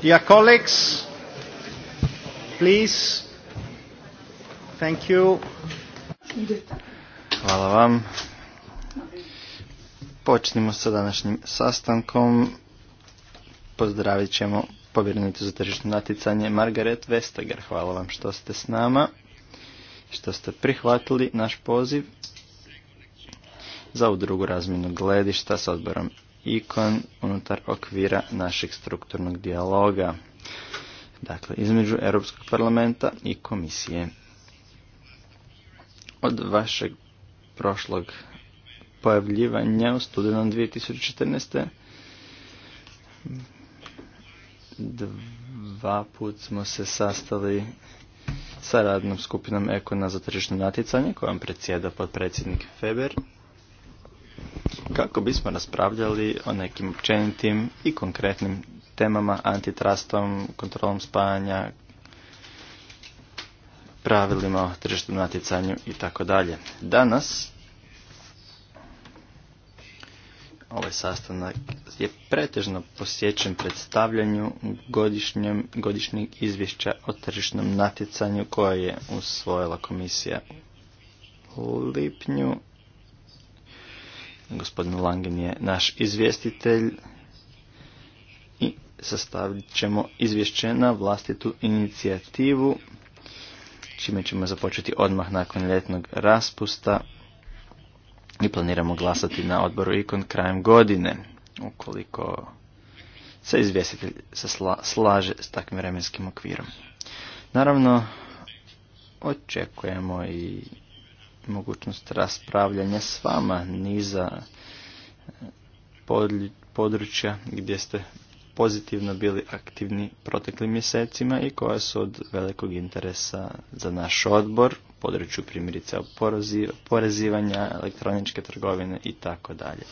Dear colleagues, please, thank you. Hvala vam. Počnimo sa današnjim sastankom. Pozdravit ćemo povjerenicu za tržišno natjecanje Margaret Vestager. Hvala vam što ste s nama, što ste prihvatili naš poziv za ovu drugu razmjenu gledišta s odborom ikon unutar okvira našeg strukturnog dijaloga. Dakle, između Europskog parlamenta i komisije. Od vašeg prošlog pojavljivanja u studenom 2014. Dva put smo se sastali sa radnom skupinom Ekona za tržišno natjecanje, kojom predsjeda potpredsjednik Feber kako bismo raspravljali o nekim općenitim i konkretnim temama antitrastom, kontrolom spajanja, pravilima o tržišnom natjecanju i tako dalje. Danas ovaj sastanak je pretežno posjećen predstavljanju godišnjeg izvješća o tržišnom natjecanju koje je usvojila komisija u lipnju Gospodin Langen je naš izvjestitelj i sastavit ćemo izvješće na vlastitu inicijativu, čime ćemo započeti odmah nakon ljetnog raspusta i planiramo glasati na odboru ikon krajem godine, ukoliko se izvjestitelj slaže s takvim vremenskim okvirom. Naravno, očekujemo i mogućnost raspravljanja s vama niza e, područja gdje ste pozitivno bili aktivni proteklim mjesecima i koja su od velikog interesa za naš odbor, području primjerice porezivanja, elektroničke trgovine i tako dalje.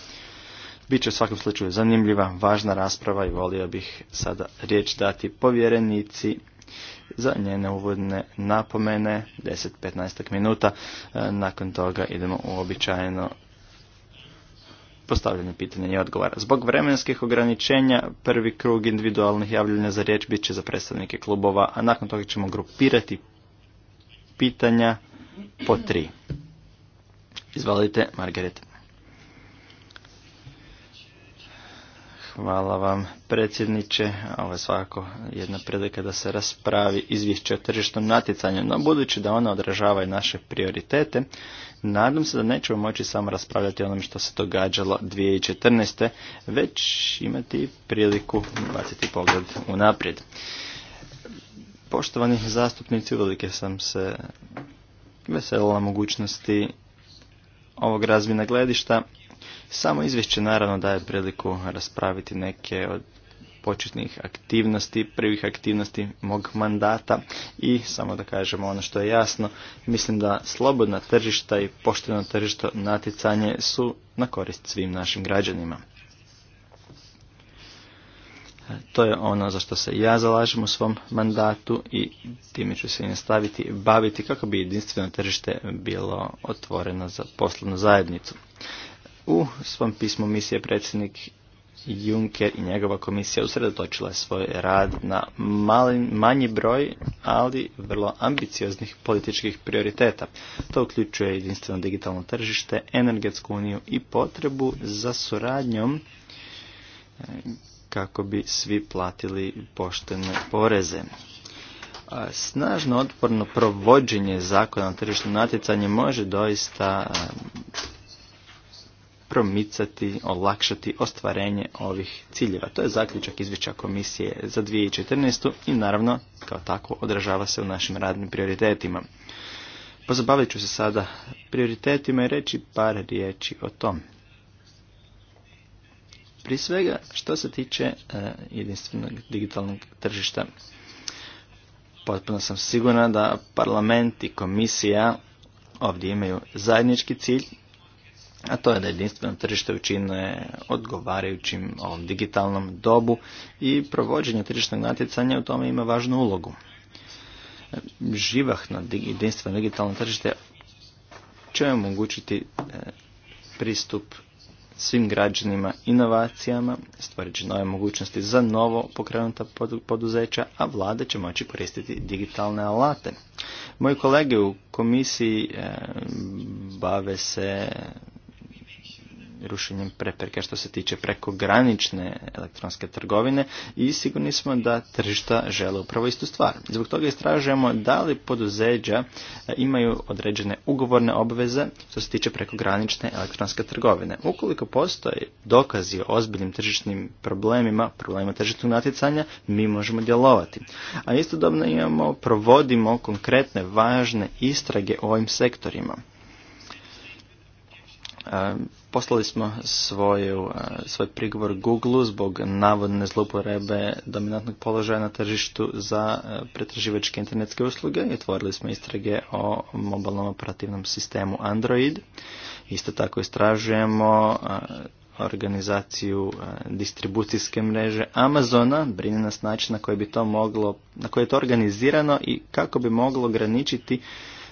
Biće u svakom slučaju zanimljiva, važna rasprava i volio bih sada riječ dati povjerenici za njene uvodne napomene, 10-15 minuta. E, nakon toga idemo u običajeno postavljanje pitanja i odgovara. Zbog vremenskih ograničenja prvi krug individualnih javljanja za riječ bit će za predstavnike klubova, a nakon toga ćemo grupirati pitanja po tri. Izvalite, Margaret. Hvala vam predsjedniče. Ovo je svakako jedna prilika da se raspravi izvješće o tržišnom natjecanju, no budući da ona odražava i naše prioritete, nadam se da nećemo moći samo raspravljati o onome što se događalo 2014. već imati priliku baciti pogled unaprijed. Poštovani zastupnici, uvelike sam se veselila mogućnosti ovog razmjena gledišta samo izvješće naravno daje priliku raspraviti neke od početnih aktivnosti, prvih aktivnosti mog mandata i samo da kažemo ono što je jasno, mislim da slobodna tržišta i pošteno tržišto natjecanje su na korist svim našim građanima. To je ono za što se ja zalažem u svom mandatu i time ću se i nastaviti baviti kako bi jedinstveno tržište bilo otvoreno za poslovnu zajednicu. U svom pismu misije predsjednik Juncker i njegova komisija usredotočila je svoj rad na mali, manji broj, ali vrlo ambicioznih političkih prioriteta. To uključuje jedinstveno digitalno tržište, energetsku uniju i potrebu za suradnjom e, kako bi svi platili poštene poreze. E, snažno otporno provođenje zakona o tržišnom natjecanju može doista e, promicati, olakšati ostvarenje ovih ciljeva. To je zaključak izvješća komisije za 2014. i naravno kao tako odražava se u našim radnim prioritetima. Pozabavit ću se sada prioritetima i reći par riječi o tom. Prije svega što se tiče e, jedinstvenog digitalnog tržišta, potpuno sam siguran da parlament i komisija ovdje imaju zajednički cilj a to je da jedinstveno tržište učine odgovarajućim ovom digitalnom dobu i provođenje tržišnog natjecanja u tome ima važnu ulogu. Živahno jedinstveno digitalno tržište će omogućiti e, pristup svim građanima inovacijama, stvoriti nove mogućnosti za novo pokrenuta poduzeća, a vlada će moći koristiti digitalne alate. Moji kolege u komisiji e, bave se rušenjem prepreka što se tiče prekogranične elektronske trgovine i sigurni smo da tržišta žele upravo istu stvar. Zbog toga istražujemo da li poduzeća e, imaju određene ugovorne obveze što se tiče prekogranične elektronske trgovine. Ukoliko postoje dokazi o ozbiljnim tržišnim problemima, problemima tržišnog natjecanja, mi možemo djelovati. A istodobno imamo, provodimo konkretne važne istrage u ovim sektorima e, Poslali smo svoju, e, svoj prigovor Google zbog navodne zlouporabe dominantnog položaja na tržištu za e, pretraživačke internetske usluge i otvorili smo istrage o mobilnom operativnom sistemu Android. Isto tako istražujemo e, organizaciju distribucijske mreže Amazona, brine nas način na koji bi to moglo, na koji je to organizirano i kako bi moglo ograničiti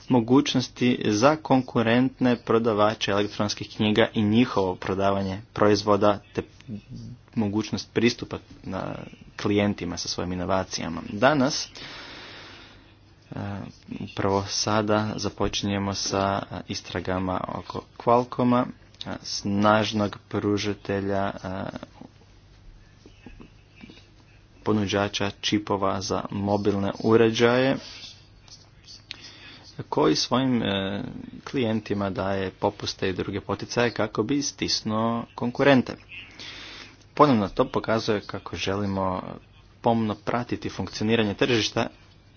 mogućnosti za konkurentne prodavače elektronskih knjiga i njihovo prodavanje proizvoda te mogućnost pristupa na klijentima sa svojim inovacijama. Danas e, upravo sada započinjemo sa istragama oko Qualcoma, e, snažnog pružatelja e, ponuđača čipova za mobilne uređaje koji svojim e, klijentima daje popuste i druge poticaje kako bi stisnuo konkurente. Ponovno to pokazuje kako želimo pomno pratiti funkcioniranje tržišta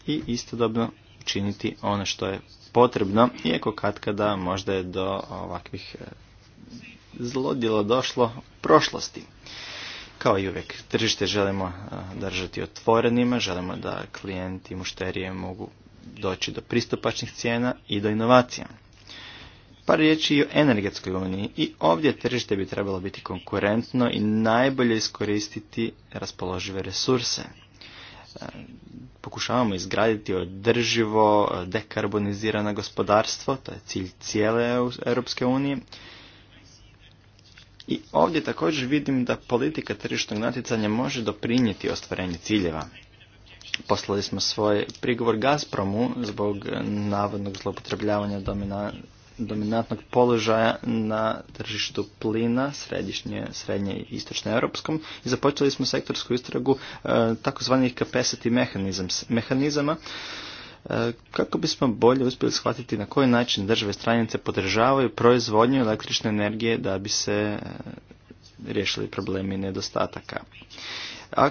i istodobno učiniti ono što je potrebno, iako katkada možda je do ovakvih e, zlodjela došlo u prošlosti. Kao i uvijek, tržište želimo e, držati otvorenima, želimo da klijenti i mušterije mogu doći do pristupačnih cijena i do inovacija. Par riječi i o energetskoj uniji i ovdje tržište bi trebalo biti konkurentno i najbolje iskoristiti raspoložive resurse. E, pokušavamo izgraditi održivo, dekarbonizirano gospodarstvo, to je cilj cijele Europske unije. I ovdje također vidim da politika tržišnog natjecanja može doprinijeti ostvarenje ciljeva. Poslali smo svoj prigovor Gazpromu zbog navodnog zloupotrebljavanja dominantnog položaja na tržištu plina središnje, srednje i istočno europskom i započeli smo sektorsku istragu e, takozvanih capacity mechanisms, mehanizama e, kako bismo bolje uspjeli shvatiti na koji način države stranice podržavaju proizvodnju električne energije da bi se e, riješili problemi nedostataka. A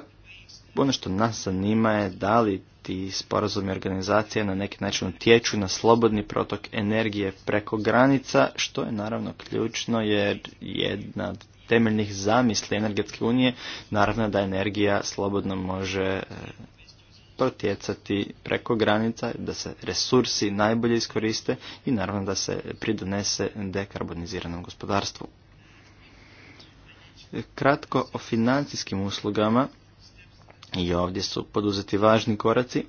ono što nas zanima je da li ti sporazumi organizacije na neki način utječu na slobodni protok energije preko granica, što je naravno ključno jer jedna od temeljnih zamisli energetske unije naravno da energija slobodno može e, protjecati preko granica, da se resursi najbolje iskoriste i naravno da se pridonese dekarboniziranom gospodarstvu. E, kratko o financijskim uslugama i ovdje su poduzeti važni koraci.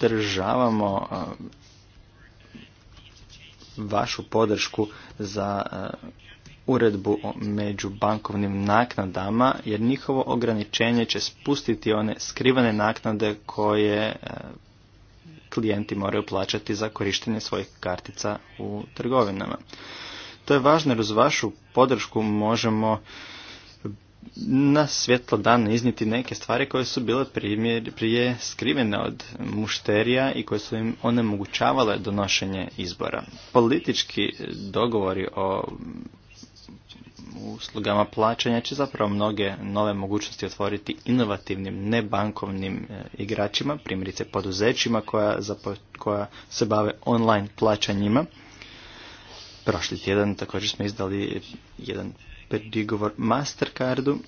Podržavamo vašu podršku za uredbu o bankovnim naknadama, jer njihovo ograničenje će spustiti one skrivane naknade koje klijenti moraju plaćati za korištenje svojih kartica u trgovinama. To je važno jer uz vašu podršku možemo na svjetlo dan izniti neke stvari koje su bile primjer, prije skrivene od mušterija i koje su im onemogućavale donošenje izbora. Politički dogovori o uslugama plaćanja će zapravo mnoge nove mogućnosti otvoriti inovativnim nebankovnim e, igračima, primjerice poduzećima koja, koja se bave online plaćanjima. Prošli tjedan također smo izdali jedan predigovor Mastercardu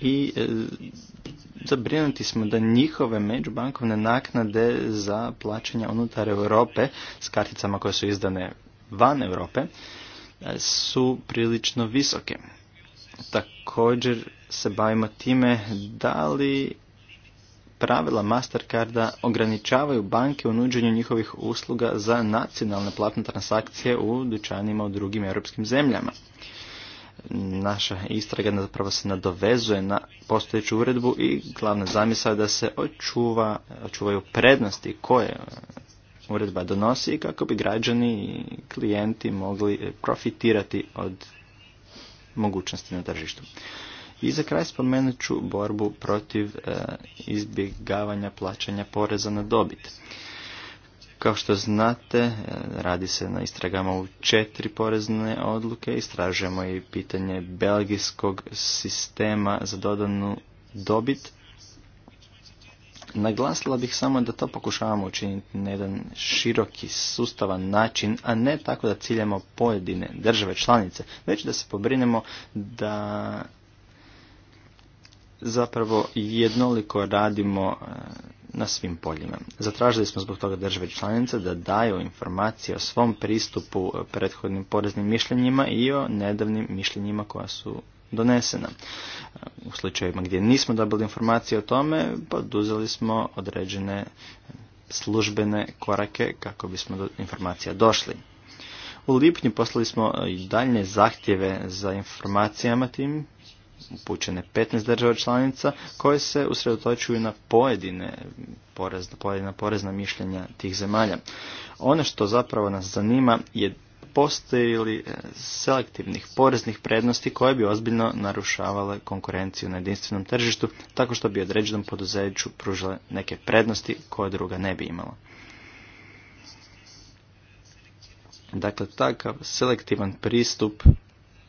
i e, zabrinuti smo da njihove međubankovne naknade za plaćanja unutar Europe s karticama koje su izdane van Europe e, su prilično visoke. Također se bavimo time da li pravila Mastercarda ograničavaju banke u nuđenju njihovih usluga za nacionalne platne transakcije u dućanima u drugim europskim zemljama. Naša istraga zapravo se nadovezuje na postojeću uredbu i glavna zamisla je da se očuva, očuvaju prednosti koje uredba donosi kako bi građani i klijenti mogli profitirati od mogućnosti na tržištu. I za kraj spomenut ću borbu protiv e, izbjegavanja plaćanja poreza na dobit. Kao što znate, e, radi se na istragama u četiri porezne odluke. Istražujemo i pitanje belgijskog sistema za dodanu dobit. Naglasila bih samo da to pokušavamo učiniti na jedan široki, sustavan način, a ne tako da ciljamo pojedine države članice, već da se pobrinemo da zapravo jednoliko radimo e, na svim poljima. Zatražili smo zbog toga države članice da daju informacije o svom pristupu e, prethodnim poreznim mišljenjima i o nedavnim mišljenjima koja su donesena. E, u slučajevima gdje nismo dobili informacije o tome, poduzeli smo određene službene korake kako bismo do informacija došli. U lipnju poslali smo daljne zahtjeve za informacijama tim upućene 15 država članica koje se usredotočuju na pojedine porezna, pojedina porezna mišljenja tih zemalja. Ono što zapravo nas zanima je postoji li e, selektivnih poreznih prednosti koje bi ozbiljno narušavale konkurenciju na jedinstvenom tržištu tako što bi određenom poduzeću pružile neke prednosti koje druga ne bi imala. Dakle, takav selektivan pristup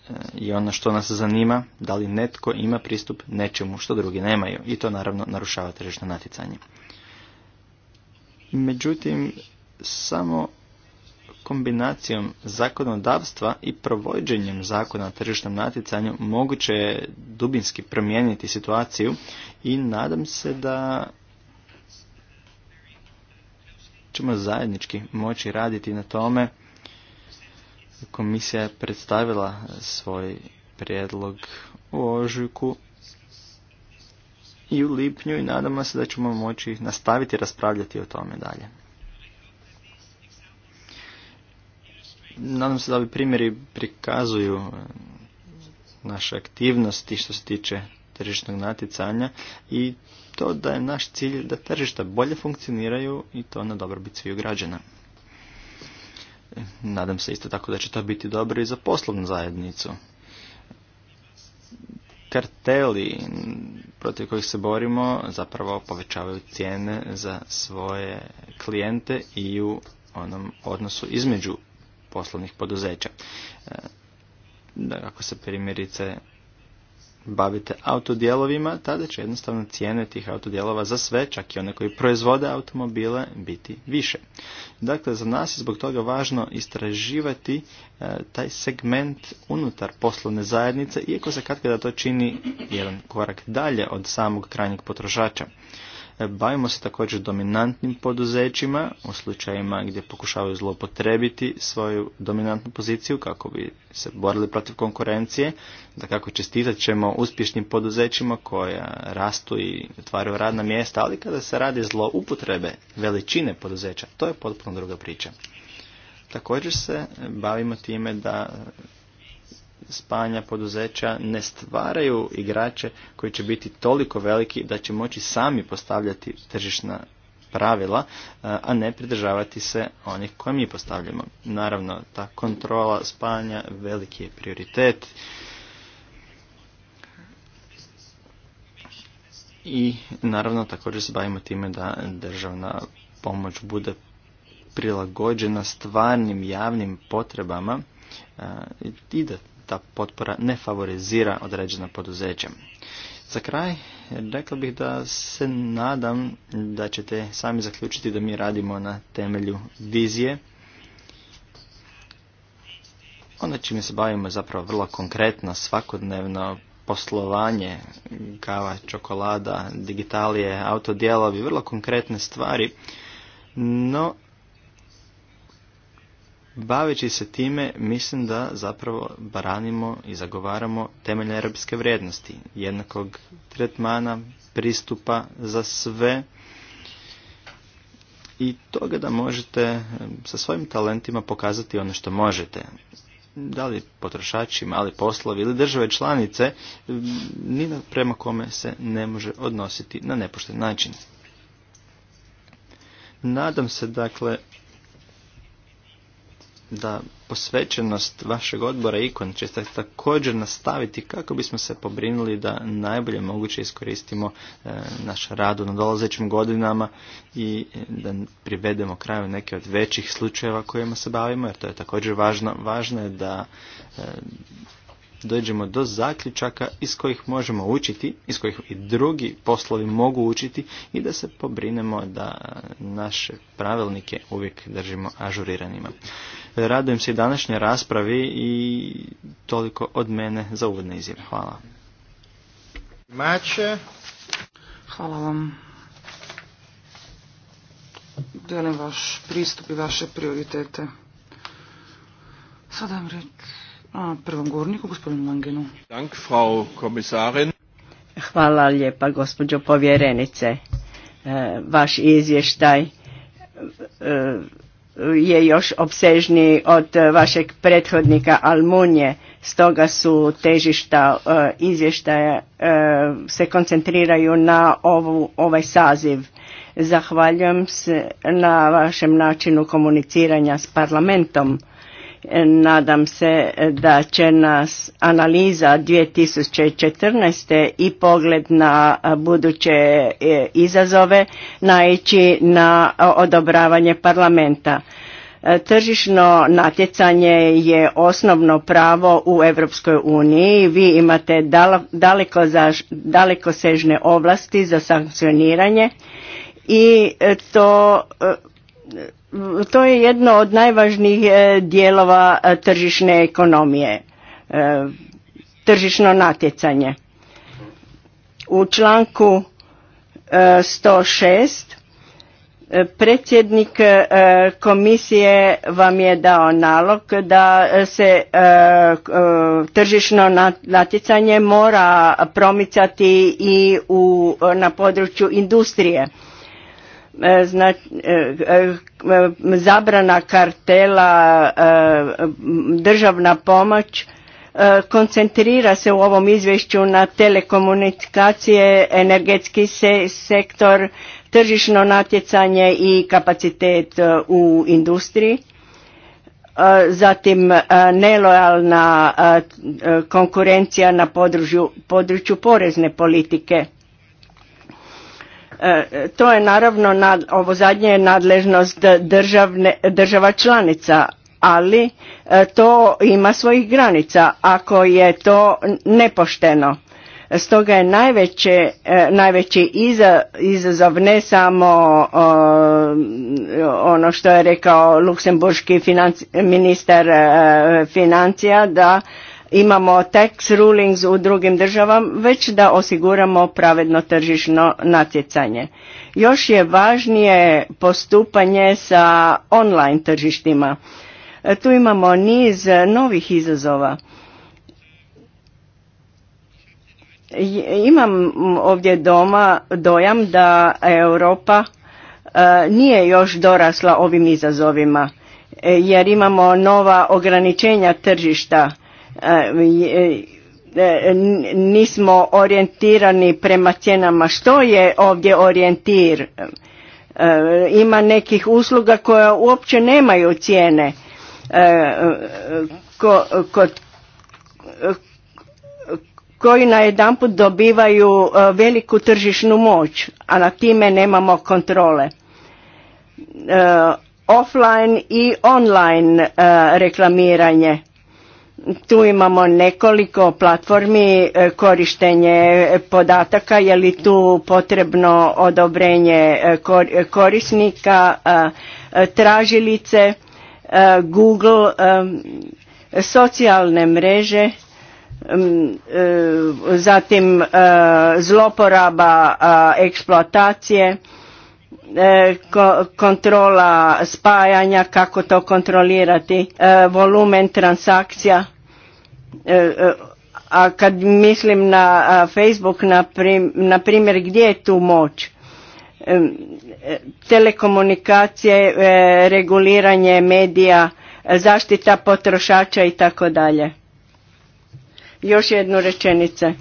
E, I ono što nas zanima, da li netko ima pristup nečemu što drugi nemaju. I to naravno narušava tržišno natjecanje. Međutim, samo kombinacijom zakonodavstva i provođenjem zakona o tržišnom natjecanju moguće je dubinski promijeniti situaciju i nadam se da ćemo zajednički moći raditi na tome Komisija je predstavila svoj prijedlog u ožujku i u lipnju i nadamo se da ćemo moći nastaviti raspravljati o tome dalje. Nadam se da ovi primjeri prikazuju e, naše aktivnosti što se tiče tržišnog natjecanja i to da je naš cilj da tržišta bolje funkcioniraju i to na dobrobit sviju građana. Nadam se isto tako da će to biti dobro i za poslovnu zajednicu. Karteli protiv kojih se borimo zapravo povećavaju cijene za svoje klijente i u onom odnosu između poslovnih poduzeća. E, da, ako se primjerice bavite autodijelovima, tada će jednostavno cijene tih autodijelova za sve, čak i one koji proizvode automobile, biti više. Dakle, za nas je zbog toga važno istraživati e, taj segment unutar poslovne zajednice, iako se katkada to čini jedan korak dalje od samog krajnjeg potrošača. Bavimo se također dominantnim poduzećima u slučajima gdje pokušavaju zlopotrebiti svoju dominantnu poziciju kako bi se borili protiv konkurencije. Da kako čestitat ćemo uspješnim poduzećima koja rastu i otvaraju radna mjesta, ali kada se radi zlo upotrebe veličine poduzeća, to je potpuno druga priča. Također se bavimo time da spajanja poduzeća ne stvaraju igrače koji će biti toliko veliki da će moći sami postavljati tržišna pravila, e, a ne pridržavati se onih koje mi postavljamo. Naravno, ta kontrola spajanja veliki je prioritet. I naravno također se bavimo time da državna pomoć bude prilagođena stvarnim javnim potrebama e, i da ta potpora ne favorizira određena poduzeća. Za kraj, rekla bih da se nadam da ćete sami zaključiti da mi radimo na temelju vizije. Ono čime se bavimo je zapravo vrlo konkretno, svakodnevno poslovanje, kava, čokolada, digitalije, autodijelovi, vrlo konkretne stvari, no Baveći se time, mislim da zapravo baranimo i zagovaramo temelje europske vrijednosti, jednakog tretmana, pristupa za sve i toga da možete eh, sa svojim talentima pokazati ono što možete. Da li potrošači, mali poslovi ili države članice, mm, ni prema kome se ne može odnositi na nepošten način. Nadam se dakle da posvećenost vašeg odbora ikon će se također nastaviti kako bismo se pobrinuli da najbolje moguće iskoristimo e, naš rad u nadolazećim godinama i e, da privedemo kraju neke od većih slučajeva kojima se bavimo jer to je također važno. Važno je da e, dođemo do zaključaka iz kojih možemo učiti, iz kojih i drugi poslovi mogu učiti i da se pobrinemo da naše pravilnike uvijek držimo ažuriranima. Radujem se i današnjoj raspravi i toliko od mene za uvodne izjave. Hvala. Mače. Hvala vam. Delim vaš pristup i vaše prioritete. Sada vam reći prvom govorniku, Hvala lijepa, gospođo povjerenice. E, vaš izvještaj e, je još obsežniji od vašeg prethodnika Almunje, stoga su težišta e, izvještaja se koncentriraju na ovu, ovaj saziv. Zahvaljujem se na vašem načinu komuniciranja s parlamentom Nadam se da će nas analiza 2014. i pogled na buduće e, izazove naići na odobravanje parlamenta. E, tržišno natjecanje je osnovno pravo u Europskoj uniji. Vi imate daleko, daleko sežne ovlasti za sankcioniranje i to e, to je jedno od najvažnijih e, dijelova e, tržišne ekonomije, e, tržišno natjecanje. U članku 106 predsjednik komisije vam je dao nalog da se tržišno natjecanje mora promicati i na području industrije E, e, e, zabrana kartela, državna pomoć, koncentrira se u ovom izvješću na telekomunikacije, energetski sektor, tržišno natjecanje i kapacitet u industriji. Zatim nelojalna konkurencija na području porezne politike E, to je naravno, nad, ovo zadnje je nadležnost država članica, ali e, to ima svojih granica ako je to nepošteno. Stoga je najveće, e, najveći izazov ne samo ono što je rekao luksemburški ministar financija da imamo tax rulings u drugim državama, već da osiguramo pravedno tržišno natjecanje. Još je važnije postupanje sa online tržištima. E, tu imamo niz novih izazova. Imam ovdje doma dojam da Europa e, nije još dorasla ovim izazovima e, jer imamo nova ograničenja tržišta nismo orijentirani prema cijenama. Što je ovdje orijentir? E, ima nekih usluga koja uopće nemaju cijene. E, kod koji na put dobivaju e, veliku tržišnu moć, a na time nemamo kontrole. Offline i online reklamiranje tu imamo nekoliko platformi e, korištenje podataka je li tu potrebno odobrenje e, korisnika e, tražilice Google socijalne mreže zatim zloporaba eksploatacije kontrola spajanja kako to kontrolirati volumen transakcija E, e, a kad mislim na Facebook, na primjer, gdje je tu moć? E, telekomunikacije, reguliranje medija, zaštita potrošača i tako dalje. Još jednu rečenice.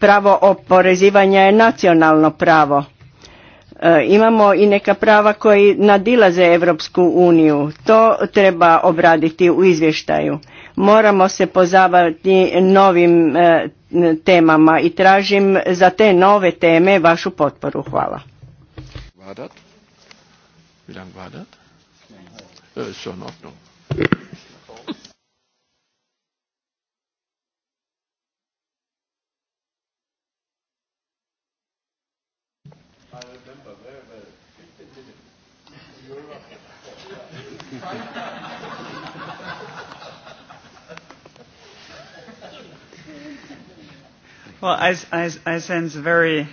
Pravo oporezivanja je nacionalno pravo. Imamo i neka prava koji nadilaze Europsku uniju. To treba obraditi u izvještaju Moramo se pozabaviti novim e, temama i tražim za te nove teme vašu potporu. Hvala. Well, I sense very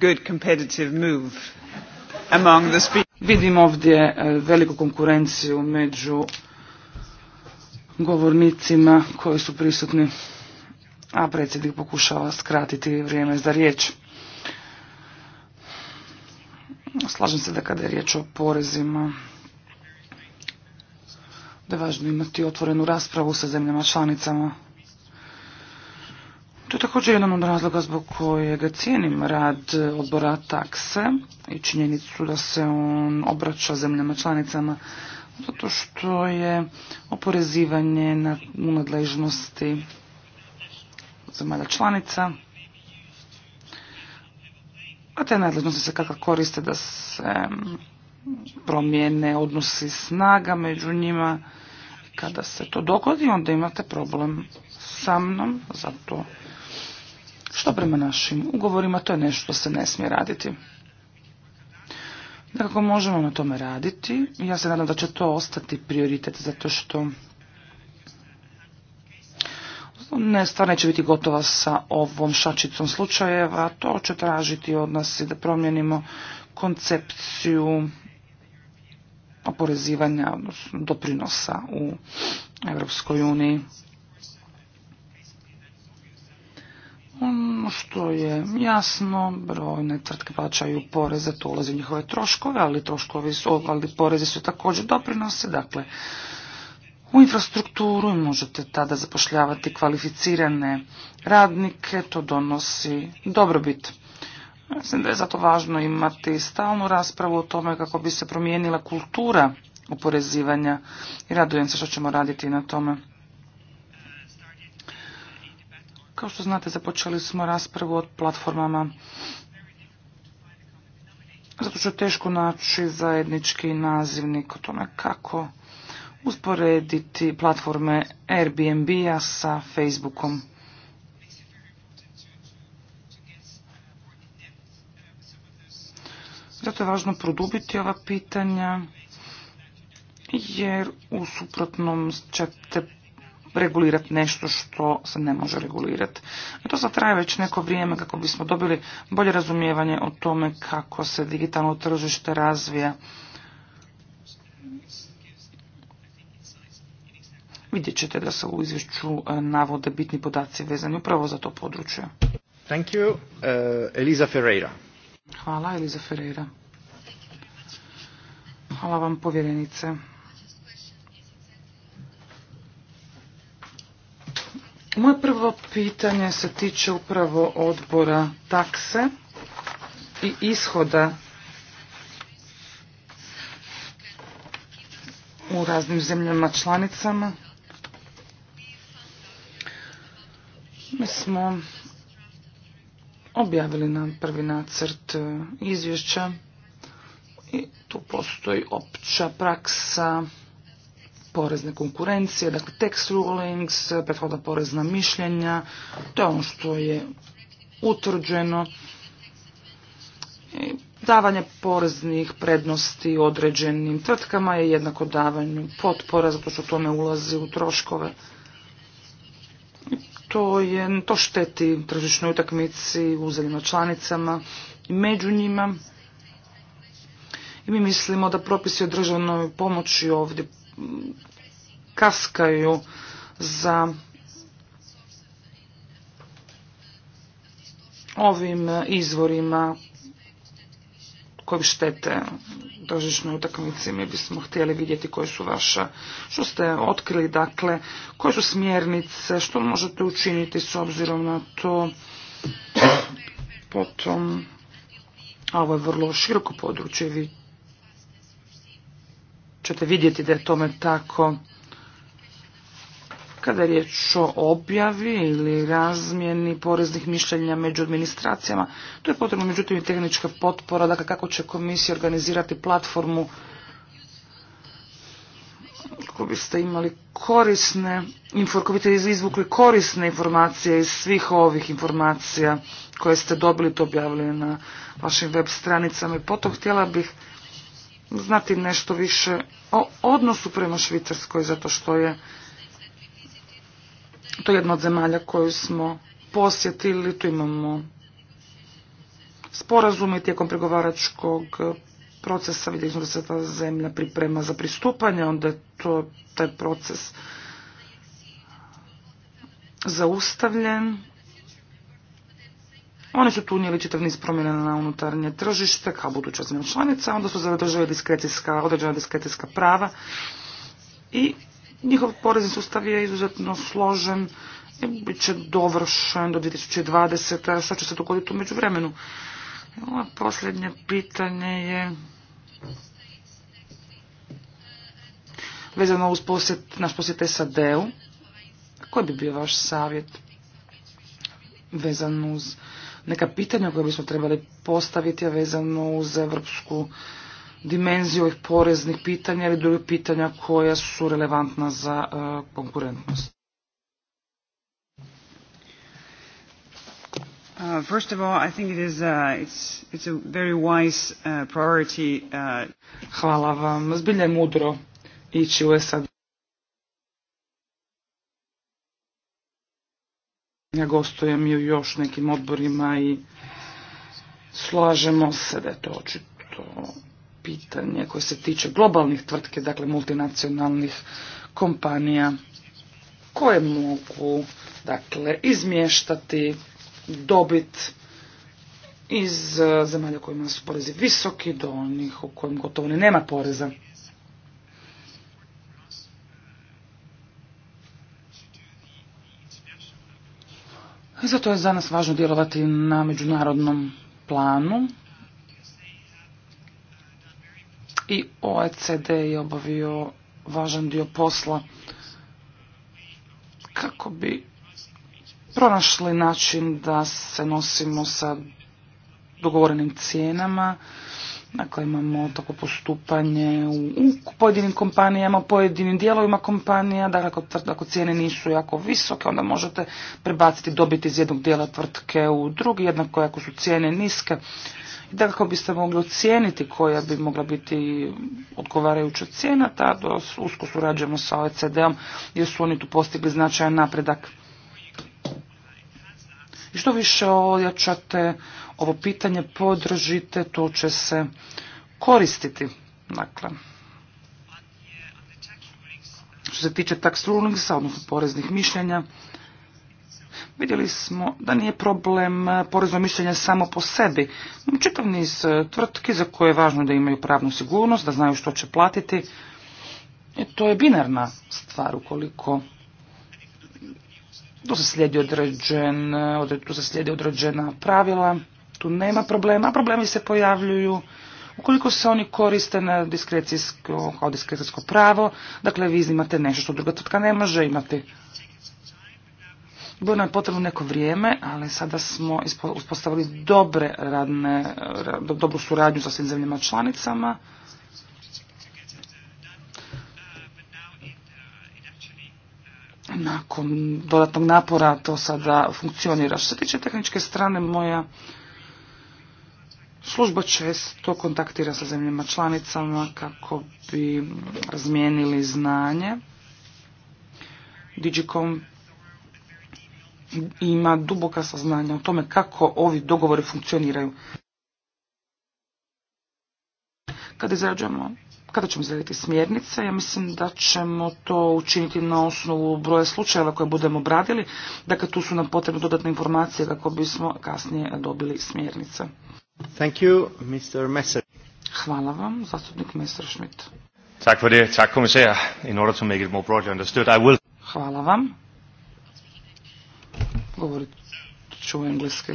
good competitive move among the Vidim ovdje e, veliku konkurenciju među govornicima koji su prisutni, a predsjednik pokušava skratiti vrijeme za riječ. Slažem se da kada je riječ o porezima, da je važno imati otvorenu raspravu sa zemljama članicama. To je također jedan od razloga zbog kojega cijenim rad odbora takse i činjenicu da se on obraća zemljama članicama zato što je oporezivanje na, nadležnosti zemalja članica, a te nadležnosti se kakav koriste da se promijene odnosi snaga među njima. Kada se to dogodi, onda imate problem sa mnom, zato što prema našim ugovorima, to je nešto što se ne smije raditi. Nekako dakle, možemo na tome raditi. Ja se nadam da će to ostati prioritet zato što ne, stvar neće biti gotova sa ovom šačicom slučajeva. To će tražiti od nas i da promijenimo koncepciju oporezivanja doprinosa u Europskoj uniji. Ono što je jasno, brojne tvrtke plaćaju poreze, to ulazi u njihove troškove, ali troškovi su, ali porezi su također doprinose, dakle, u infrastrukturu možete tada zapošljavati kvalificirane radnike, to donosi dobrobit. Mislim da je zato važno imati stalnu raspravu o tome kako bi se promijenila kultura oporezivanja i radujem se što ćemo raditi na tome. Kao što znate, započeli smo raspravu o platformama zato što je teško naći zajednički nazivnik o tome kako usporediti platforme Airbnb-a sa Facebookom. Zato je važno produbiti ova pitanja, jer u suprotnom ćete regulirati nešto što se ne može regulirati. I e, to sad traje već neko vrijeme kako bismo dobili bolje razumijevanje o tome kako se digitalno tržište razvija. Vidjet ćete da se u izvješću e, navode bitni podaci vezani upravo za to područje. Thank you. E, Ferreira. Hvala, Eliza Ferreira. Hvala vam, povjerenice. Moje prvo pitanje se tiče upravo odbora takse i ishoda u raznim zemljama članicama. Mi smo objavili nam prvi nacrt e, izvješća i tu postoji opća praksa porezne konkurencije, dakle tax rulings, prethodna porezna mišljenja, to je ono što je utvrđeno, davanje poreznih prednosti određenim tvrtkama je jednako davanju potpora, zato što to ne ulazi u troškove. To, je, to šteti tržišnoj utakmici u zemljama članicama i među njima. I mi mislimo da propisi o državnoj pomoći ovdje kaskaju za ovim izvorima koji štete tržišnoj utakmici. Mi bismo htjeli vidjeti koje su vaše, što ste otkrili, dakle, koje su smjernice, što možete učiniti s obzirom na to. Potom, a ovo je vrlo široko područje, vi ćete vidjeti da je tome tako kada je riječ o objavi ili razmjeni poreznih mišljenja među administracijama. To je potrebno međutim i tehnička potpora, dakle kako će komisija organizirati platformu kako biste imali korisne, kako biste izvukli korisne informacije iz svih ovih informacija koje ste dobili, to objavili na vašim web stranicama. I potom htjela bih znati nešto više o odnosu prema Švicarskoj, zato što je to jedna od zemalja koju smo posjetili, tu imamo sporazume tijekom pregovaračkog procesa, vidjeli smo da se ta zemlja priprema za pristupanje, onda je to taj proces zaustavljen. Oni su tu čitav niz promjena na unutarnje tržište kao buduća zemlja članica, onda su zadržali diskrecijska, određena diskrecijska prava i njihov porezni sustav je izuzetno složen i bit će dovršen do 2020. Šta će se dogoditi u međuvremenu? Ovo posljednje pitanje je vezano uz posjet, naš posjet SAD-u. Koji bi bio vaš savjet vezan uz neka pitanja koja bismo trebali postaviti, a vezano uz evropsku dimenziju ovih poreznih pitanja ili drugih pitanja koja su relevantna za konkurentnost. Uh, Hvala vam. Zbilja je mudro ići u SAD. Ja gostujem i u još nekim odborima i slažemo se da je to očito pitanje koje se tiče globalnih tvrtke, dakle multinacionalnih kompanija koje mogu dakle izmještati dobit iz eh, zemalja kojima su porezi visoki do onih u kojim gotovo nema poreza. zato je za nas važno djelovati na međunarodnom planu. I OECD je obavio važan dio posla kako bi pronašli način da se nosimo sa dogovorenim cijenama Dakle, imamo tako postupanje u pojedinim kompanijama, u pojedinim dijelovima kompanija, dakle ako, cijene nisu jako visoke, onda možete prebaciti dobiti iz jednog dijela tvrtke u drugi, jednako ako su cijene niske. I da biste mogli ocijeniti koja bi mogla biti odgovarajuća cijena, tada usko surađujemo sa OECD-om jer su oni tu postigli značajan napredak. I što više ojačate ovo pitanje podržite, to će se koristiti. Dakle, što se tiče tax rulingsa, odnosno poreznih mišljenja, vidjeli smo da nije problem porezno mišljenje samo po sebi. Čitav niz e, tvrtki za koje je važno da imaju pravnu sigurnost, da znaju što će platiti. I e, to je binarna stvar ukoliko tu se slijedi e, tu se slijedi određena pravila tu nema problema, a problemi se pojavljuju ukoliko se oni koriste na diskrecijsko, kao diskrecijsko pravo, dakle vi imate nešto što druga tvrtka ne može imati. Bilo nam je potrebno neko vrijeme, ali sada smo uspostavili dobre radne, dobru suradnju sa svim zemljama članicama. Nakon dodatnog napora to sada funkcionira. Što se tiče tehničke strane, moja Služba često kontaktira sa zemljama članicama kako bi razmijenili znanje. Digicom ima duboka saznanja o tome kako ovi dogovori funkcioniraju. Kada izrađujemo kada ćemo izraditi smjernice, ja mislim da ćemo to učiniti na osnovu broja slučajeva koje budemo obradili. Dakle, tu su nam potrebne dodatne informacije kako bismo kasnije dobili smjernice. Thank you, Mr. Messer. Hvala vam, zastupnik Messerschmidt. Tak for det. Tak, kommissær. In order to make it more broadly understood, I will... Hvala vam. Govorit ću engleski.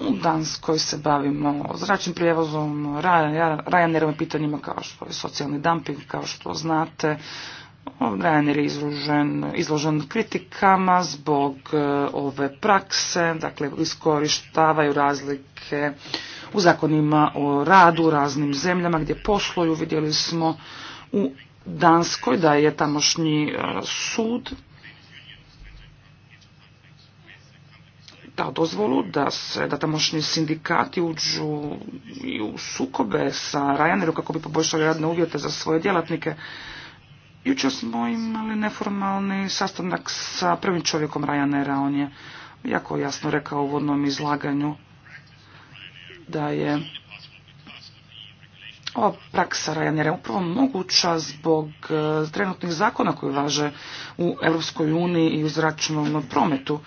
U Danskoj se bavimo zračnim prijevozom, Ryanairom i pitanjima kao što je socijalni dumping, kao što znate. Ryanair je izložen, izložen kritikama zbog e, ove prakse, dakle iskorištavaju razlike u zakonima o radu u raznim zemljama gdje posluju. Vidjeli smo u Danskoj da je tamošnji e, sud dao dozvolu da se da tamošnji sindikati uđu i u sukobe sa Ryanairu kako bi poboljšali radne uvjete za svoje djelatnike. Jučer smo imali neformalni sastanak sa prvim čovjekom Ryanaira. On je jako jasno rekao u uvodnom izlaganju da je ova praksa Ryanaira upravo moguća zbog e, trenutnih zakona koji važe u Europskoj uniji i u zračnom prometu.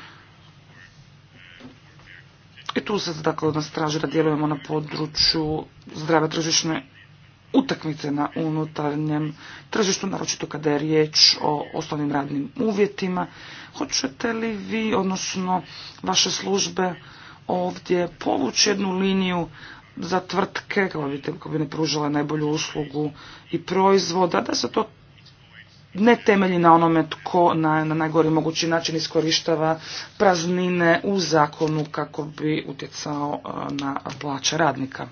I tu se dakle od nas traži da djelujemo na području zdrave tržišne utakmice na unutarnjem tržištu, naročito kada je riječ o osnovnim radnim uvjetima. Hoćete li vi, odnosno vaše službe, ovdje povući jednu liniju za tvrtke kako bi, bi ne pružile najbolju uslugu i proizvoda, da se to ne temelji na onome tko na, na najgori mogući način iskorištava praznine u zakonu kako bi utjecao e, na plaće radnika.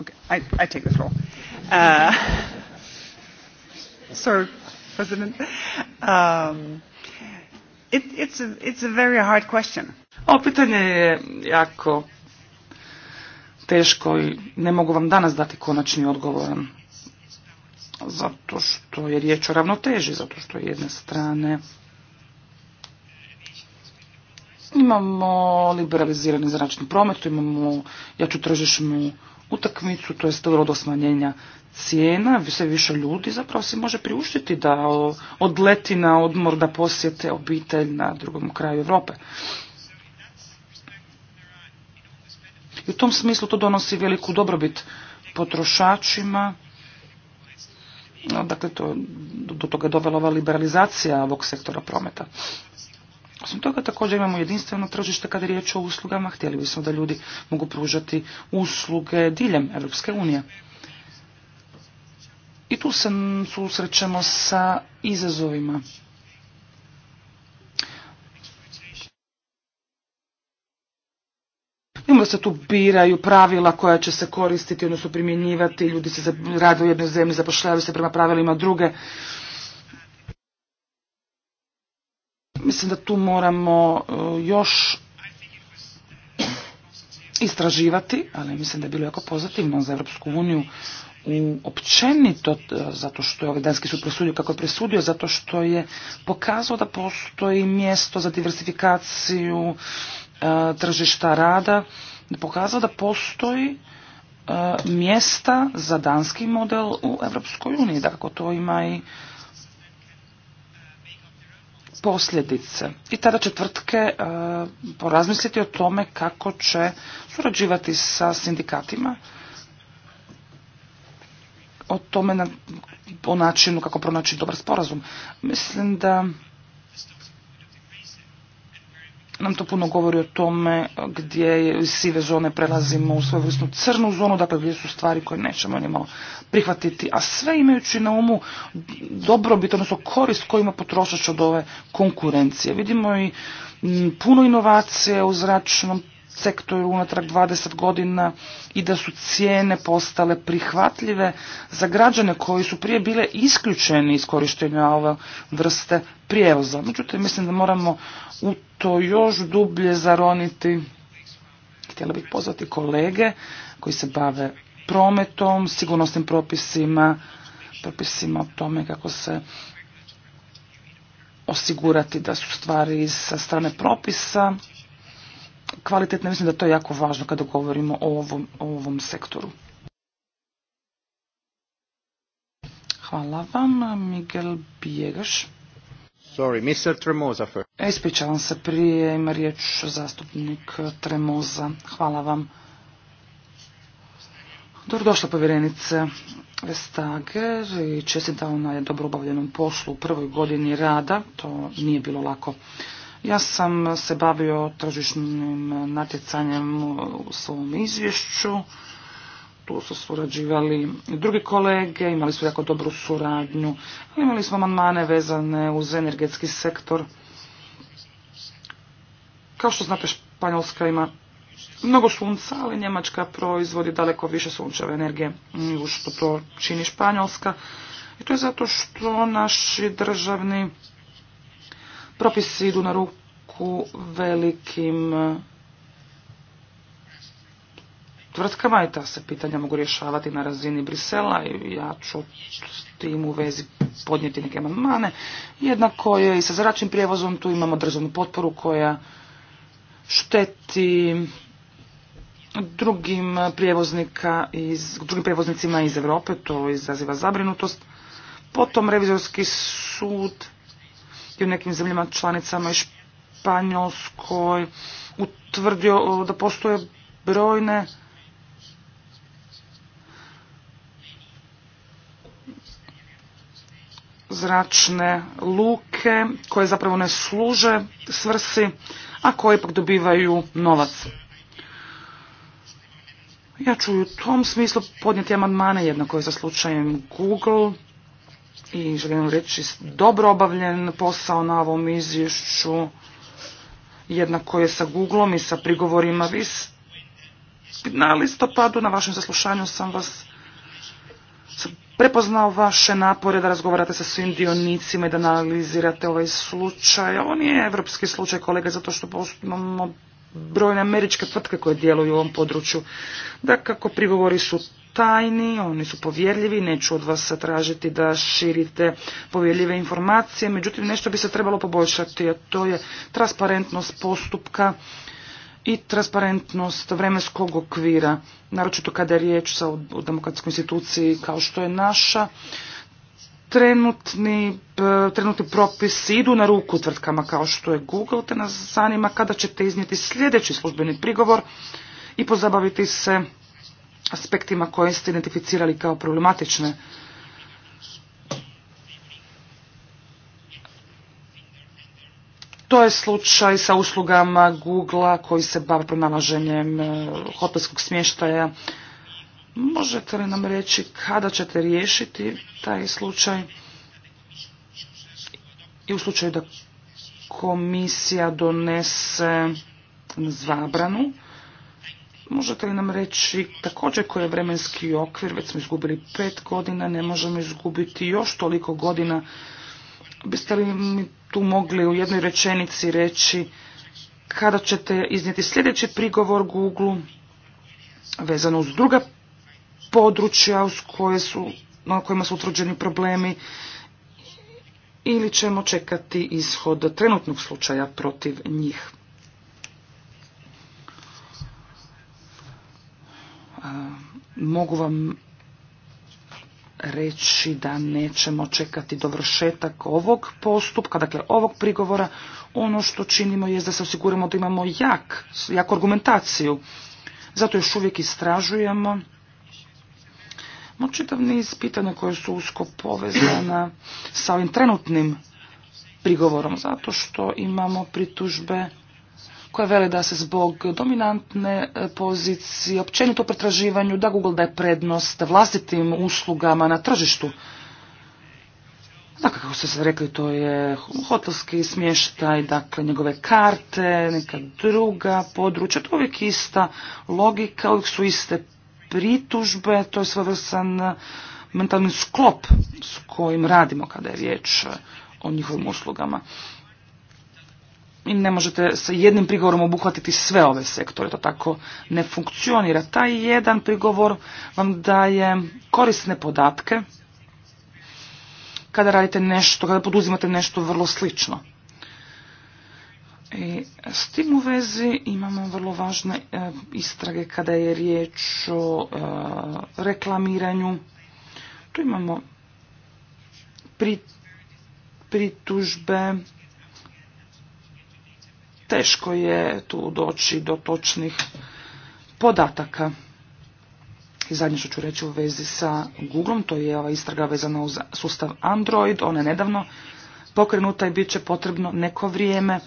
Okay, I, I take Uh, President. Um, it, it's, it's a very hard question. Ovo pitanje je jako teško i ne mogu vam danas dati konačni odgovor. Zato što je riječ o ravnoteži, zato što je jedne strane imamo liberalizirani zračni promet, imamo jaču tržišnu utakmicu, to je dovelo do smanjenja cijena, sve više ljudi zapravo se može priuštiti da odleti na odmor, da posjete obitelj na drugom kraju Europe. I u tom smislu to donosi veliku dobrobit potrošačima. Dakle, to, do toga je dovela ova liberalizacija ovog sektora prometa. Osim toga također imamo jedinstveno tržište kada je riječ o uslugama. Htjeli bismo da ljudi mogu pružati usluge diljem Europske unije. I tu se susrećemo sa izazovima. da se tu biraju pravila koja će se koristiti, odnosno primjenjivati, ljudi se rade u jednoj zemlji, zapošljavaju se prema pravilima druge. Mislim da tu moramo e, još istraživati, ali mislim da je bilo jako pozitivno za Europsku uniju u općenito, e, zato što je ovaj danski sud presudio kako je presudio, zato što je pokazao da postoji mjesto za diversifikaciju e, tržišta rada, pokazao da postoji mjesta za danski model u Europskoj uniji, dakako to ima i posljedice. I tada će tvrtke e, porazmisliti o tome kako će surađivati sa sindikatima, o tome na, o načinu kako pronaći dobar sporazum. Mislim da nam to puno govori o tome gdje iz sive zone prelazimo u svojevrsnu crnu zonu, dakle gdje su stvari koje nećemo malo prihvatiti, a sve imajući na umu dobrobit, odnosno korist koju ima potrošač od ove konkurencije. Vidimo i puno inovacije u zračnom sektoru unatrag 20 godina i da su cijene postale prihvatljive za građane koji su prije bile isključeni iz korištenja ove vrste prijevoza. Međutim, mislim da moramo u to još dublje zaroniti. Htjela bih pozvati kolege koji se bave prometom, sigurnosnim propisima, propisima o tome kako se osigurati da su stvari sa strane propisa kvalitetne. Mislim da to je jako važno kada govorimo o ovom, o ovom sektoru. Hvala vam, Miguel Bijegaš. Sorry, Mr. Tremoza e, Ispričavam se, prije ima riječ zastupnik Tremoza. Hvala vam. Dobro došla povjerenice Vestager i čestitam na dobro obavljenom poslu u prvoj godini rada. To nije bilo lako. Ja sam se bavio tržišnim natjecanjem u svom izvješću. Tu su surađivali i drugi kolege, imali su jako dobru suradnju. Imali smo manmane vezane uz energetski sektor. Kao što znate, Španjolska ima mnogo sunca, ali Njemačka proizvodi daleko više sunčeve energije nego što to čini Španjolska. I to je zato što naši državni propisi idu na ruku velikim e, tvrtkama i ta se pitanja mogu rješavati na razini Brisela i ja ću s tim u vezi podnijeti neke amandmane. Jednako je i sa zračnim prijevozom, tu imamo državnu potporu koja šteti drugim prijevoznika drugim prijevoznicima iz Europe, to izaziva zabrinutost. Potom revizorski sud i u nekim zemljama članicama i Španjolskoj utvrdio da postoje brojne zračne luke koje zapravo ne služe svrsi, a koje ipak dobivaju novac. Ja ću u tom smislu podnijeti amandmane jednako je za slučajem Google i želim reći dobro obavljen posao na ovom izvješću, jednako je sa Googlom i sa prigovorima. vis. na listopadu na vašem zaslušanju sam vas prepoznao vaše napore da razgovarate sa svim dionicima i da analizirate ovaj slučaj. Ovo nije evropski slučaj, kolega, zato što imamo brojne američke tvrtke koje djeluju u ovom području. Da, kako prigovori su tajni, oni su povjerljivi, neću od vas tražiti da širite povjerljive informacije, međutim nešto bi se trebalo poboljšati, a to je transparentnost postupka i transparentnost vremenskog okvira, naročito kada je riječ o demokratskoj instituciji kao što je naša. Trenutni, trenutni propisi idu na ruku tvrtkama kao što je Google, te nas zanima kada ćete iznijeti sljedeći službeni prigovor i pozabaviti se aspektima koje ste identificirali kao problematične. To je slučaj sa uslugama Google-a koji se bave pronalaženjem e, hotelskog smještaja. Možete li nam reći kada ćete riješiti taj slučaj? I u slučaju da komisija donese zabranu, Možete li nam reći također koji je vremenski okvir, već smo izgubili pet godina, ne možemo izgubiti još toliko godina. Biste li mi tu mogli u jednoj rečenici reći kada ćete iznijeti sljedeći prigovor Google vezano uz druga područja uz koje su, na kojima su utvrđeni problemi ili ćemo čekati ishod trenutnog slučaja protiv njih. mogu vam reći da nećemo čekati dovršetak ovog postupka, dakle ovog prigovora. Ono što činimo je da se osiguramo da imamo jak, jak argumentaciju. Zato još uvijek istražujemo. No, čitav niz pitanja koje su usko povezana sa ovim trenutnim prigovorom, zato što imamo pritužbe koja vele da se zbog dominantne e, pozicije, općenito pretraživanju, da Google daje prednost vlastitim uslugama na tržištu. Dakle, kako ste se rekli, to je hotelski smještaj, dakle, njegove karte, neka druga područja, to je uvijek ista logika, uvijek su iste pritužbe, to je svojvrsan e, mentalni sklop s kojim radimo kada je riječ o njihovim uslugama i ne možete sa jednim prigovorom obuhvatiti sve ove sektore, to tako ne funkcionira. Taj jedan prigovor vam daje korisne podatke kada radite nešto, kada poduzimate nešto vrlo slično. I s tim u vezi imamo vrlo važne e, istrage kada je riječ o e, reklamiranju. Tu imamo pritužbe teško je tu doći do točnih podataka. I zadnje što ću reći u vezi sa Googlom, to je ova istraga vezana uz sustav Android, ona je nedavno pokrenuta i bit će potrebno neko vrijeme,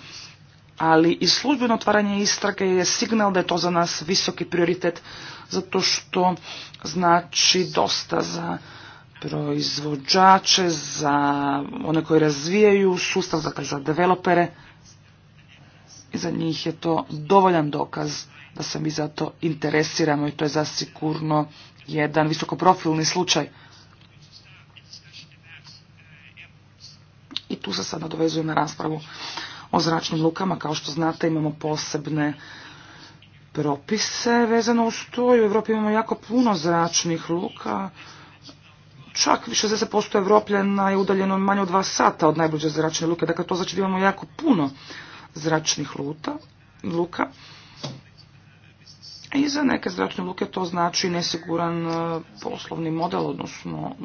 ali i službeno otvaranje istrage je signal da je to za nas visoki prioritet, zato što znači dosta za proizvođače, za one koji razvijaju sustav, za developere. Za njih je to dovoljan dokaz da se mi za to interesiramo i to je zasigurno jedan visokoprofilni slučaj. I tu se sad nadovezujem na raspravu o zračnim lukama. Kao što znate imamo posebne propise vezano uz to u Europi imamo jako puno zračnih luka. Čak više 60% Evropljena je udaljeno manje od dva sata od najbliže zračne luke. Dakle, to znači da imamo jako puno zračnih luta, luka. I za neke zračne luke to znači nesiguran e, poslovni model, odnosno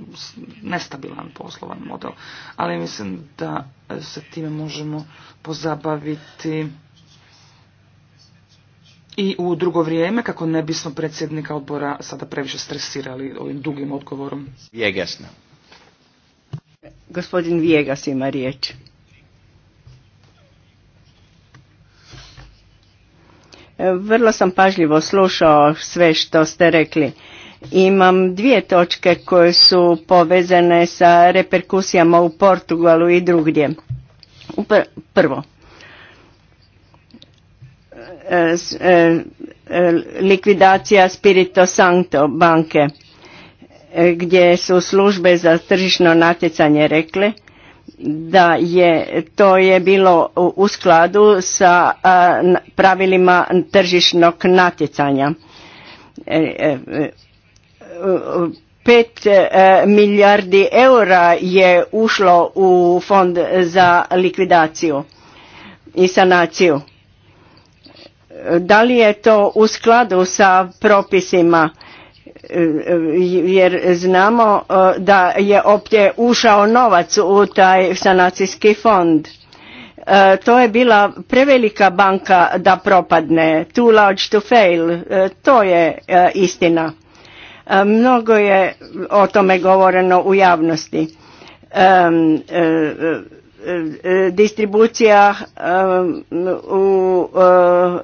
nestabilan poslovan model. Ali mislim da se time možemo pozabaviti i u drugo vrijeme kako ne bismo predsjednika odbora sada previše stresirali ovim dugim odgovorom. Gospodin Vijegas ima riječ. Vrlo sam pažljivo slušao sve što ste rekli. Imam dvije točke koje su povezane sa reperkusijama u Portugalu i drugdje. Prvo, e, e, likvidacija Spirito Santo banke, e, gdje su službe za tržišno natjecanje rekle da je to je bilo u skladu sa pravilima tržišnog natjecanja. 5 e, e, e, milijardi eura je ušlo u fond za likvidaciju i sanaciju. Da li je to u skladu sa propisima jer znamo e, da je opće ušao novac u taj sanacijski fond. E, to je bila prevelika banka da propadne, too large to fail, e, to je istina. Mnogo je o tome govoreno u javnosti. Distribucija u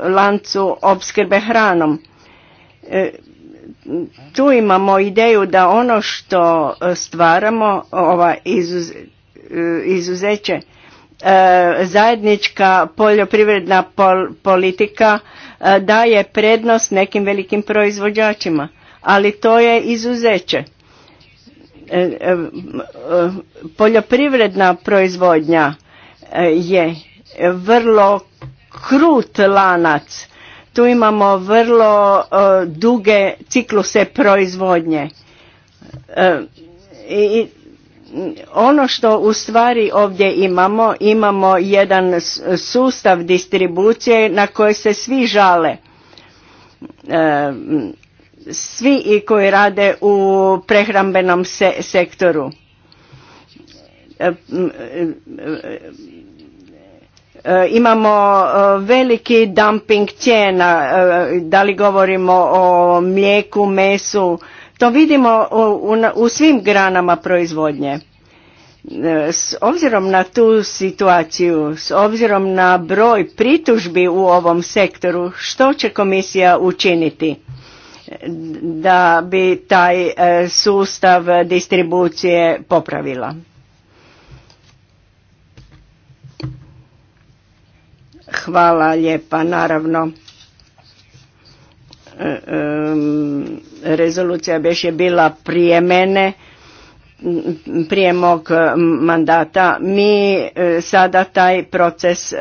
lancu opskrbe hranom tu imamo ideju da ono što e, stvaramo, ova e, izuzeće, e, zajednička poljoprivredna politika daje prednost nekim velikim proizvođačima, ali to je izuzeće. Poljoprivredna proizvodnja je vrlo krut lanac tu imamo vrlo e, duge cikluse proizvodnje. E, I ono što u stvari ovdje imamo, imamo jedan sustav distribucije na koje se svi žale. E, svi i koji rade u prehrambenom sektoru E, imamo e, veliki dumping cijena, e, da li govorimo o mlijeku, mesu, to vidimo u svim granama proizvodnje. S obzirom na tu situaciju, s obzirom na broj pritužbi u ovom sektoru, što će komisija učiniti da bi taj sustav distribucije popravila? Hvala lijepa, naravno. E, rezolucija već je bila prije mene, prije mog e, mandata. Mi e, sada taj proces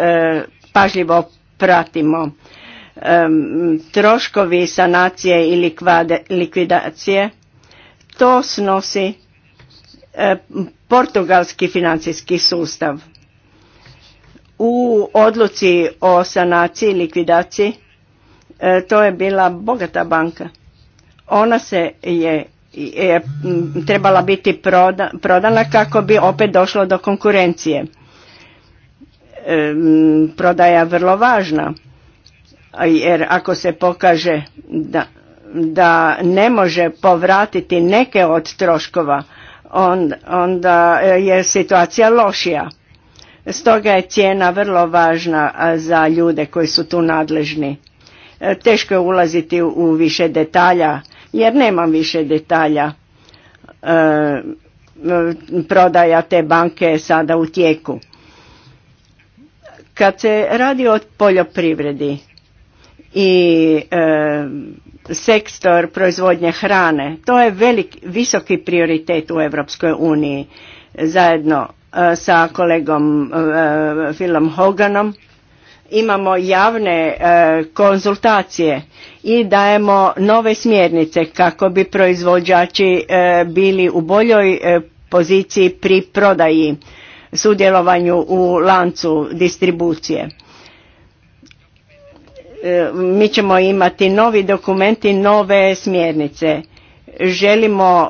pažljivo pratimo. Troškovi sanacije i likvidacije to snosi portugalski financijski sustav u odluci o sanaciji i likvidaciji e, to je bila bogata banka. Ona se je, je trebala biti prodana kako bi opet došlo do konkurencije. E, prodaja je vrlo važna jer ako se pokaže da, da ne može povratiti neke od troškova, onda je situacija lošija. Stoga je cijena vrlo važna za ljude koji su tu nadležni. E, teško je ulaziti u više detalja, jer nemam više detalja. E, prodaja te banke je sada u tijeku. Kad se radi o poljoprivredi i e, sektor proizvodnje hrane, to je visoki prioritet u Europskoj uniji. Zajedno E, sa kolegom Filom e, Hoganom imamo javne e, konzultacije i dajemo nove smjernice kako bi proizvođači bili u boljoj poziciji pri prodaji sudjelovanju u lancu distribucije mi ćemo imati novi dokumenti, nove smjernice želimo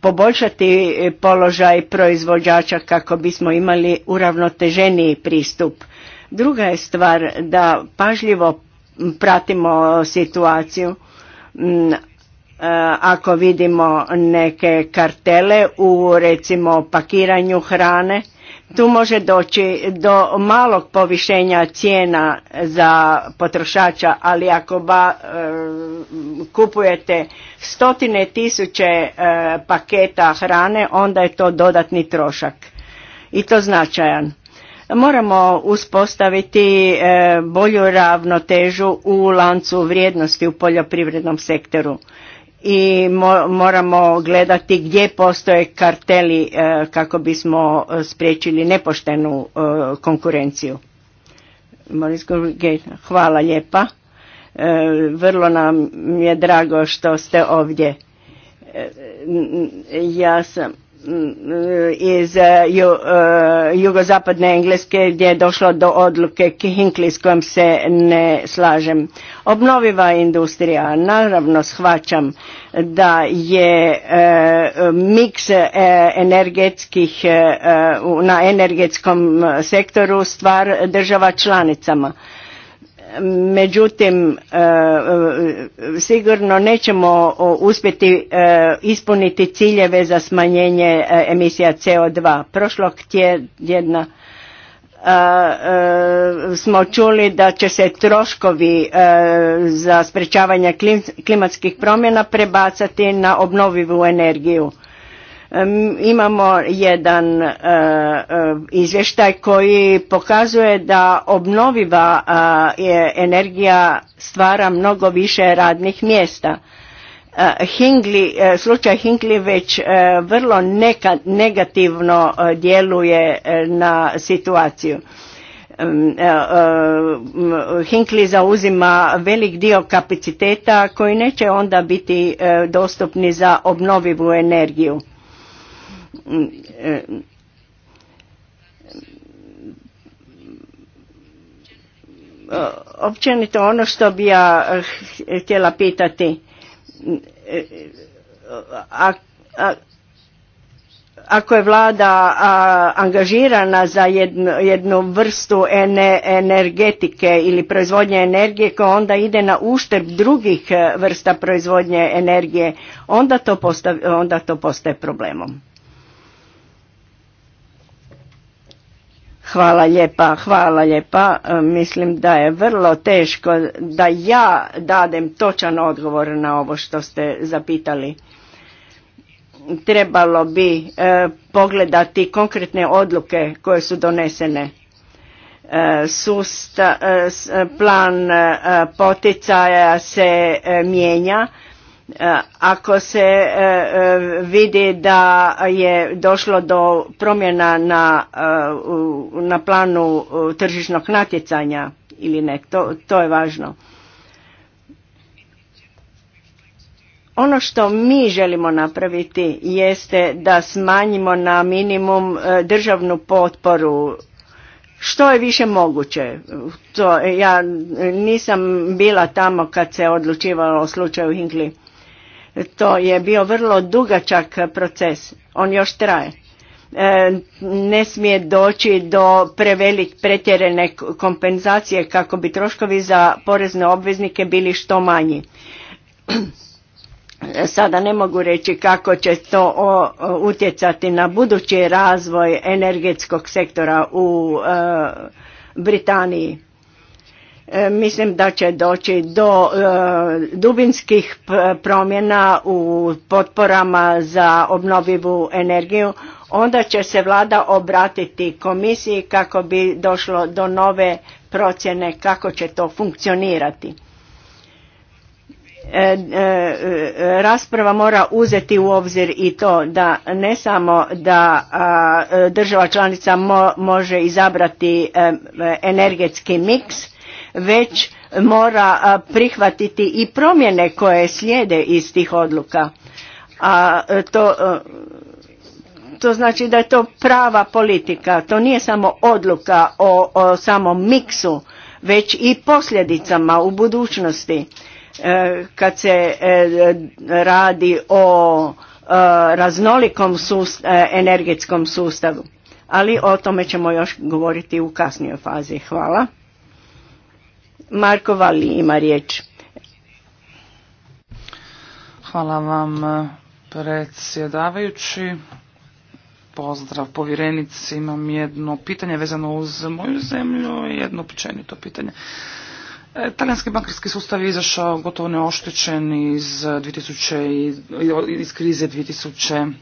poboljšati položaj proizvođača kako bismo imali uravnoteženiji pristup. Druga je stvar da pažljivo pratimo situaciju mm, e, ako vidimo neke kartele u recimo pakiranju hrane tu može doći do malog povišenja cijena za potrošača, ali ako ba, e, kupujete stotine tisuće e, paketa hrane, onda je to dodatni trošak i to značajan. Moramo uspostaviti e, bolju ravnotežu u lancu vrijednosti u poljoprivrednom sektoru i moramo gledati gdje postoje karteli e, kako bismo e, spriječili nepoštenu e, konkurenciju. Hvala lijepa. vrlo nam je drago što ste ovdje. Ja sam Mm, iz eh, eh, jugozapadne Engleske gdje je došlo do odluke Hinkley s kojom se ne slažem. Obnoviva industrija, naravno shvaćam da je eh, miks energetskih na energetskom sektoru stvar država članicama međutim e, e, sigurno nećemo uspjeti e, ispuniti ciljeve za smanjenje emisija CO2. Prošlog tjedna smo čuli da će se troškovi za sprečavanje klimatskih promjena prebacati na obnovivu energiju Imamo jedan e, e, izvještaj koji pokazuje da obnoviva e, energija stvara mnogo više radnih mjesta. Hingli, slučaj Hingli već vrlo neka, negativno djeluje na situaciju. Hinkli zauzima velik dio kapaciteta koji neće onda biti dostupni za obnovivu energiju općenito ono što bi ja eh, htjela pitati ako je vlada angažirana za jednu, vrstu energetike ili proizvodnje energije koja onda ide na uštrb drugih eh, vrsta proizvodnje energije onda to, postav, onda to postaje problemom Hvala lijepa, hvala lijepa. E, mislim da je vrlo teško da ja dadem točan odgovor na ovo što ste zapitali. Trebalo bi e, pogledati konkretne odluke koje su donesene. E, e plan poticaja se mijenja E, ako se e, e, vidi da je došlo do promjena na, na planu tržišnog natjecanja ili ne, to, je važno. Ono što mi želimo napraviti jeste da smanjimo na minimum državnu potporu što je više moguće. To, ja nisam bila tamo kad se odlučivalo o slučaju Hinkli. To je bio vrlo dugačak proces, on još traje. E, ne smije doći do prevelik pretjerene kompenzacije kako bi troškovi za porezne obveznike bili što manji. Sada ne mogu reći kako će to utjecati na budući razvoj energetskog sektora u e, Britaniji E, mislim da će doći do e, dubinskih promjena u potporama za obnovivu energiju. Onda će se vlada obratiti komisiji kako bi došlo do nove procjene kako će to funkcionirati. E, rasprava mora uzeti u obzir i to da ne samo da država članica može izabrati energetski miks već mora prihvatiti i promjene koje slijede iz tih odluka. A e, to, e, to znači da je to prava politika, to nije samo odluka o, o samom miksu, već i posljedicama u budućnosti e, kad se radi o raznolikom energetskom sustavu. Ali o tome ćemo još govoriti u kasnijoj fazi. Hvala. Marko ima riječ. Hvala vam predsjedavajući. Pozdrav povjerenici, imam jedno pitanje vezano uz moju zemlju i jedno općenito pitanje. E, talijanski bankarski sustav je izašao gotovo neoštećen iz, 2000, e, iz krize 2000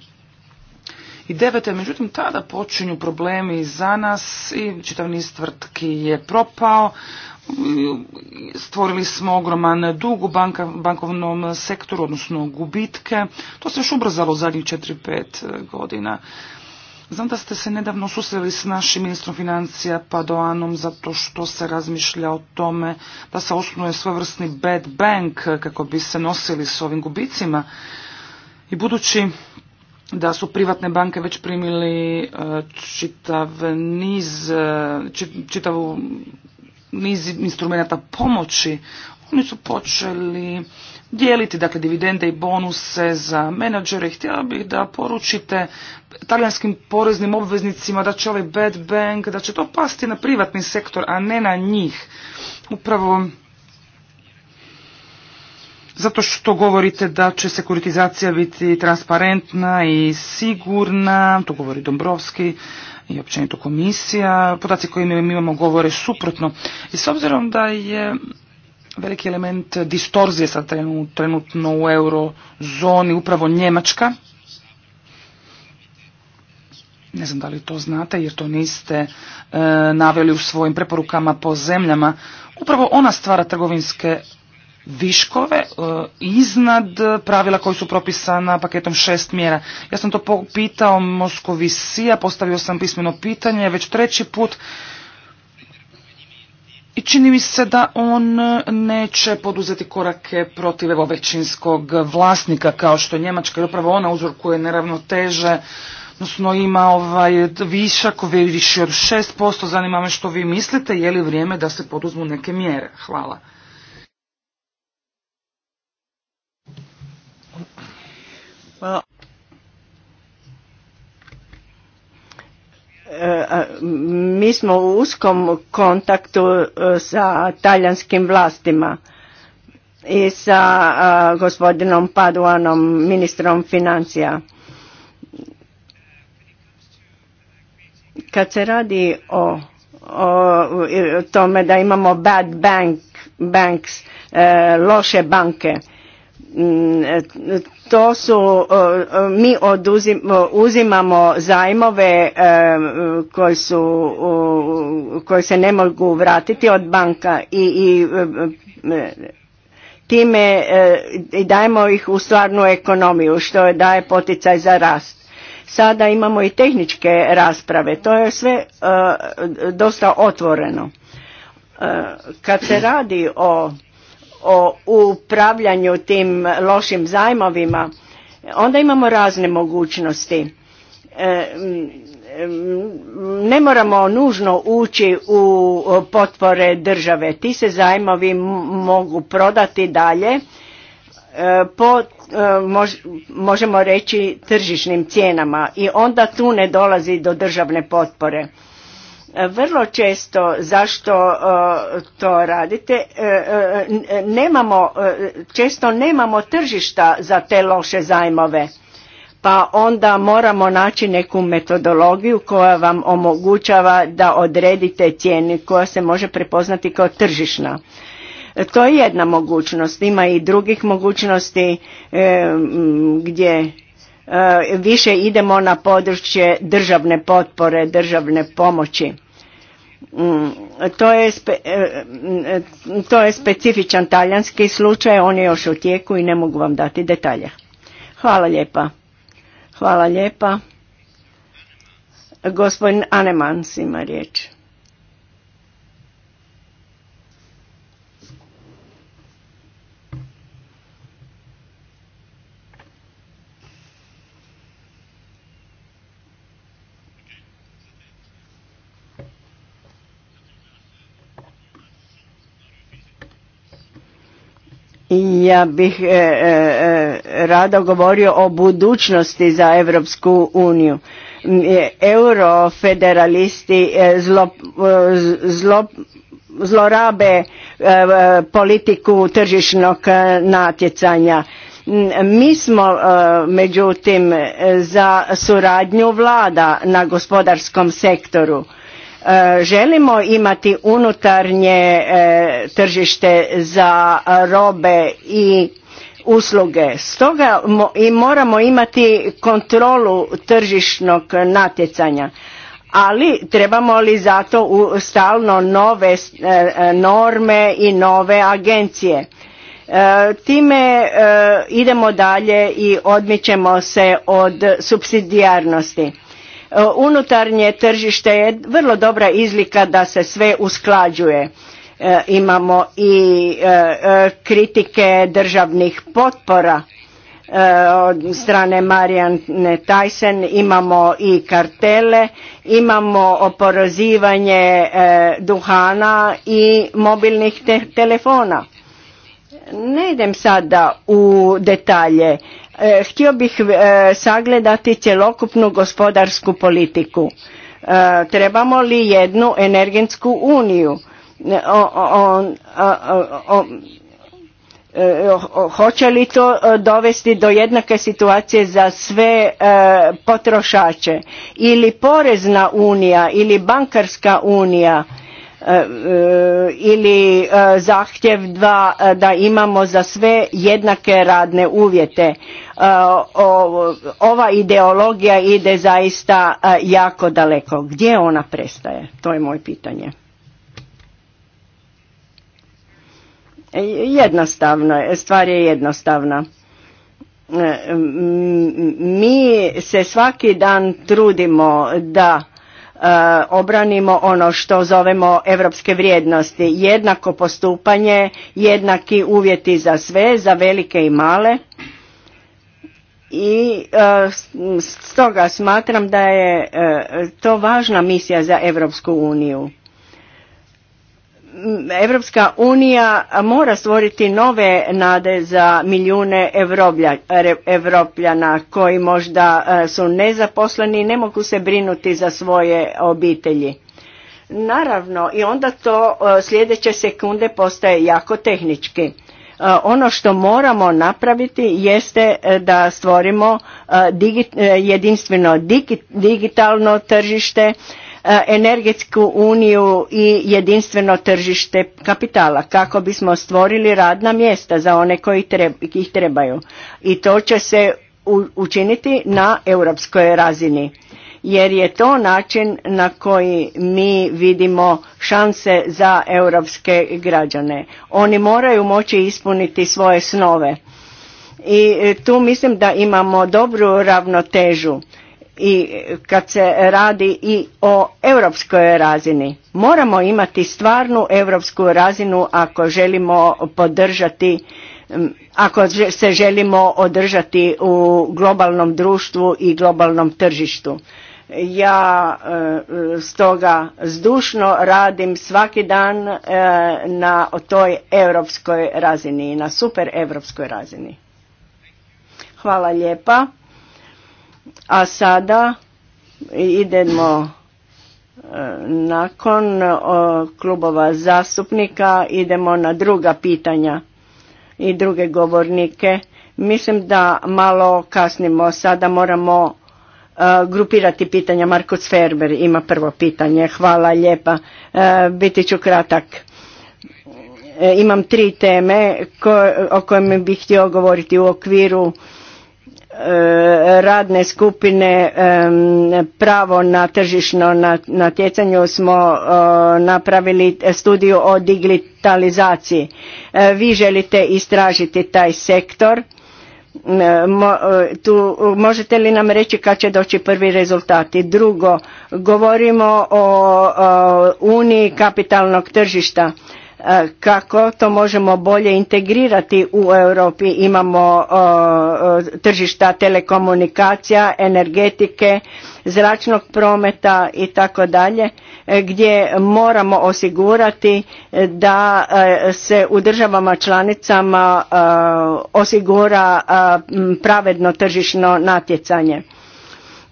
i devete, međutim tada počinju problemi za nas i čitav niz tvrtki je propao, stvorili smo ogroman dug u bankovnom sektoru, odnosno gubitke. To se još ubrzalo u zadnjih 4-5 e, godina. Znam da ste se nedavno susreli s našim ministrom financija Padoanom zato što se razmišlja o tome da se osnuje svojevrsni bad bank kako bi se nosili s ovim gubicima. I budući da su privatne banke već primili e, čitav niz, e, čitavu niz instrumenta pomoći. Oni su počeli dijeliti dakle, dividende i bonuse za menadžere. Htjela bih da poručite talijanskim poreznim obveznicima da će ovaj bad bank, da će to pasti na privatni sektor, a ne na njih. Upravo zato što govorite da će sekuritizacija biti transparentna i sigurna, to govori Dombrovski, i općenito komisija. Podaci koje mi imamo govore suprotno. I s obzirom da je veliki element distorzije sad trenutno u eurozoni, upravo Njemačka, ne znam da li to znate jer to niste e, naveli u svojim preporukama po zemljama, upravo ona stvara trgovinske viškove e, iznad pravila koji su propisana paketom šest mjera. Ja sam to pitao Moskovisija, postavio sam pismeno pitanje već treći put i čini mi se da on neće poduzeti korake protiv evo većinskog vlasnika kao što je Njemačka i upravo ona uzorkuje neravnoteže odnosno ima ovaj višak više od 6%. Zanima me što vi mislite, je li vrijeme da se poduzmu neke mjere? Hvala. Well, mi smo u uskom kontaktu e, sa talijanskim vlastima i sa gospodinom Paduanom, ministrom financija. Kad se radi o, tome da imamo bad banks, e, loše banke, to su, e, e, mi e, uzimamo zajmove koji, su, se ne mogu vratiti od banka i, i time i dajemo ih u stvarnu ekonomiju što daje poticaj za rast. Sada imamo i tehničke rasprave, to je sve dosta otvoreno. Kad se radi o o upravljanju tim lošim zajmovima, onda imamo razne mogućnosti. E, ne moramo nužno ući u potpore države. Ti se zajmovi mogu prodati dalje e, po e, možemo reći tržišnim cijenama i onda tu ne dolazi do državne potpore. Vrlo često zašto e, to radite, e, e, nemamo, često nemamo tržišta za te loše zajmove, pa onda moramo naći neku metodologiju koja vam omogućava da odredite cijenu koja se može prepoznati kao tržišna. To je jedna mogućnost, ima i drugih mogućnosti gdje više idemo na područje državne potpore, državne pomoći. Mm, to je, e, mm, e, to je specifičan talijanski slučaj, on je još u tijeku i ne mogu vam dati detalje. Hvala lijepa. Hvala lijepa. Gospodin Anemans ima riječ. Ja bih e, e, e, rado govorio o budućnosti za Europsku uniju. Eurofederalisti zlorabe politiku tržišnog natjecanja. Mi smo međutim za suradnju vlada na gospodarskom sektoru želimo imati unutarnje e, tržište za robe i usluge. Stoga i moramo imati kontrolu tržišnog natjecanja. Ali trebamo li zato stalno nove e, norme i nove agencije? E, time idemo dalje i odmićemo se od subsidijarnosti E, unutarnje tržište je vrlo dobra izlika da se sve usklađuje. E, imamo i e, kritike državnih potpora od strane Marijane Tyson, imamo i kartele, imamo oporozivanje duhana i mobilnih telefona. Ne idem sada u detalje E, htio bih e, sagledati cjelokupnu gospodarsku politiku. E, trebamo li jednu energetsku uniju? hoće li to dovesti do jednake situacije za sve potrošače? Ili porezna unija ili bankarska unija? Eh, ili eh, zahtjev dva eh, da imamo za sve jednake radne uvjete. Ova ideologija ide zaista jako daleko. Gdje ona prestaje? To je moje pitanje. E, jednostavno, stvar je jednostavna. Mi se svaki dan trudimo da E, obranimo ono što zovemo europske vrijednosti. Jednako postupanje, jednaki uvjeti za sve, za velike i male. I e, stoga smatram da je e, to važna misija za Europsku uniju. Evropska unija mora stvoriti nove nade za milijune evropljana koji možda e, su nezaposleni i ne mogu se brinuti za svoje obitelji. Naravno, i onda to e, sljedeće sekunde postaje jako tehnički. E, ono što moramo napraviti jeste da stvorimo jedinstveno digitalno tržište energetsku uniju i jedinstveno tržište kapitala kako bismo stvorili radna mjesta za one koji ih trebaju. I to će se učiniti na europskoj razini jer je to način na koji mi vidimo šanse za europske građane. Oni moraju moći ispuniti svoje snove. I tu mislim da imamo dobru ravnotežu i kad se radi i o europskoj razini. Moramo imati stvarnu europsku razinu ako želimo podržati ako se želimo održati u globalnom društvu i globalnom tržištu. Ja e, stoga zdušno radim svaki dan e, na toj europskoj razini, na super europskoj razini. Hvala lijepa. A sada idemo e, nakon e, klubova zastupnika idemo na druga pitanja i druge govornike. Mislim da malo kasnimo, sada moramo e, grupirati pitanja. Markus Ferber ima prvo pitanje. Hvala lijepa, biti ću kratak. Imam tri teme o kojima bih htio govoriti u okviru E, radne skupine e, pravo na tržišno natjecanju smo e, napravili studiju o digitalizaciji. Vi želite istražiti taj sektor. Tu, možete li nam reći kad će doći prvi rezultati? Drugo, govorimo o, o uniji kapitalnog tržišta E, kako to možemo bolje integrirati u Europi. Imamo e, e, tržišta telekomunikacija, energetike, zračnog prometa i tako dalje gdje moramo osigurati da se u državama članicama osigura pravedno tržišno natjecanje.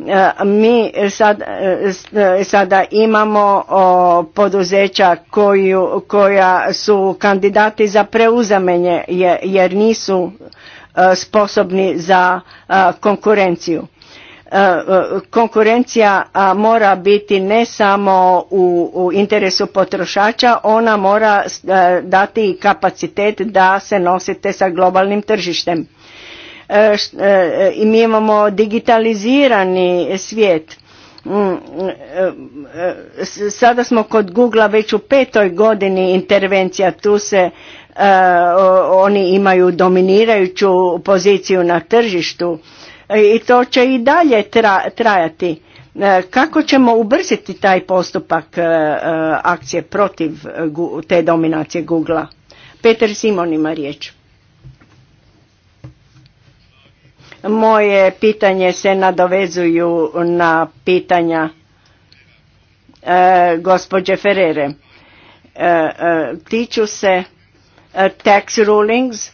E, mi sad, e, e, sada imamo poduzeća koju, koja su kandidati za preuzamenje jer nisu sposobni za konkurenciju konkurencija mora biti ne samo u, interesu potrošača, ona mora dati kapacitet da se nosite sa globalnim tržištem. E, e, i mi imamo digitalizirani svijet. Mm, e, sada smo kod Google već u petoj godini intervencija, tu se oni imaju dominirajuću poziciju na tržištu i to će i dalje trajati. Kako ćemo ubrziti taj postupak akcije protiv te dominacije Googla? Peter Simon ima riječ. Moje pitanje se nadovezuju na pitanja e, gospođe Ferere. E, e, tiču se e, tax rulings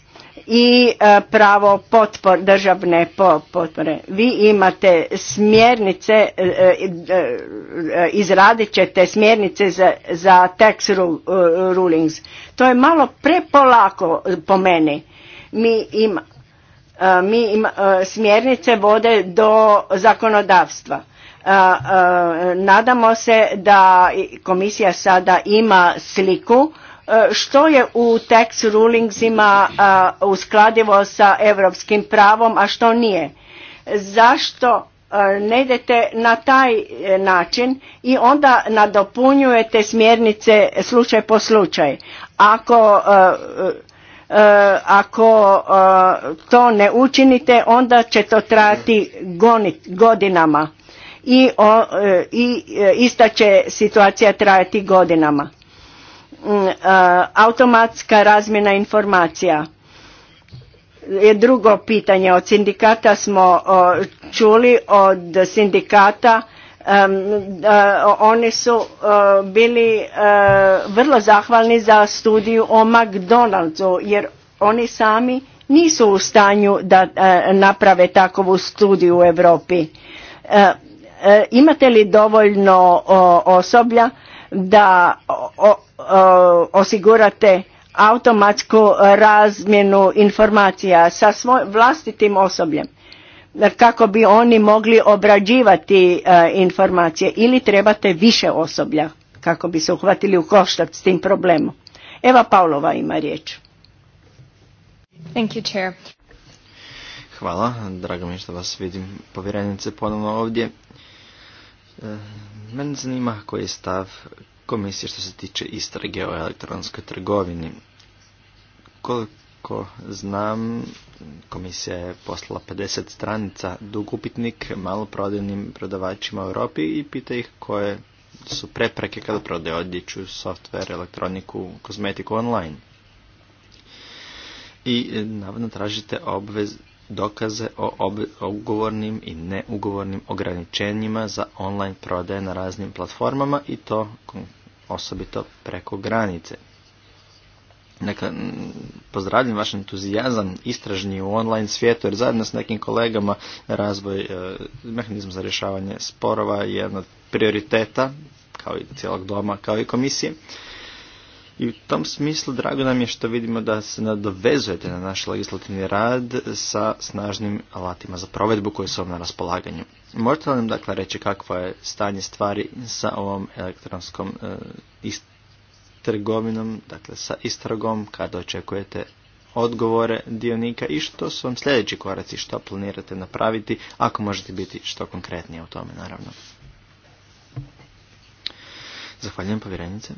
i pravo potpor, državne potpore. Vi imate smjernice, izradit ćete smjernice za, za tax rulings. To je malo prepolako po meni. Mi imamo E, mi e, smjernice vode do zakonodavstva. E, nadamo se da komisija sada ima sliku što je u tax rulingsima uskladivo sa europskim pravom, a što nije. Zašto ne idete na taj način i onda nadopunjujete smjernice slučaj po slučaj. Ako E, ako e, to ne učinite, onda će to trajati godinama i, e, i ista će situacija trajati godinama. Mm, automatska razmjena informacija je drugo pitanje. Od sindikata smo čuli, od sindikata E, oni su e, bili e, vrlo zahvalni za studiju o McDonald'su jer oni sami nisu u stanju da naprave takovu studiju u Europi. Imate li dovoljno osoblja da osigurate automatsku razmjenu informacija sa svojim vlastitim osobljem? kako bi oni mogli obrađivati e, informacije ili trebate više osoblja kako bi se uhvatili u koštac s tim problemom. Eva Paulova ima riječ. Thank you, Chair. Hvala, drago mi što vas vidim povjerenice ponovno ovdje. E, mene zanima koji je stav komisije što se tiče istrage o elektronskoj trgovini. Koliko koliko znam, komisija je poslala 50 stranica dugupitnik upitnik maloprodajnim prodavačima u Europi i pita ih koje su prepreke kada prodaju odjeću, software, elektroniku, kozmetiku online. I e, navodno tražite obvez dokaze o ugovornim i neugovornim ograničenjima za online prodaje na raznim platformama i to osobito preko granice. Dakle, pozdravljam vaš entuzijazam istražni u online svijetu jer zajedno s nekim kolegama razvoj e, mehanizma za rješavanje sporova je jedan od prioriteta kao i cijelog doma, kao i komisije. I u tom smislu drago nam je što vidimo da se nadovezujete na naš legislativni rad sa snažnim alatima za provedbu koji su vam na raspolaganju. Možete li nam dakle reći kakvo je stanje stvari sa ovom elektronskom e, istražnjom? trgovinom, dakle sa istragom, kada očekujete odgovore dionika i što su vam sljedeći koraci, što planirate napraviti, ako možete biti što konkretnije u tome, naravno. Zahvaljujem povjerenice.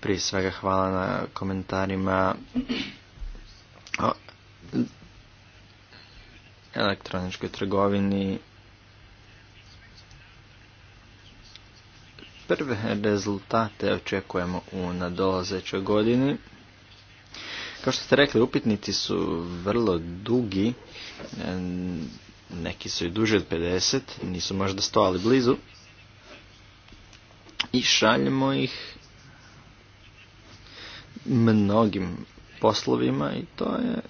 Prije svega hvala na komentarima o elektroničkoj trgovini Prve rezultate očekujemo u nadolazećoj godini. Kao što ste rekli, upitnici su vrlo dugi, neki su i duže od 50, nisu možda 100, ali blizu. I šaljemo ih mnogim poslovima i to je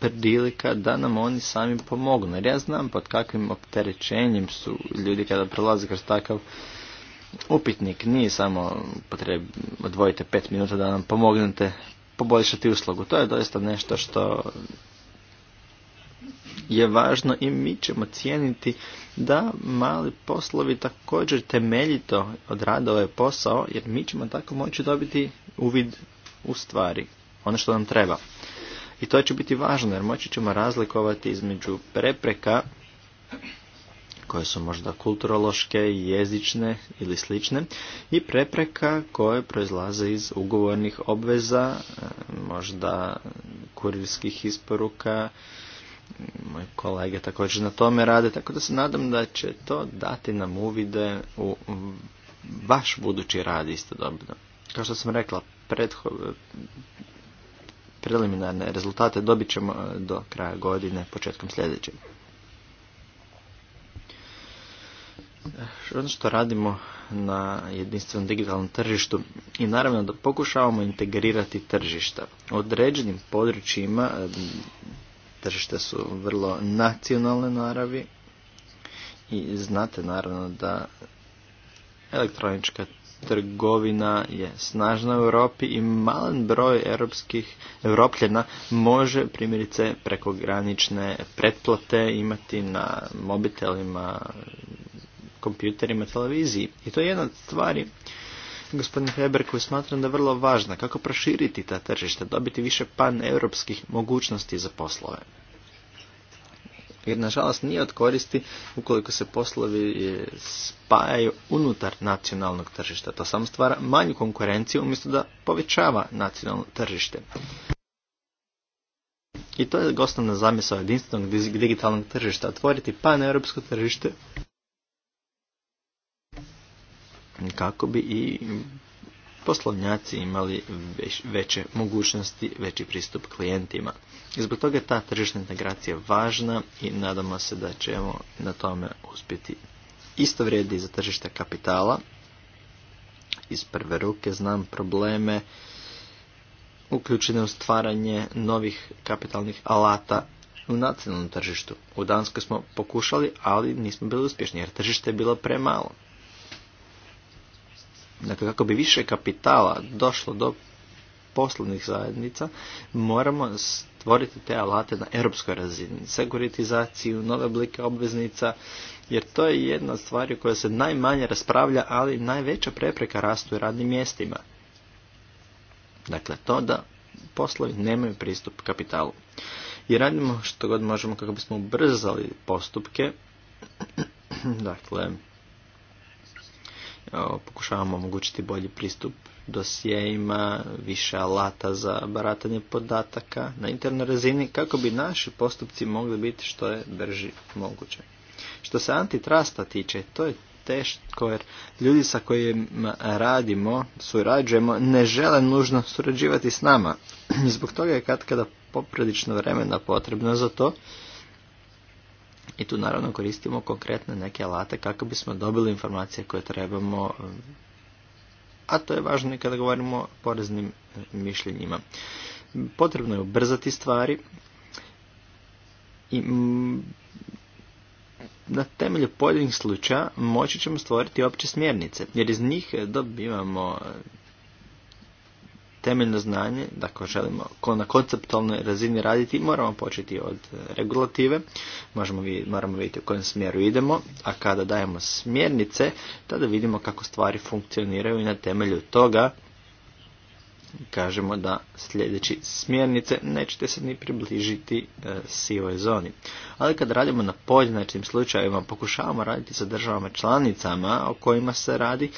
prilika da nam oni sami pomognu. Jer ja znam pod kakvim opterećenjem su ljudi kada prolaze kroz takav upitnik. Nije samo potreb, odvojite pet minuta da nam pomognete poboljšati uslugu. To je doista nešto što je važno i mi ćemo cijeniti da mali poslovi također temeljito odrade ovaj posao jer mi ćemo tako moći dobiti uvid u stvari, ono što nam treba. I to će biti važno jer moći ćemo razlikovati između prepreka koje su možda kulturološke, jezične ili slične i prepreka koje proizlaze iz ugovornih obveza, možda kurirskih isporuka, moje kolege također na tome rade, tako da se nadam da će to dati nam uvide u vaš budući rad istodobno. Kao što sam rekla, pretho preliminarne rezultate dobit ćemo e, do kraja godine, početkom sljedećeg. Ono što radimo na jedinstvenom digitalnom tržištu i naravno da pokušavamo integrirati tržišta. U određenim područjima e, tržište su vrlo nacionalne naravi i znate naravno da elektronička trgovina je snažna u Europi i malen broj europskih europljena može primjerice prekogranične pretplate imati na mobitelima, kompjuterima, televiziji. I to je jedna od stvari gospodin Heber smatram da je vrlo važna, kako proširiti ta tržišta, dobiti više pan-europskih mogućnosti za poslove jer nažalost nije od koristi ukoliko se poslovi e, spajaju unutar nacionalnog tržišta. To samo stvara manju konkurenciju umjesto da povećava nacionalno tržište. I to je osnovna zamisao jedinstvenog digitalnog tržišta, otvoriti paneuropsko tržište kako bi i poslovnjaci imali veće mogućnosti, veći pristup klijentima. I zbog toga je ta tržišna integracija važna i nadamo se da ćemo na tome uspjeti. Isto vrijedi za tržište kapitala. Iz prve ruke znam probleme uključene u stvaranje novih kapitalnih alata u nacionalnom tržištu. U Danskoj smo pokušali, ali nismo bili uspješni jer tržište je bilo premalo. Dakle, kako bi više kapitala došlo do poslovnih zajednica, moramo stvoriti te alate na europskoj razini. Sekuritizaciju, nove oblike obveznica, jer to je jedna od stvari koja se najmanje raspravlja, ali najveća prepreka rastu i radnim mjestima. Dakle, to da poslovi nemaju pristup kapitalu. I radimo što god možemo kako bismo ubrzali postupke. dakle, pokušavamo omogućiti bolji pristup dosjeima više alata za baratanje podataka na internoj razini kako bi naši postupci mogli biti što je brži moguće. Što se antitrasta tiče, to je teško jer ljudi sa kojim radimo, surađujemo, ne žele nužno surađivati s nama. Zbog toga je kad kada poprilično vremena potrebno za to, i tu naravno koristimo konkretne neke alate kako bismo dobili informacije koje trebamo, a to je važno i kada govorimo o poreznim e, mišljenjima. Potrebno je ubrzati stvari i na temelju pojedinih slučaja moći ćemo stvoriti opće smjernice, jer iz njih dobivamo temeljno znanje, da ako želimo na konceptualnoj razini raditi, moramo početi od e, regulative, možemo moramo vidjeti u kojem smjeru idemo, a kada dajemo smjernice, tada vidimo kako stvari funkcioniraju i na temelju toga kažemo da sljedeći smjernice nećete se ni približiti e, sivoj zoni. Ali kad radimo na pojedinačnim slučajevima, pokušavamo raditi sa državama članicama o kojima se radi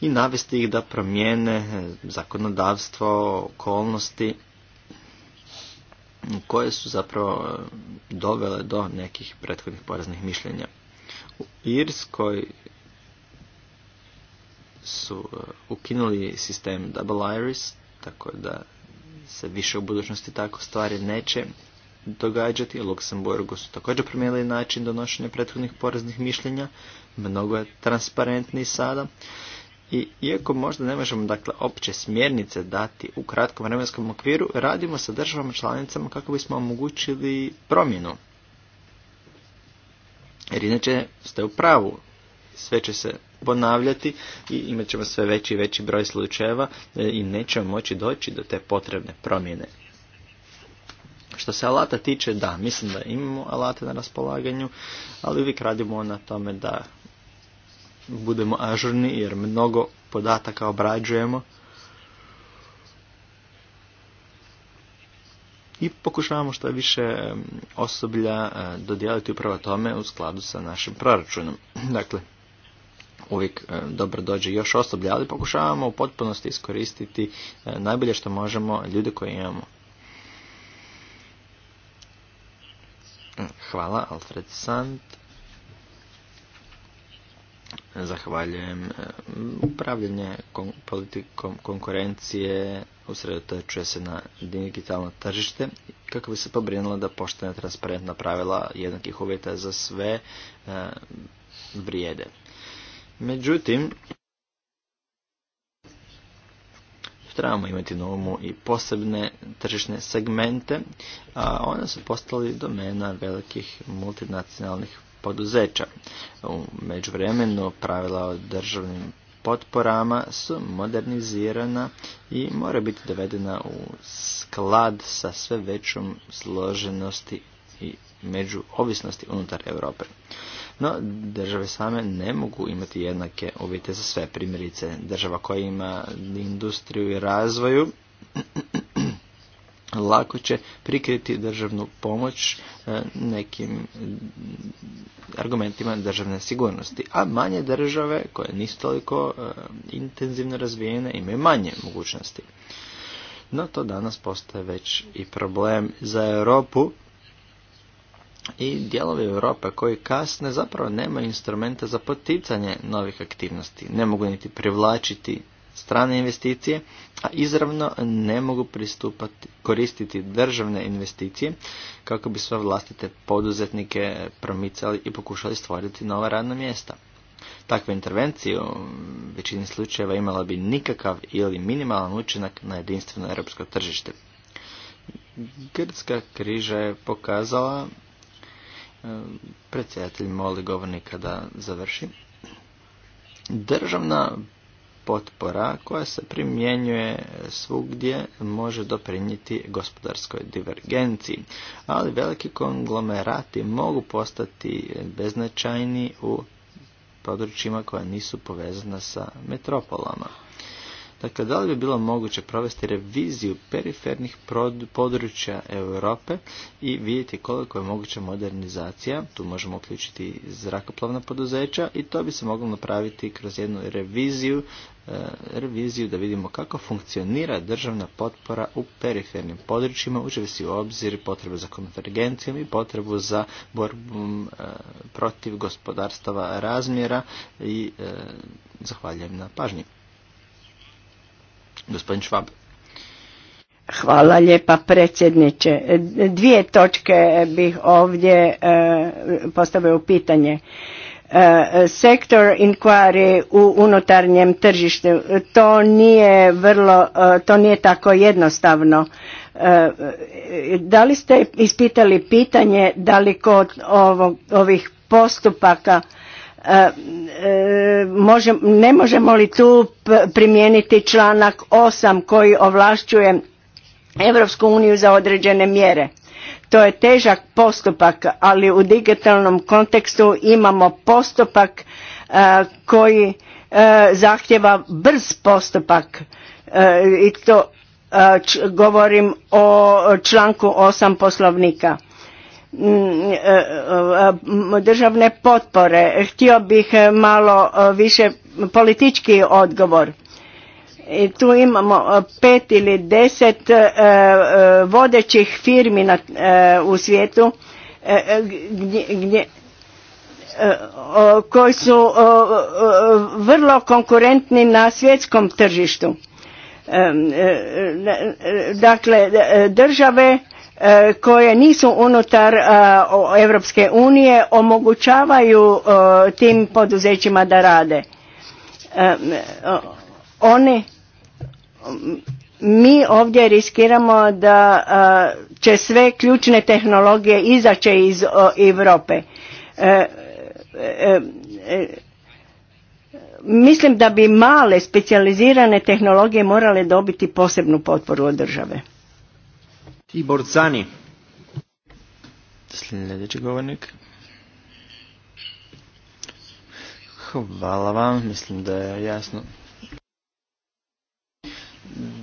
i navesti ih da promijene zakonodavstvo, okolnosti koje su zapravo dovele do nekih prethodnih poreznih mišljenja. U Irskoj su uh, ukinuli sistem Double Iris, tako da se više u budućnosti tako stvari neće događati. U Luksemburgu su također promijenili način donošenja prethodnih poreznih mišljenja. Mnogo je transparentniji sada. I iako možda ne možemo dakle opće smjernice dati u kratkom vremenskom okviru, radimo sa državama članicama kako bismo omogućili promjenu. Jer inače ste u pravu, sve će se ponavljati i imat ćemo sve veći i veći broj slučajeva e, i nećemo moći doći do te potrebne promjene. Što se alata tiče, da, mislim da imamo alate na raspolaganju, ali uvijek radimo na tome da budemo ažurni jer mnogo podataka obrađujemo i pokušavamo što više osoblja e, dodijeliti upravo tome u skladu sa našim proračunom. Dakle, uvijek e, dobro dođe još osoblja, ali pokušavamo u potpunosti iskoristiti e, najbolje što možemo ljude koje imamo. Hvala, Alfred Sant. Zahvaljujem. E, upravljanje politikom konkurencije usredotočuje se na digitalno tržište kako bi se pobrinula da poštene transparentna pravila jednakih uvjeta za sve e, vrijede. Međutim, trebamo imati na umu i posebne tržišne segmente, a one su postali domena velikih multinacionalnih poduzeća. U međuvremenu pravila o državnim potporama su modernizirana i mora biti dovedena u sklad sa sve većom složenosti i među ovisnosti unutar Europe. No, države same ne mogu imati jednake uvjete za sve primjerice. Država koja ima industriju i razvoju lako će prikriti državnu pomoć e, nekim argumentima državne sigurnosti. A manje države koje nisu toliko e, intenzivno razvijene imaju manje mogućnosti. No to danas postaje već i problem za Europu i dijelovi Europe koji kasne zapravo nema instrumenta za poticanje novih aktivnosti. Ne mogu niti privlačiti strane investicije, a izravno ne mogu pristupati, koristiti državne investicije kako bi svoje vlastite poduzetnike promicali i pokušali stvoriti nova radna mjesta. Takve intervencije u većini slučajeva imala bi nikakav ili minimalan učinak na jedinstveno europsko tržište. Grdska križa je pokazala e, predsjedatelj moli govornika da završi. Državna potpora koja se primjenjuje svugdje može doprinijeti gospodarskoj divergenciji, ali veliki konglomerati mogu postati beznačajni u područjima koja nisu povezana sa metropolama. Dakle, da li bi bilo moguće provesti reviziju perifernih područja Europe i vidjeti koliko je moguća modernizacija, tu možemo uključiti zrakoplovna poduzeća i to bi se moglo napraviti kroz jednu reviziju, e, reviziju da vidimo kako funkcionira državna potpora u perifernim područjima, uzevši u obzir potrebu za konvergencijom i potrebu za borbom e, protiv gospodarstava razmjera i e, zahvaljujem na pažnji. Gospodin Švab. Hvala lijepa predsjedniče. Dvije točke bih ovdje e, postavio u pitanje. E, sektor inquiry u unutarnjem tržištu, to nije vrlo, e, to nije tako jednostavno. Da li ste ispitali pitanje da li kod ovih postupaka E, e, ne možemo li tu primijeniti članak 8 koji ovlašćuje Europsku uniju za određene mjere? To je težak postupak, ali u digitalnom kontekstu imamo postupak e, koji zahtjeva brz postupak i to govorim o članku 8 poslovnika E, e, e, državne potpore. Htio bih malo više politički odgovor. tu imamo pet ili deset vodećih firmi u svijetu koji su vrlo konkurentni na svjetskom tržištu. Dakle, države E, koje nisu unutar Europske unije omogućavaju e, tim poduzećima da rade. E, oni, mi ovdje riskiramo da će sve ključne tehnologije izaći iz Europe. Mislim da bi male specijalizirane tehnologije morale dobiti posebnu potporu od države. Tibor Cani. Sljedeći govornik. Hvala vam, mislim da je jasno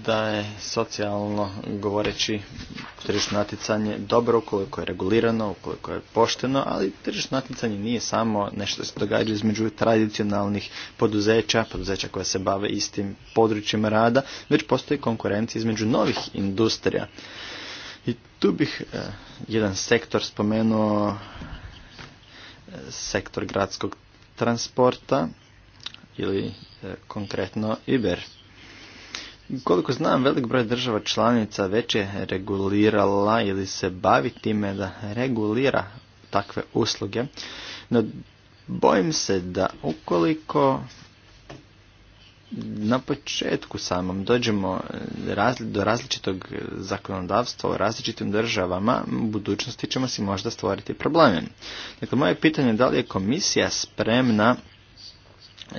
da je socijalno govoreći tržišno natjecanje dobro ukoliko je regulirano, ukoliko je pošteno, ali tržišno natjecanje nije samo nešto što se događa između tradicionalnih poduzeća, poduzeća koja se bave istim područjima rada, već postoji konkurencija između novih industrija. I tu bih e, jedan sektor spomenuo, e, sektor gradskog transporta ili e, konkretno Iber. Koliko znam, velik broj država članica već je regulirala ili se bavi time da regulira takve usluge, no bojim se da ukoliko na početku samom dođemo eh, do različitog eh, zakonodavstva u različitim državama, u budućnosti ćemo si možda stvoriti problem. Dakle, moje pitanje je da li je komisija spremna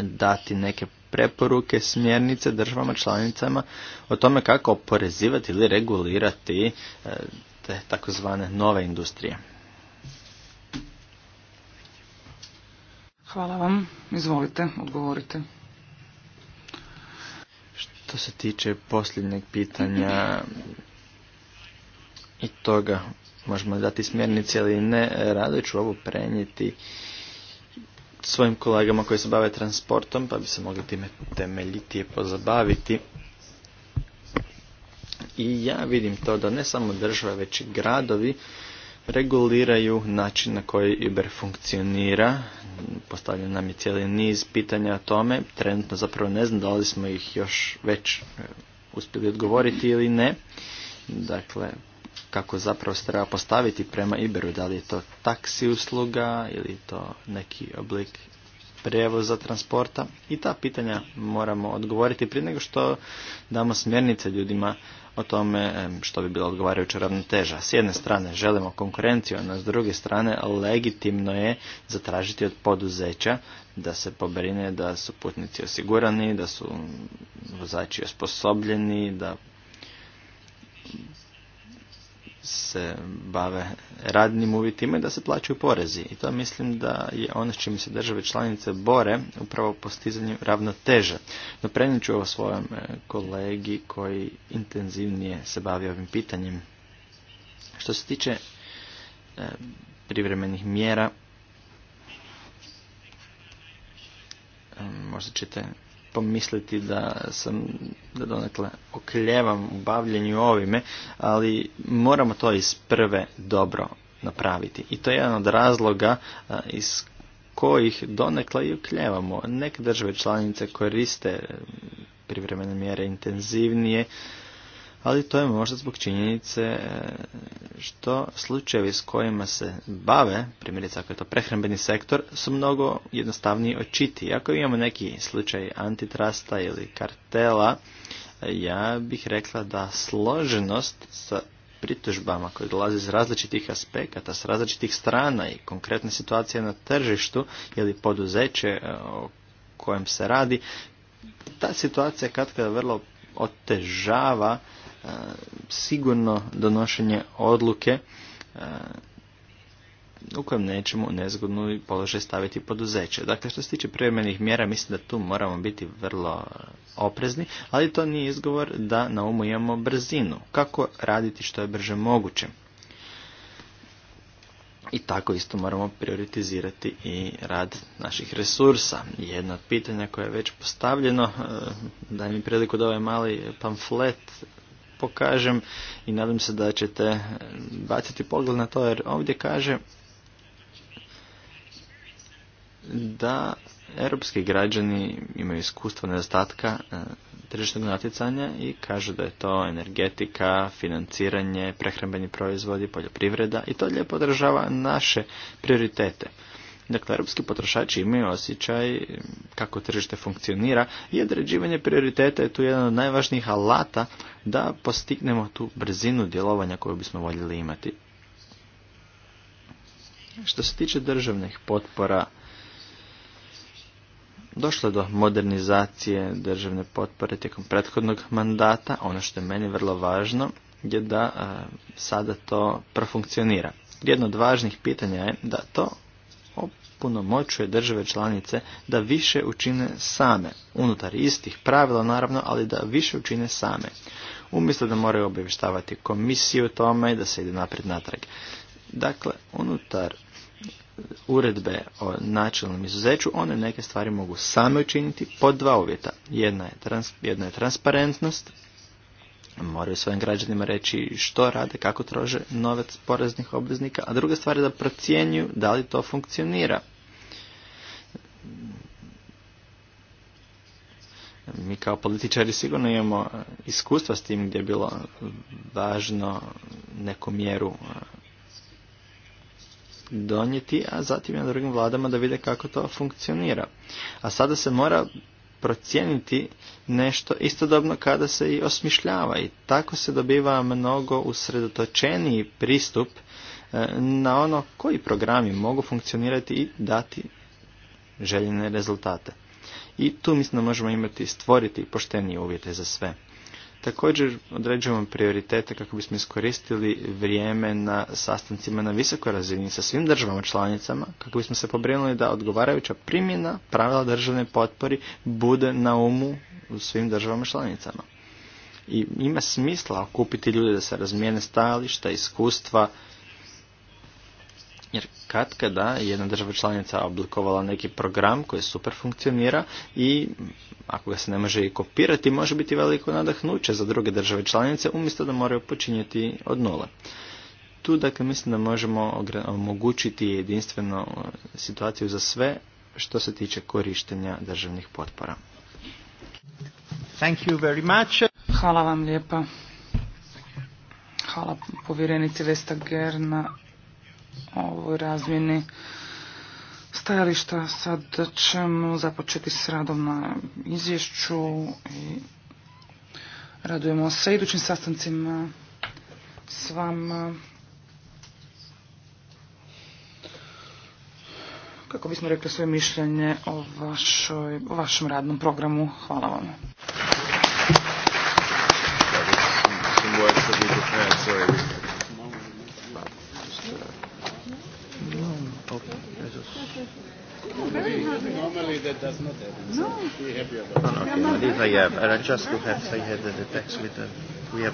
dati neke preporuke, smjernice državama članicama o tome kako oporezivati ili regulirati eh, te takozvane nove industrije. Hvala vam. Izvolite, odgovorite. Što se tiče posljednjeg pitanja i toga možemo dati smjernice ali ne, rado ću ovo prenijeti svojim kolegama koji se bave transportom, pa bi se mogli time temeljitije pozabaviti. I ja vidim to da ne samo države, već i gradovi reguliraju način na koji Uber funkcionira. Postavljen nam je cijeli niz pitanja o tome. Trenutno zapravo ne znam da li smo ih još već e, uspjeli odgovoriti ili ne. Dakle, kako zapravo se treba postaviti prema Iberu, da li je to taksi usluga ili to neki oblik prijevoza transporta i ta pitanja moramo odgovoriti prije nego što damo smjernice ljudima o tome što bi bila odgovarajuća ravnoteža. S jedne strane želimo konkurenciju, a s druge strane legitimno je zatražiti od poduzeća da se pobrine da su putnici osigurani, da su vozači osposobljeni, da se bave radnim uvjetima i da se plaćaju porezi. I to mislim da je ono s čim se države članice bore upravo postizanju ravnoteže. No prenijet ću ovo svojom e, kolegi koji intenzivnije se bavi ovim pitanjem. Što se tiče e, privremenih mjera, e, možda ćete pomisliti da sam da donekle okljevam u bavljenju ovime, ali moramo to iz prve dobro napraviti. I to je jedan od razloga iz kojih donekle i okljevamo. Neke države članice koriste e, privremene mjere intenzivnije, ali to je možda zbog činjenice e, što slučajevi s kojima se bave, primjerice ako je to prehrambeni sektor, su mnogo jednostavniji očiti. Ako imamo neki slučaj antitrasta ili kartela, e, ja bih rekla da složenost sa pritužbama koje dolaze iz različitih aspekata, s različitih strana i konkretne situacije na tržištu ili poduzeće e, o kojem se radi, ta situacija katkada vrlo otežava sigurno donošenje odluke e, u kojem nećemo u nezgodnu položaj staviti poduzeće. Dakle, što se tiče privremenih mjera, mislim da tu moramo biti vrlo oprezni, ali to nije izgovor da na umu imamo brzinu. Kako raditi što je brže moguće? I tako isto moramo prioritizirati i rad naših resursa. Jedno od pitanja koje je već postavljeno, e, daj mi priliku da ovaj mali pamflet pokažem i nadam se da ćete eh, baciti pogled na to jer ovdje kaže da europski građani imaju iskustvo nedostatka eh, tržišnog natjecanja i kažu da je to energetika, financiranje, prehrambeni proizvodi, poljoprivreda i to lijepo održava naše prioritete. Dakle, europski potrošači imaju osjećaj kako tržište funkcionira i određivanje prioriteta je tu jedan od najvažnijih alata da postignemo tu brzinu djelovanja koju bismo voljeli imati. Što se tiče državnih potpora, došlo do modernizacije državne potpore tijekom prethodnog mandata. Ono što je meni vrlo važno je da sada to profunkcionira. Jedno od važnih pitanja je da to punomoćuje države članice da više učine same, unutar istih pravila naravno, ali da više učine same. Umjesto da moraju obavještavati komisiju o tome i da se ide naprijed natrag. Dakle, unutar uredbe o načelnom izuzeću, one neke stvari mogu same učiniti pod dva uvjeta. Jedna je, trans, jedna je transparentnost, moraju svojim građanima reći što rade, kako trože novac poreznih obveznika, a druga stvar je da procjenjuju da li to funkcionira. Mi kao političari sigurno imamo iskustva s tim gdje je bilo važno neku mjeru donijeti, a zatim i na drugim vladama da vide kako to funkcionira. A sada se mora procijeniti nešto istodobno kada se i osmišljava i tako se dobiva mnogo usredotočeniji pristup e, na ono koji programi mogu funkcionirati i dati željene rezultate. I tu mislim da možemo imati stvoriti poštenije uvjete za sve. Također određujemo prioritete kako bismo iskoristili vrijeme na sastancima na visokoj razini sa svim državama članicama kako bismo se pobrinuli da odgovarajuća primjena pravila državne potpori bude na umu u svim državama članicama. I ima smisla okupiti ljude da se razmijene stajališta, iskustva, jer kad kada jedna država članica oblikovala neki program koji super funkcionira i ako ga se ne može i kopirati može biti veliko nadahnuće za druge države članice umjesto da moraju počinjati od nula. Tu dakle mislim da možemo omogućiti jedinstvenu uh, situaciju za sve što se tiče korištenja državnih potpora. Thank you very much. Hvala vam lijepa. Hvala povjerenici Vesta ovoj razmjeni stajališta. Sad ćemo započeti s radom na izvješću i radujemo se idućim sastancima s vama. Kako bismo rekli svoje mišljenje o, o vašem radnom programu. Hvala vam. that just have, we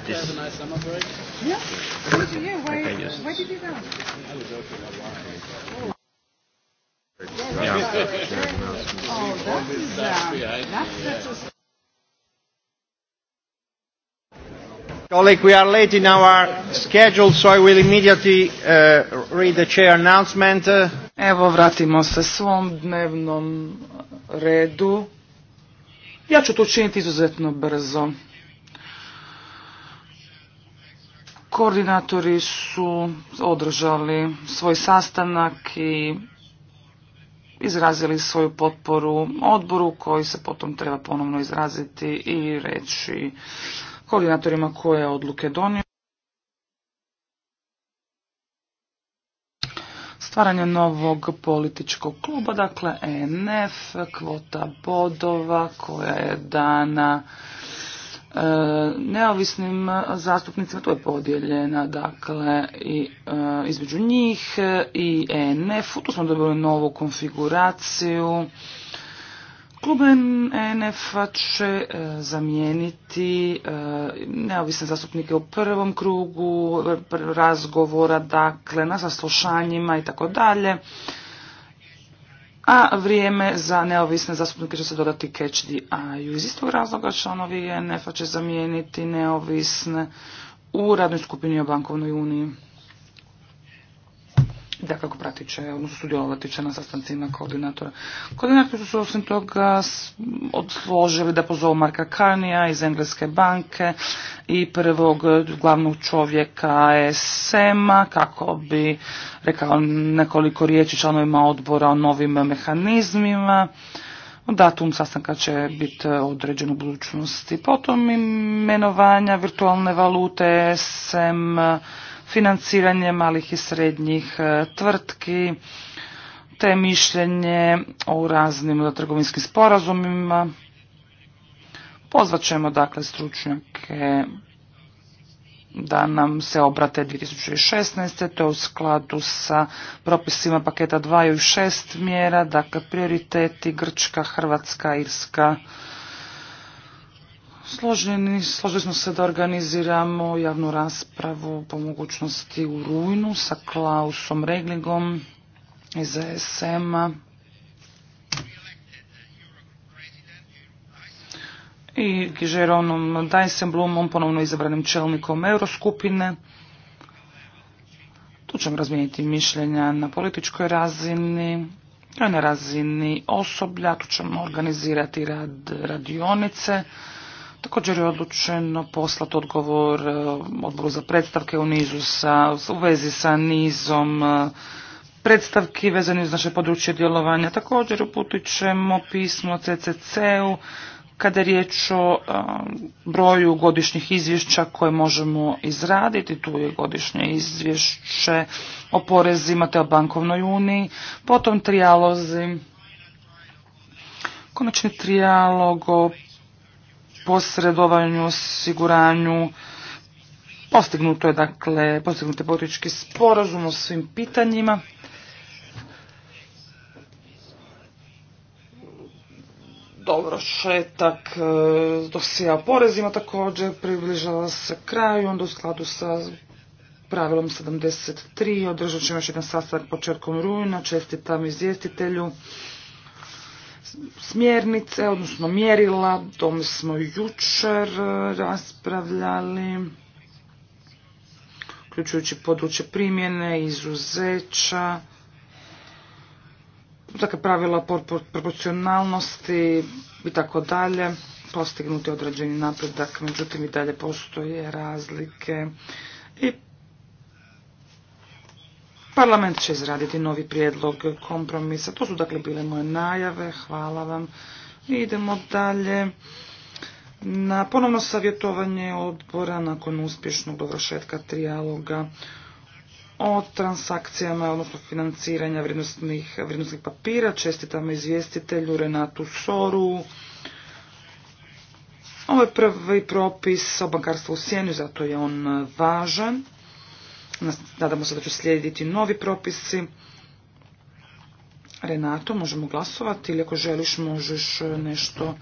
Colleague, we are late in our schedule, so I will immediately uh, read the chair announcement. Evo, vratimo se svom dnevnom redu. Ja ću to učiniti izuzetno brzo. Koordinatori su održali svoj sastanak i izrazili svoju potporu odboru koji se potom treba ponovno izraziti i reći koordinatorima koje odluke donio. stvaranje novog političkog kluba, dakle ENF, kvota bodova koja je dana e, neovisnim zastupnicima, to je podijeljena dakle i e, između njih i ENF-u, tu smo dobili novu konfiguraciju Klub nf će e, zamijeniti e, neovisne zastupnike u prvom krugu razgovora, dakle na saslušanjima i tako dalje. A vrijeme za neovisne zastupnike će se dodati catch the eye. Iz istog razloga članovi nf će zamijeniti neovisne u radnoj skupini o bankovnoj uniji da kako pratit će, odnosno sudjelovati će na sastancima koordinatora. Koordinatori su osim toga odložili da pozovu Marka Kanija iz Engleske banke i prvog glavnog čovjeka sm kako bi rekao nekoliko riječi članovima odbora o novim mehanizmima. Datum sastanka će biti određen u budućnosti. Potom imenovanja virtualne valute SM financiranje malih i srednjih e, tvrtki, te mišljenje o raznim trgovinskim sporazumima. Pozvat ćemo dakle stručnjake da nam se obrate 2016. To je u skladu sa propisima paketa 2 i 6 mjera, dakle prioriteti Grčka, Hrvatska, Irska, Složeni, složili smo se da organiziramo javnu raspravu po mogućnosti u rujnu sa Klausom Regligom iz ESM-a. i Gižeronom Dijsenblumom, ponovno izabranim čelnikom Euroskupine. Tu ćemo razmijeniti mišljenja na političkoj razini, na razini osoblja. Tu ćemo organizirati rad, radionice. Također je odlučeno poslati odgovor e, odboru za predstavke u nizu sa, u vezi sa nizom e, predstavki vezani uz naše područje djelovanja. Također uputit ćemo pismo CCC-u kada je riječ o e, broju godišnjih izvješća koje možemo izraditi, tu je godišnje izvješće o porezima te o bankovnoj uniji, potom trijalozi, konačni trijalog o posredovanju, osiguranju. Postignuto je, dakle, postignut je politički sporazum o svim pitanjima. Dobro, šetak e, dosija o porezima također približava se kraju, onda u skladu sa pravilom 73 održat ćemo još jedan sastanak početkom rujna, čestitam izvjestitelju smjernice, odnosno mjerila, tome smo jučer e, raspravljali, uključujući područje primjene, izuzeća, dakle pravila proporcionalnosti i tako dalje, postignuti određeni napredak, međutim i dalje postoje razlike i Parlament će izraditi novi prijedlog kompromisa. To su dakle bile moje najave. Hvala vam. Idemo dalje na ponovno savjetovanje odbora nakon uspješnog dovršetka trijaloga o transakcijama, odnosno financiranja vrijednosnih papira. Čestitam izvjestitelju Renatu Soru. Ovo je prvi propis o bankarstvu u sjeni, zato je on važan. Nadamo se da će slijediti novi propisi. Renato, možemo glasovati ili ako želiš možeš e, nešto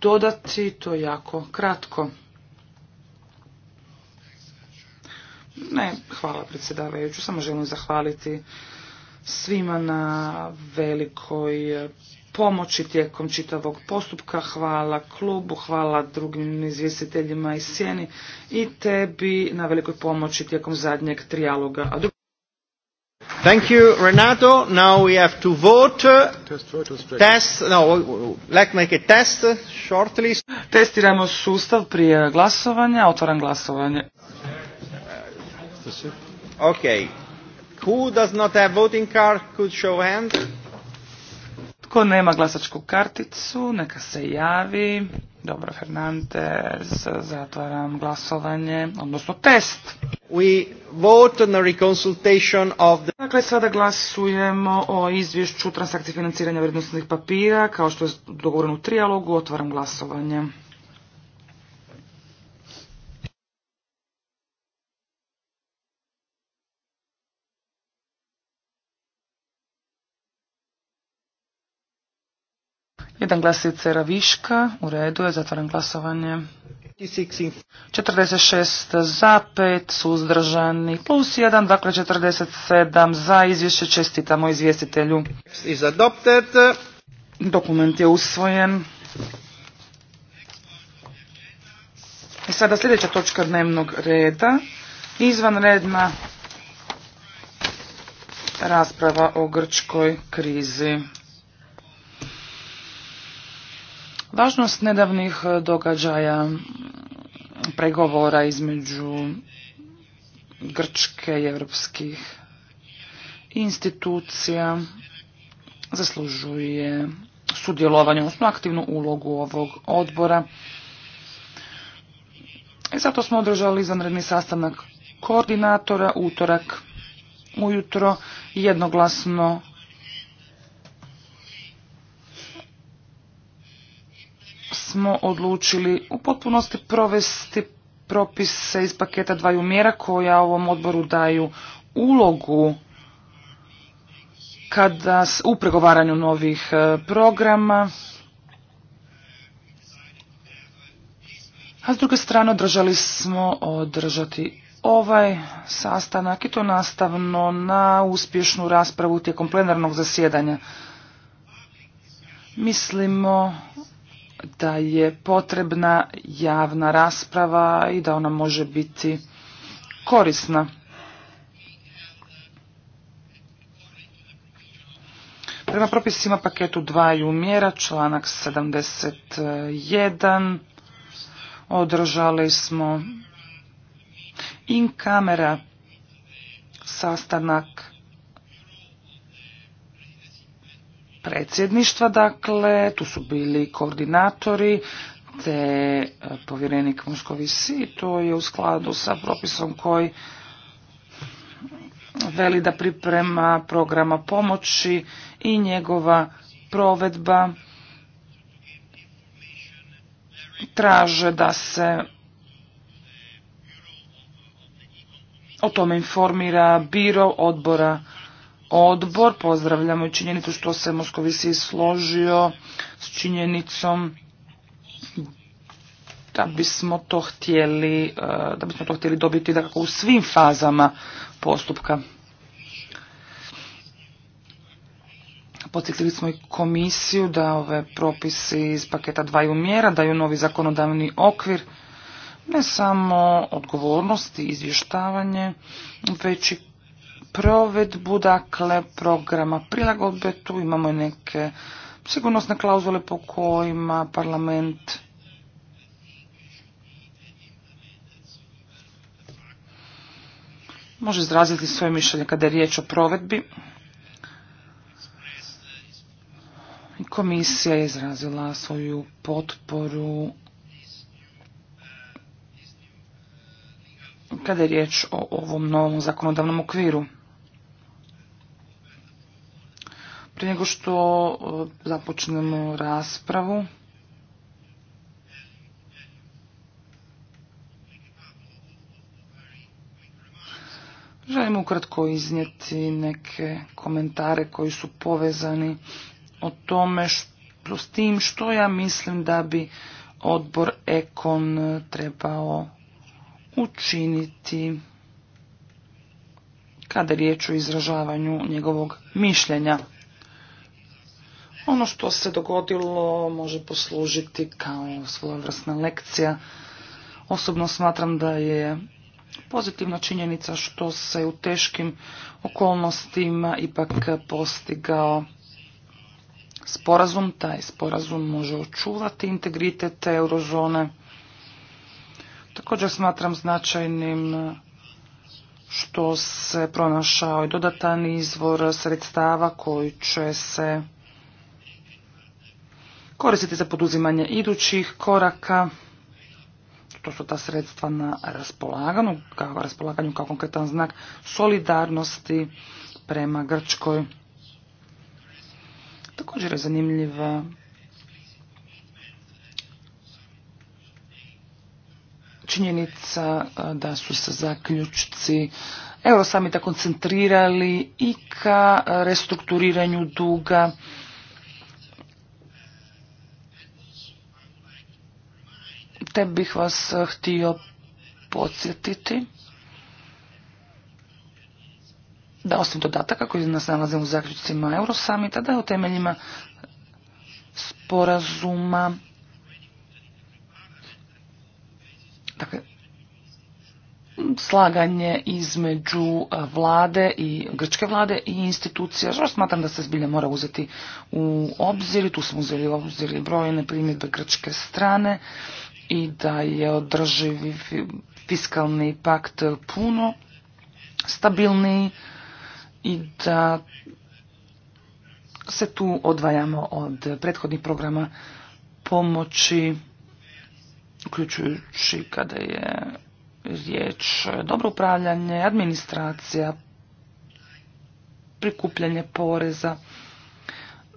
dodati, to je jako kratko. Ne, hvala predsjedavajuću, samo želim zahvaliti svima na velikoj pomoći tijekom čitavog postupka. Hvala klubu, hvala drugim izvjestiteljima i sjeni i tebi na velikoj pomoći tijekom zadnjeg trijaloga. A Thank you, Renato. Now we have to vote. Test, no, let's make a test shortly. Testiramo sustav prije glasovanja. Otvaram glasovanje. Okay. Who does not have voting card could show hands. Tko nema glasačku karticu, neka se javi. Dobro, Fernandez, zatvaram glasovanje, odnosno test. Dakle, sada glasujemo o izvješću transakcije financiranja vrednostnih papira, kao što je dogovoreno u trijalogu, otvaram glasovanje. Jedan glas je Cera Viška. U redu je, zatvoren glasovanje. 46 za, 5 suzdržani, plus 1, dakle 47 za izvješće. Čestitamo izvjestitelju. Is adopted. Dokument je usvojen. I e sada sljedeća točka dnevnog reda. Izvanredna rasprava o grčkoj krizi. Važnost nedavnih e, događaja pregovora između Grčke i europskih institucija zaslužuje sudjelovanje, odnosno aktivnu ulogu ovog odbora. I zato smo održali izvanredni sastanak koordinatora utorak ujutro jednoglasno smo odlučili u potpunosti provesti propise iz paketa dvaju mjera koja ovom odboru daju ulogu kada u pregovaranju novih e, programa. A s druge strane održali smo održati ovaj sastanak i to nastavno na uspješnu raspravu tijekom plenarnog zasjedanja. Mislimo da je potrebna javna rasprava i da ona može biti korisna. Prema propisima paketu dvaju mjera, članak 71, održali smo in kamera sastanak predsjedništva, dakle, tu su bili koordinatori, te e, povjerenik Moskovici, to je u skladu sa propisom koji veli da priprema programa pomoći i njegova provedba traže da se o tome informira biro odbora odbor. Pozdravljamo i činjenicu što se Moskovisi složio s činjenicom da bismo to htjeli, e, da bismo to htjeli dobiti da u svim fazama postupka. Podsjetili smo i komisiju da ove propisi iz paketa dvaju mjera daju novi zakonodavni okvir, ne samo odgovornost i izvještavanje, već i provedbu dakle programa prilagodbe. Tu imamo neke sigurnosne klauzule po kojima parlament može izraziti svoje mišljenje kada je riječ o provedbi. Komisija je izrazila svoju potporu kada je riječ o ovom novom zakonodavnom okviru. Prije nego što e, započnemo raspravu, želim ukratko iznijeti neke komentare koji su povezani o tome što, s tim što ja mislim da bi odbor Ekon trebao učiniti kada je riječ o izražavanju njegovog mišljenja. Ono što se dogodilo može poslužiti kao svojevrsna lekcija. Osobno smatram da je pozitivna činjenica što se u teškim okolnostima ipak postigao sporazum. Taj sporazum može očuvati integritet eurozone. Također smatram značajnim što se pronašao i dodatan izvor sredstava koji će se koristiti za poduzimanje idućih koraka. To su ta sredstva na raspolaganju, kao raspolaganju kao konkretan znak solidarnosti prema Grčkoj. Također je zanimljiva činjenica da su se zaključci Eurosamita koncentrirali i ka restrukturiranju duga bih vas eh, htio podsjetiti da osim dodataka koji nas nalaze u zaključcima Eurosamita, da je u temeljima sporazuma dakle, slaganje između eh, vlade i grčke vlade i institucija, što smatram da se zbilja mora uzeti u obzir tu smo uzeli u obzir brojne primjedbe grčke strane i da je održivi fiskalni pakt puno stabilniji i da se tu odvajamo od prethodnih programa pomoći, uključujući kada je riječ dobro upravljanje, administracija, prikupljanje poreza.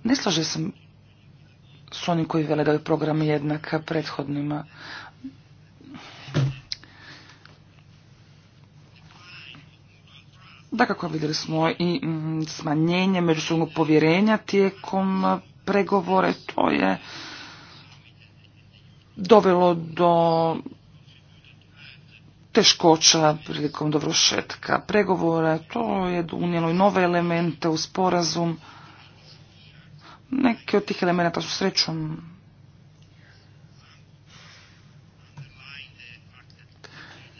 Ne slaže sam su oni koji vele da je program jednak prethodnima. Dakako vidjeli smo i mm, smanjenje međusobnog povjerenja tijekom pregovore. To je dovelo do teškoća prilikom dovršetka pregovora. To je unijelo i nove elemente u sporazum. Neki od tih elemenata su srećom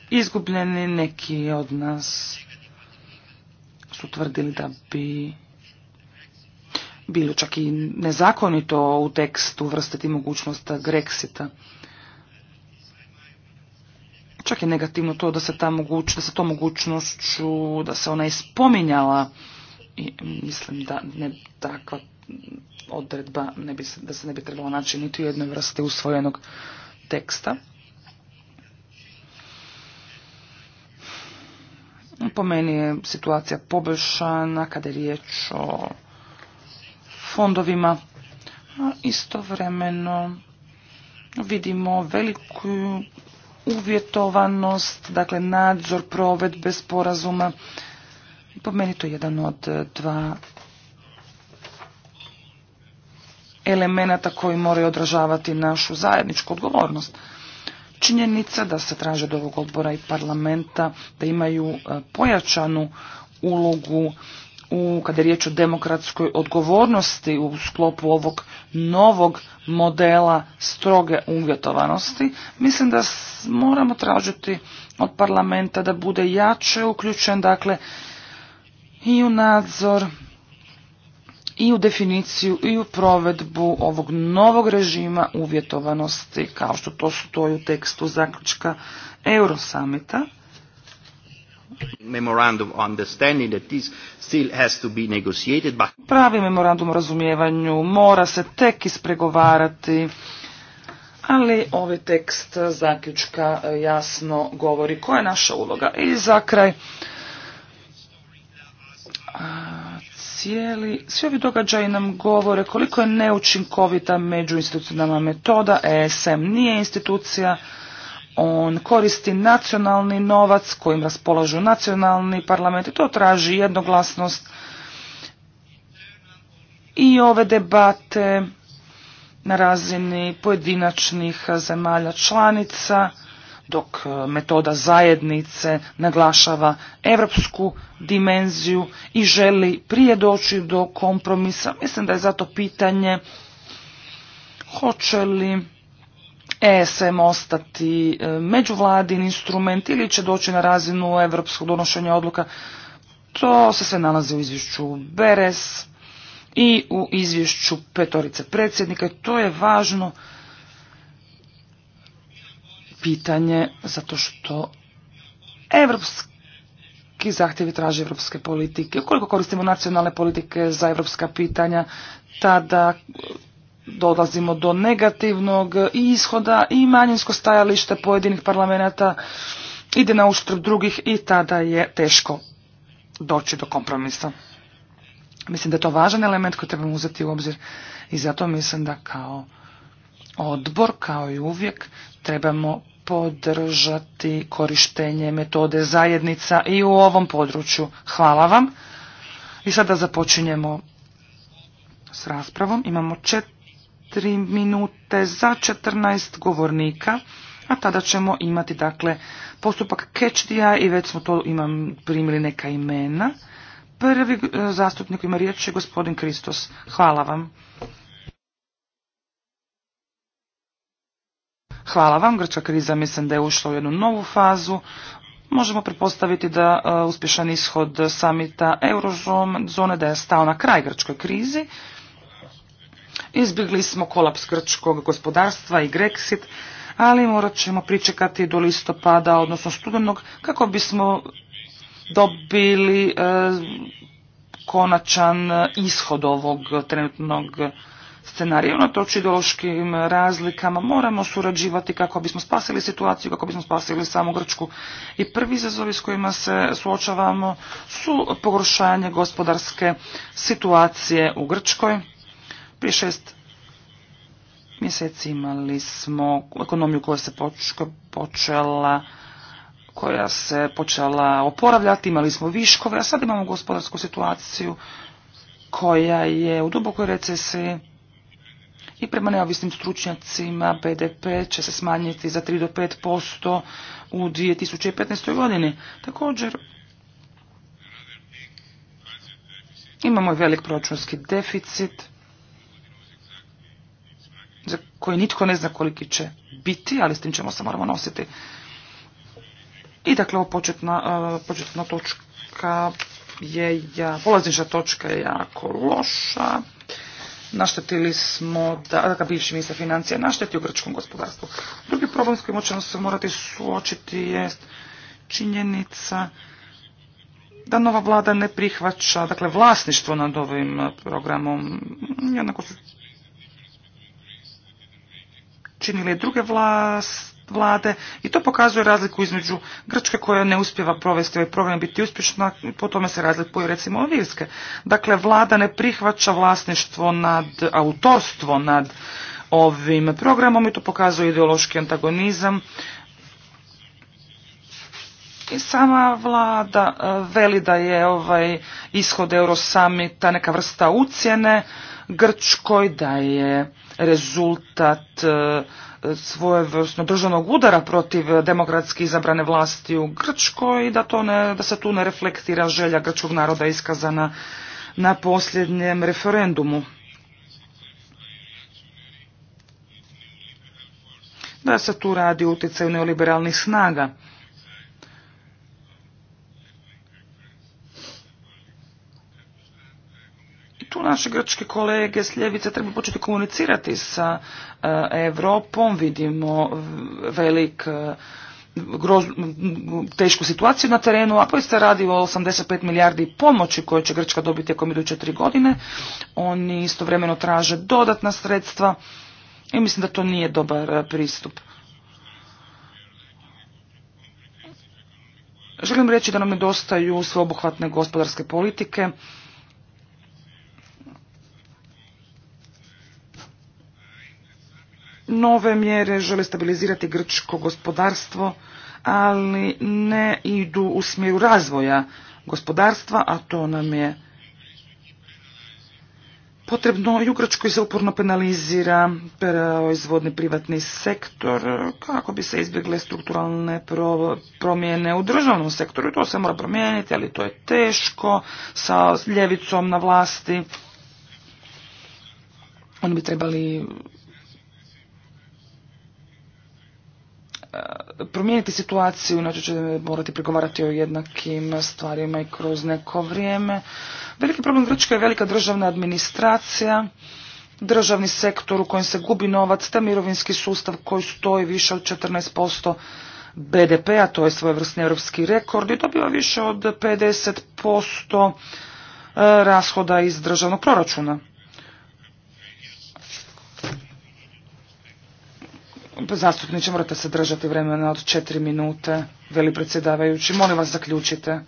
izgubljeni, neki od nas su tvrdili da bi bilo čak i nezakonito u tekstu vrstiti mogućnost Grexita. Čak je negativno to da se ta mogućnost, da se to mogućnošću, da se ona ispominjala i mislim da ne takva odredba ne bi, da se ne bi trebalo naći niti u jednoj vrsti usvojenog teksta. Po meni je situacija poboljšana kada je riječ o fondovima, a istovremeno vidimo veliku uvjetovanost, dakle nadzor provedbe sporazuma. Po meni to je jedan od dva elemenata koji moraju odražavati našu zajedničku odgovornost. Činjenica da se traže od ovog odbora i parlamenta da imaju e, pojačanu ulogu u, kada je riječ o demokratskoj odgovornosti u sklopu ovog novog modela stroge uvjetovanosti, mislim da moramo tražiti od parlamenta da bude jače uključen, dakle, i u nadzor i u definiciju i u provedbu ovog novog režima uvjetovanosti kao što to stoji u tekstu zaključka Eurosamita. Memorandum understanding that this still has to be negotiated Pravi memorandum o razumijevanju mora se tek ispregovarati, ali ovaj tekst zaključka jasno govori koja je naša uloga. I za kraj, cijeli, svi ovi događaji nam govore koliko je neučinkovita međuinstitucionalna metoda, ESM nije institucija, on koristi nacionalni novac kojim raspolažu nacionalni parlamenti, to traži jednoglasnost i ove debate na razini pojedinačnih zemalja članica dok e, metoda zajednice naglašava europsku dimenziju i želi prije doći do kompromisa. Mislim da je zato pitanje hoće li ESM ostati e, međuvladin instrument ili će doći na razinu evropskog donošenja odluka. To se sve nalazi u izvješću Beres i u izvješću petorice predsjednika. To je važno pitanje zato što evropski zahtjevi traže evropske politike. Ukoliko koristimo nacionalne politike za evropska pitanja, tada dolazimo do negativnog ishoda i manjinsko stajalište pojedinih parlamenta ide na uštrb drugih i tada je teško doći do kompromisa. Mislim da je to važan element koji trebamo uzeti u obzir i zato mislim da kao odbor, kao i uvijek, trebamo podržati korištenje metode zajednica i u ovom području. Hvala vam. I sada započinjemo s raspravom. Imamo četiri minute za četrnaest govornika, a tada ćemo imati dakle postupak catch dia i već smo to imam, primili neka imena. Prvi e, zastupnik ima riječ je gospodin Kristos. Hvala vam. Hvala vam, grčka kriza mislim da je ušla u jednu novu fazu. Možemo pretpostaviti da e, uspješan ishod samita eurozone da je stao na kraj grčkoj krizi. Izbjegli smo kolaps grčkog gospodarstva i Grexit, ali morat ćemo pričekati do listopada, odnosno studenog, kako bismo dobili e, konačan ishod ovog trenutnog Scenarije Unatoč ono ideološkim razlikama moramo surađivati kako bismo spasili situaciju, kako bismo spasili samu Grčku. I prvi izazovi s kojima se suočavamo su pogoršanje gospodarske situacije u Grčkoj. Prije šest mjeseci imali smo ekonomiju koja se počela koja se počela oporavljati, imali smo viškove, a sad imamo gospodarsku situaciju koja je u dubokoj recesiji i prema neovisnim stručnjacima BDP će se smanjiti za 3 do 5% u 2015. godini. Također, imamo velik proračunski deficit za koji nitko ne zna koliki će biti, ali s tim ćemo se moramo nositi. I dakle, ovo početna, e, početna točka je, ja, polazniša točka je jako loša. Naštetili smo, da, da bivši ministar financija u grčkom gospodarstvu. Drugi problem s kojim ćemo se morati suočiti je činjenica da nova vlada ne prihvaća dakle, vlasništvo nad ovim e, programom. Jednako su činili druge vlast vlade i to pokazuje razliku između Grčke koja ne uspjeva provesti ovaj program biti uspješna, po tome se razlikuje recimo od Irske. Dakle, vlada ne prihvaća vlasništvo nad, autorstvo nad ovim programom i to pokazuje ideološki antagonizam. I sama vlada e, veli da je ovaj ishod Eurosamita neka vrsta ucjene Grčkoj, da je rezultat e, svojevrsno državnog udara protiv demokratski izabrane vlasti u Grčkoj i da, to ne, da se tu ne reflektira želja grčkog naroda iskazana na posljednjem referendumu. Da se tu radi utjecaju neoliberalnih snaga. tu naše grčke kolege s ljevice treba početi komunicirati sa Europom. Eh, Vidimo velik eh, tešku situaciju na terenu, ako se radi o 85 milijardi pomoći koje će Grčka dobiti tijekom iduće tri godine, oni istovremeno traže dodatna sredstva i mislim da to nije dobar eh, pristup. Želim reći da nam nedostaju sveobuhvatne gospodarske politike, nove mjere žele stabilizirati grčko gospodarstvo, ali ne idu u smjeru razvoja gospodarstva, a to nam je potrebno. I u Grčkoj se uporno penalizira proizvodni privatni sektor kako bi se izbjegle strukturalne promjene u državnom sektoru. To se mora promijeniti, ali to je teško sa ljevicom na vlasti. Oni bi trebali promijeniti situaciju, inače će morati prigovarati o jednakim stvarima i kroz neko vrijeme. Veliki problem Grčka je velika državna administracija, državni sektor u kojem se gubi novac, te mirovinski sustav koji stoji više od 14% BDP-a, to je svojevrsni europski rekord i dobiva više od 50% e, rashoda iz državnog proračuna. Pa, zastupniče, morate se držati vremena od četiri minute, veli predsjedavajući. Molim vas, zaključite.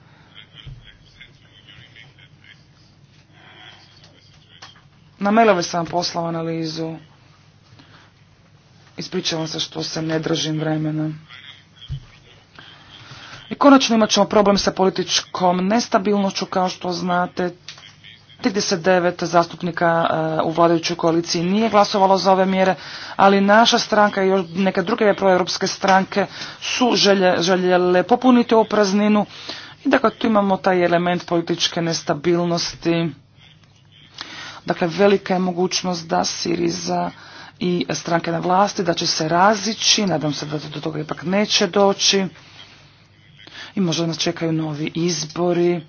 Na mailove sam vam poslao analizu. Ispričavam se što se ne držim vremena. I konačno imat ćemo problem sa političkom nestabilnošću, kao što znate. 39 zastupnika eh, u vladajućoj koaliciji nije glasovalo za ove mjere, ali naša stranka i neke druge proeuropske stranke su željele popuniti ovu prazninu i dakle tu imamo taj element političke nestabilnosti. Dakle, velika je mogućnost da Siriza i stranke na vlasti, da će se razići, nadam se da do toga ipak neće doći i možda nas čekaju novi izbori.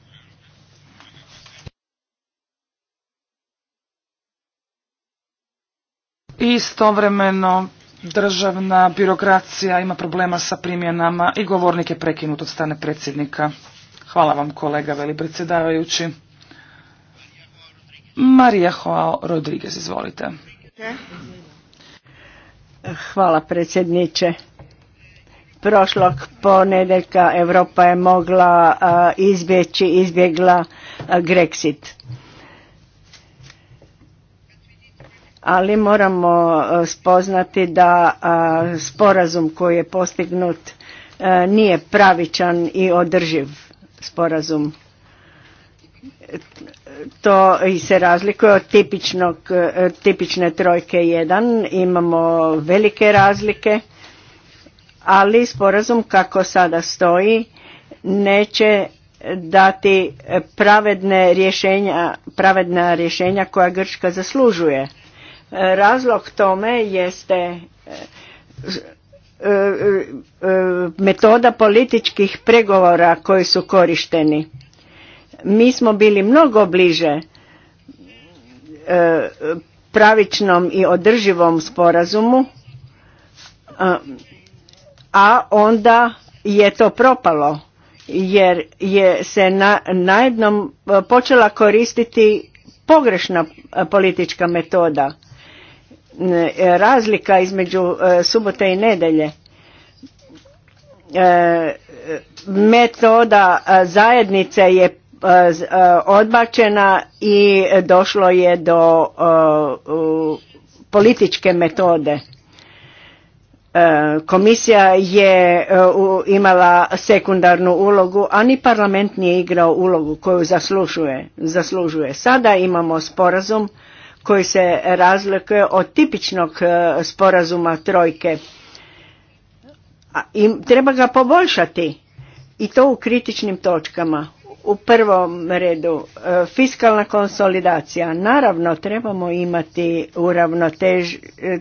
istovremeno državna birokracija ima problema sa primjenama i govornik je prekinut od strane predsjednika. Hvala vam kolega veli predsjedavajući. Marija Joao Rodriguez, izvolite. Hvala predsjedniče. Prošlog ponedjeljka Europa je mogla izbjeći, izbjegla Grexit ali moramo e, spoznati da sporazum koji je postignut e, nije pravičan i održiv sporazum. To i se razlikuje od tipičnog, e, tipične trojke 1. Imamo velike razlike, ali sporazum kako sada stoji neće dati pravedne rješenja, pravedna rješenja koja Grčka zaslužuje Razlog tome jeste e, e, e, metoda političkih pregovora koji su korišteni. Mi smo bili mnogo bliže pravičnom i održivom sporazumu, a onda je to propalo jer je se najednom počela koristiti pogrešna politička metoda E, razlika između e, subote i nedelje e, metoda zajednice je odbačena i došlo je do političke metode. Komisija je imala sekundarnu ulogu, a ni parlament nije igrao ulogu koju zaslužuje. zaslužuje. Sada imamo sporazum koji se razlikuje od tipičnog e, sporazuma trojke. I treba ga poboljšati i to u kritičnim točkama. U prvom redu e, fiskalna konsolidacija. Naravno trebamo imati uravnotež, e,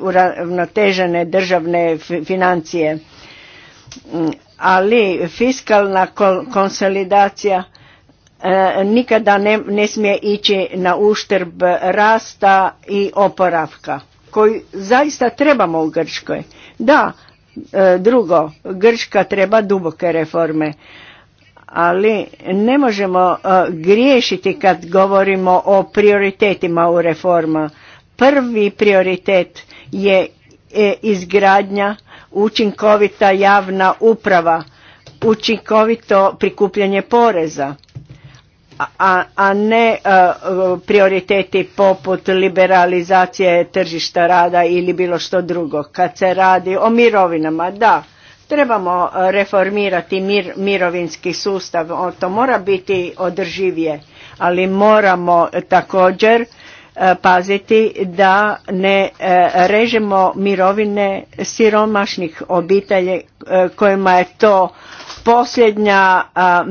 uravnotežene državne financije, mm, ali fiskalna konsolidacija E, nikada ne, smije ići na uštrb rasta i oporavka koji zaista trebamo u Grčkoj. Da, e, drugo, Grčka treba duboke reforme, ali ne možemo e, griješiti kad govorimo o prioritetima u reforma. Prvi prioritet je izgradnja, učinkovita javna uprava, učinkovito prikupljanje poreza a, a ne e, prioriteti poput liberalizacije tržišta rada ili bilo što drugo. Kad se radi o mirovinama, da, trebamo reformirati mir, mirovinski sustav, o, to mora biti održivije, ali moramo također e, paziti da ne e, režemo mirovine siromašnih obitelji kojima je to posljednja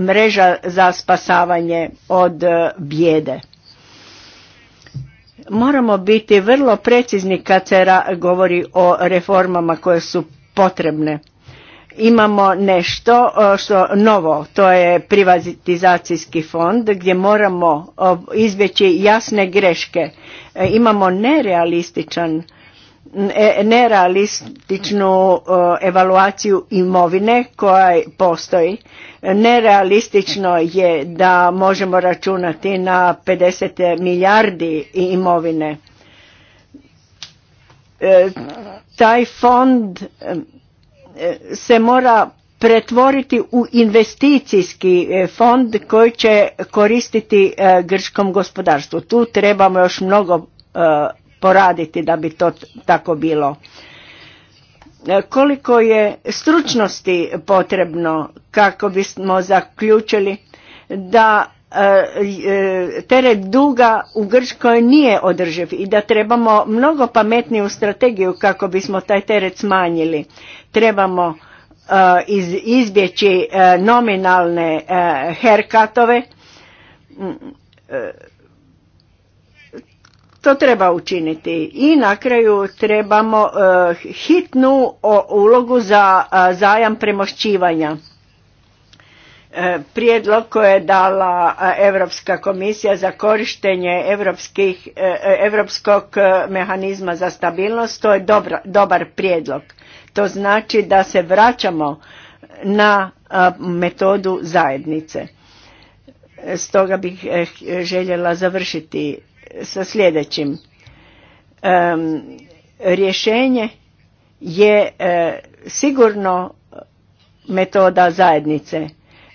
mreža za spasavanje od e, bijede. Moramo biti vrlo precizni kad se govori o reformama koje su potrebne. Imamo nešto što novo, to je privatizacijski fond gdje moramo izbjeći jasne greške. E, imamo nerealističan nerealističnu e, evaluaciju imovine koja postoji. Nerealistično je da možemo računati na 50 milijardi imovine. E, taj fond e, se mora pretvoriti u investicijski fond koji će koristiti grčkom gospodarstvu. Tu trebamo još mnogo poraditi da bi to tako bilo e, koliko je stručnosti potrebno kako bismo zaključili da e, e, teret duga u Grčkoj nije održiv i da trebamo mnogo pametniju strategiju kako bismo taj teret smanjili. Trebamo izbjeći nominalne herkatove mm, to treba učiniti. I na kraju trebamo eh, hitnu ulogu za eh, zajam premošćivanja. Eh, prijedlog koje je dala Europska komisija za korištenje Europskog Evropskog mehanizma za stabilnost, to je dobar prijedlog. To znači da se vraćamo na metodu zajednice. Stoga bih željela završiti sa sljedećim. Rješenje je e, sigurno metoda zajednice.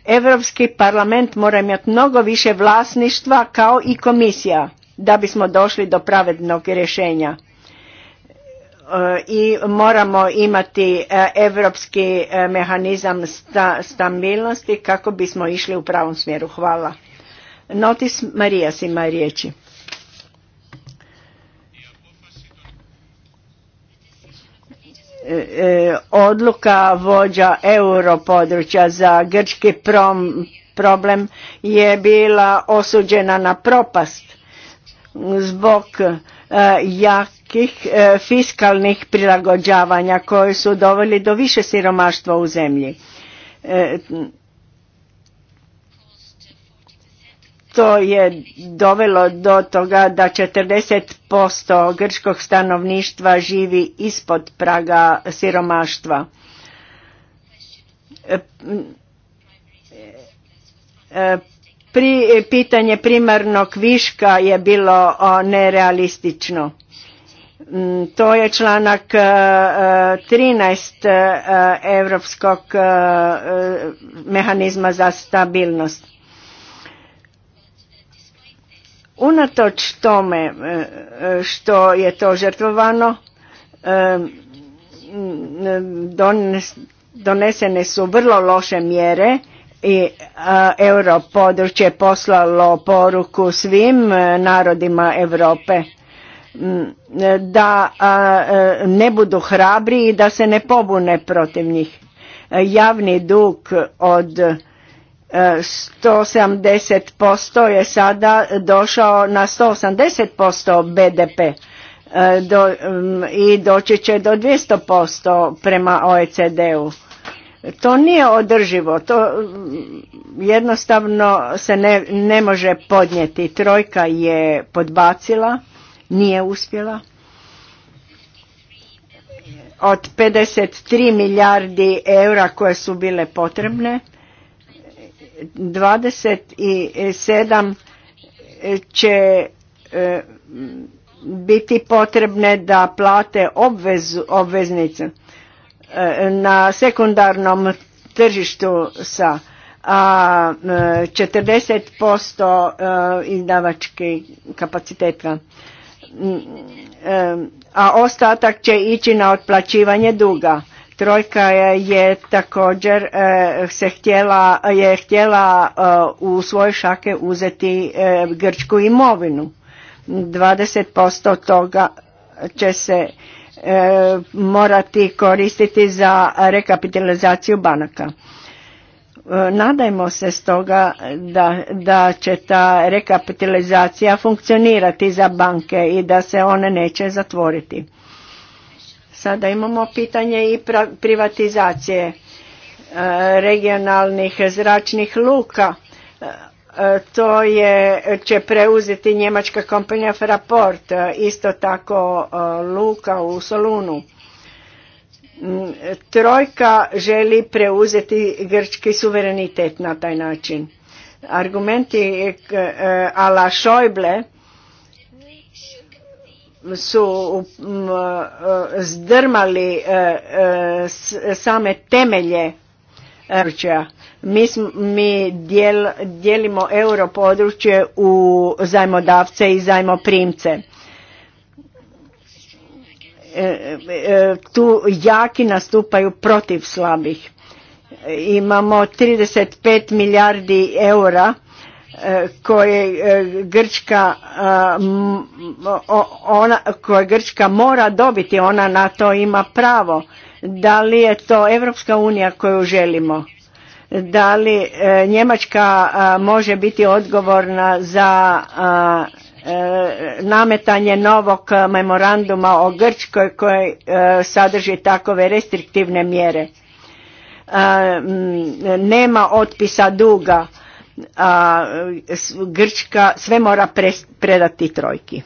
Europski parlament mora imati mnogo više vlasništva kao i komisija da bismo došli do pravednog rješenja. E, I moramo imati europski e, mehanizam stabilnosti kako bismo išli u pravom smjeru. Hvala. Notis Marijas ima riječi. E, e, odluka vođa europodručja za grčki problem je bila osuđena na propast zbog e, jakih fiskalnih prilagođavanja koji su doveli do više siromaštva u zemlji to je dovelo do toga da 40% grčkog stanovništva živi ispod praga siromaštva. E, e, pri, pitanje primarnog viška je bilo nerealistično. Mm, to je članak 13 e, Europskog mehanizma za stabilnost Unatoč tome e, e, što je to žrtvovano, e, donesene su vrlo loše mjere i euro područje poslalo poruku svim narodima Europe da ne budu hrabri i da se ne pobune protiv njih. Javni dug od 170% je sada došao na 180% BDP e, do, mm, i doći će do 200% prema OECD-u. To nije održivo, to mm, jednostavno se ne, ne može podnijeti. Trojka je podbacila, nije uspjela. Od 53 milijardi eura koje su bile potrebne, 27 e, će e, biti potrebne da plate obveznice e, na sekundarnom tržištu sa a 40% izdavačkih kapaciteta mm, a ostatak će ići na otplaćivanje duga Trojka je također e, se htjela, je htjela e, u svoje šake uzeti e, grčku imovinu. 20% toga će se morati koristiti za rekapitalizaciju banaka. Nadajmo se stoga da, da će ta rekapitalizacija funkcionirati za banke i da se one neće zatvoriti. Sada imamo pitanje i privatizacije e, regionalnih zračnih luka. E, to je, će preuzeti njemačka kompanija Fraport, e, isto tako luka u Solunu. Mm, trojka želi preuzeti grčki suverenitet na taj način. Argumenti ala Šojble su um, uh, zdrmali uh, uh, same temelje područja. Mi, mi dijelimo euro područje u zajmodavce i zajmoprimce. E, e, tu jaki nastupaju protiv slabih. Imamo 35 milijardi eura koje e, Grčka ona, koje Grčka mora dobiti, ona na to ima pravo. Da li je to Europska unija koju želimo? Da li e, Njemačka može biti odgovorna za e, nametanje novog memoranduma o Grčkoj koji sadrži takove restriktivne mjere? Nema otpisa duga a Grčka sve mora predati trojki.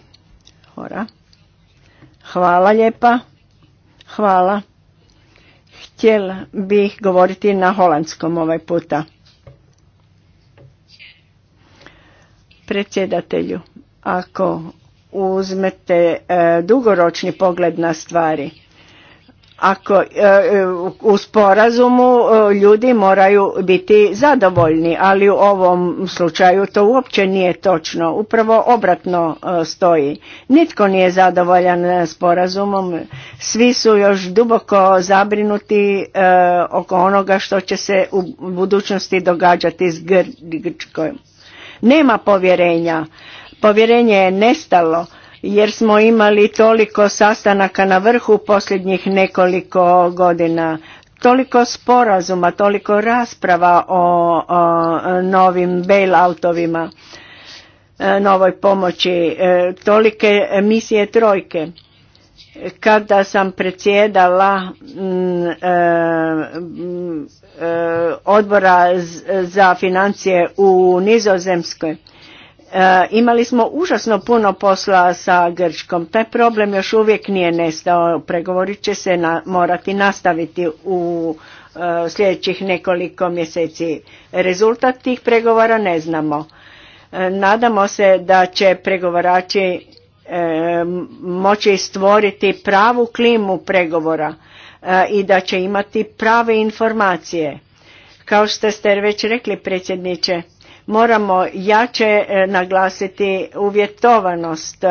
Hora. Hvala lijepa. Hvala. Htjela bih govoriti na holandskom ovaj puta. Predsjedatelju, ako uzmete e, dugoročni pogled na stvari, ako e, e, u sporazumu e, ljudi moraju biti zadovoljni, ali u ovom slučaju to uopće nije točno. Upravo obratno stoji. Nitko nije zadovoljan sporazumom, svi su još duboko zabrinuti oko onoga što će se u budućnosti događati s Grčkom. Nema povjerenja, povjerenje je nestalo jer smo imali toliko sastanaka na vrhu posljednjih nekoliko godina, toliko sporazuma, toliko rasprava o, o novim bailoutovima, e, novoj pomoći, e, tolike misije trojke. Kada sam predsjedala mm, e, mm, odbora za financije u Nizozemskoj, E, imali smo užasno puno posla sa Grčkom. Taj problem još uvijek nije nestao. Pregovori će se na, morati nastaviti u e, sljedećih nekoliko mjeseci. Rezultat tih pregovora ne znamo. E, nadamo se da će pregovarači moći stvoriti pravu klimu pregovora i da će imati prave informacije. Kao što ste već rekli predsjedniče, Moramo jače e, naglasiti uvjetovanost e,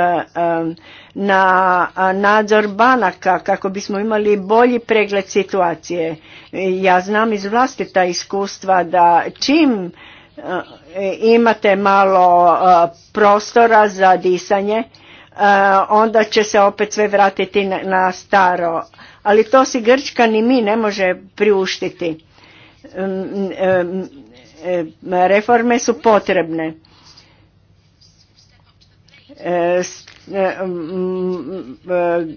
na nadzor banaka kako bismo imali bolji pregled situacije. Ja znam iz vlastita iskustva da čim e, imate malo prostora za disanje, onda će se opet sve vratiti na staro. Ali to si Grčka ni mi ne može priuštiti. E, reforme su potrebne. E, e,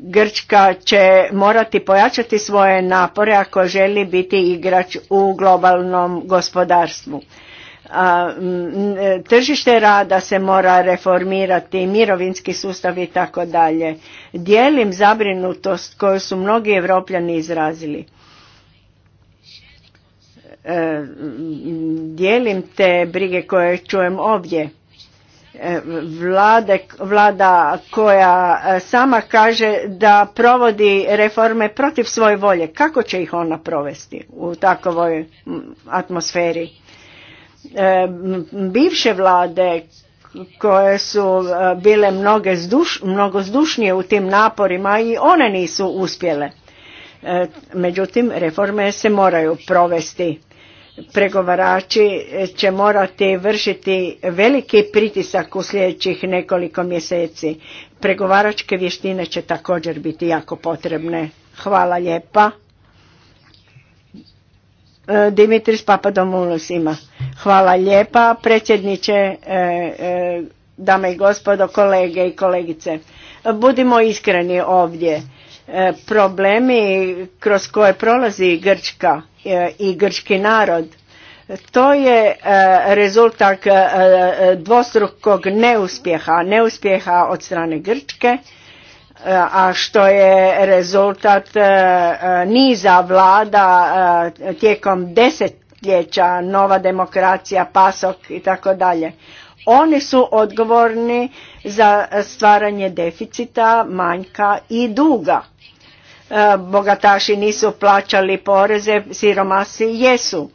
Grčka će morati pojačati svoje napore ako želi biti igrač u globalnom gospodarstvu. Tržište rada se mora reformirati, mirovinski sustav i tako dalje. Dijelim zabrinutost koju su mnogi evropljani izrazili. E, dijelim te brige koje čujem ovdje. E, vlade, vlada koja e, sama kaže da provodi reforme protiv svoje volje. Kako će ih ona provesti u takovoj atmosferi? Bivše vlade koje su bile mnoge mnogo zdušnije u tim naporima i one nisu uspjele. Međutim, reforme se moraju provesti pregovarači e, će morati vršiti veliki pritisak u sljedećih nekoliko mjeseci. Pregovaračke vještine će također biti jako potrebne. Hvala lijepa. E, Dimitris Papadomoulos ima. Hvala lijepa, predsjedniče, e, dame i gospodo, kolege i kolegice. Budimo iskreni ovdje E, problemi kroz koje prolazi Grčka e, i grčki narod to je e, rezultat dvostrukog neuspjeha, neuspjeha od strane Grčke, a što je rezultat niza vlada tijekom desetljeća, nova demokracija, pasok i tako dalje. Oni su odgovorni za stvaranje deficita, manjka i duga E, bogataši nisu plaćali poreze, siromasi jesu.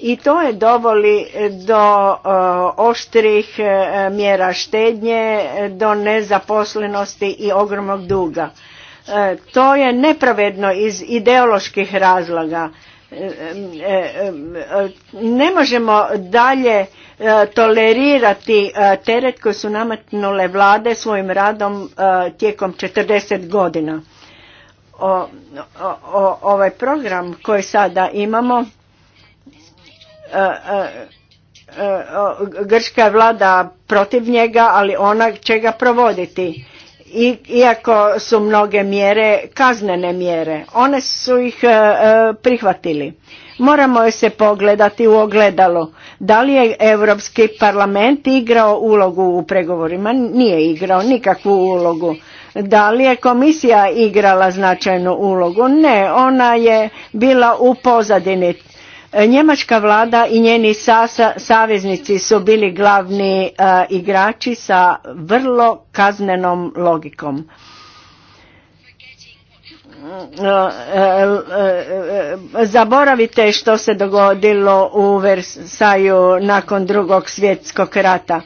I to je dovoli do e, oštrih e, mjera štednje, do nezaposlenosti i ogromnog duga. To je nepravedno iz ideoloških razloga. Ne možemo dalje tolerirati teret koji su nametnule vlade svojim radom tijekom 40 godina. O, ovaj program koji sada imamo e, e, e, grčka je vlada protiv njega ali ona će ga provoditi I, iako su mnoge mjere kaznene mjere one su ih prihvatili moramo je se pogledati u ogledalo da li je europski parlament igrao ulogu u pregovorima nije igrao nikakvu ulogu da li je komisija igrala značajnu ulogu? Ne, ona je bila u pozadini. Njemačka vlada i njeni saveznici su bili glavni eh, igrači sa vrlo kaznenom logikom. Eh, eh, zaboravite što se dogodilo u Versaju nakon drugog svjetskog rata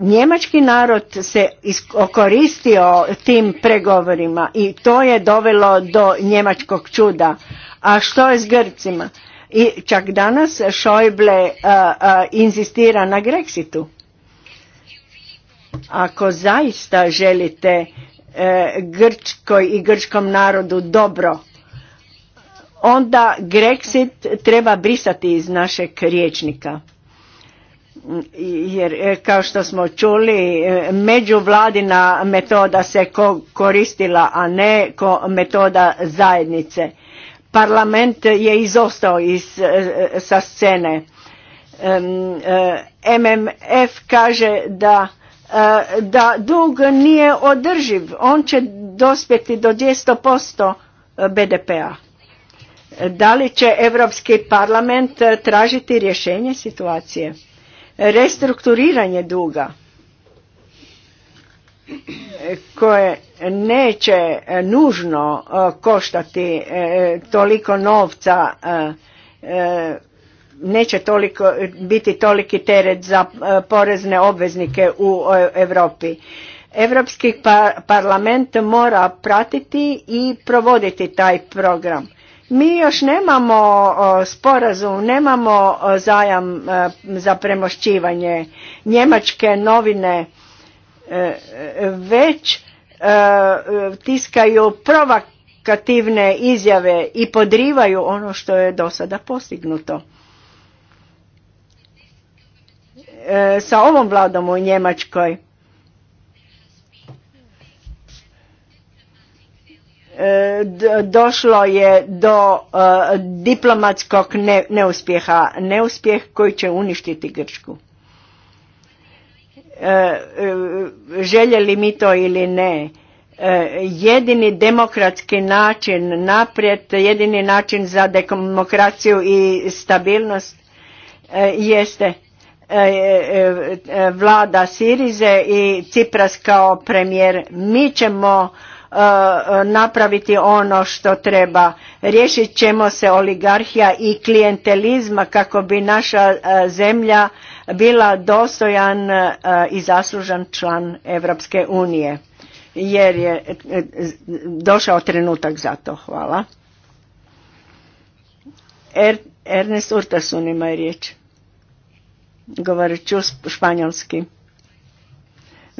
njemački narod se okoristio tim pregovorima i to je dovelo do njemačkog čuda. A što je s Grcima? I čak danas Šojble inzistira na Grexitu. Ako zaista želite e, Grčkoj i grčkom narodu dobro, onda Grexit treba brisati iz našeg riječnika jer e, kao što smo čuli e, međuvladina metoda se koristila a ne metoda zajednice parlament je izostao iz, e, sa scene MMF kaže da da dug nije održiv on će dospjeti do 200% BDP-a da li će Europski parlament tražiti rješenje situacije restrukturiranje duga koje neće e, nužno e, koštati e, toliko novca neće toliko biti toliki teret za porezne obveznike u Europi. Europski parlament mora pratiti i provoditi taj program. Mi još nemamo sporazum, nemamo zajam e, za premošćivanje. Njemačke novine e, e, već tiskaju provokativne izjave i podrivaju ono što je do sada postignuto. Sa ovom vladom u Njemačkoj E, došlo je do e, diplomatskog neuspjeha, neuspjeh koji će uništiti Grčku. E, željeli mi to ili ne, jedini demokratski način naprijed, jedini način za demokraciju i stabilnost jeste vlada Sirize i Cipras kao premijer. Mi ćemo napraviti ono što treba. Riješit ćemo se oligarhija i klijentelizma kako bi naša e, zemlja bila dostojan e, i zaslužan član Europske unije. Jer je e, došao trenutak za to. Hvala. Er, Ernest Urtasun ima riječ. Govorit ću španjolski.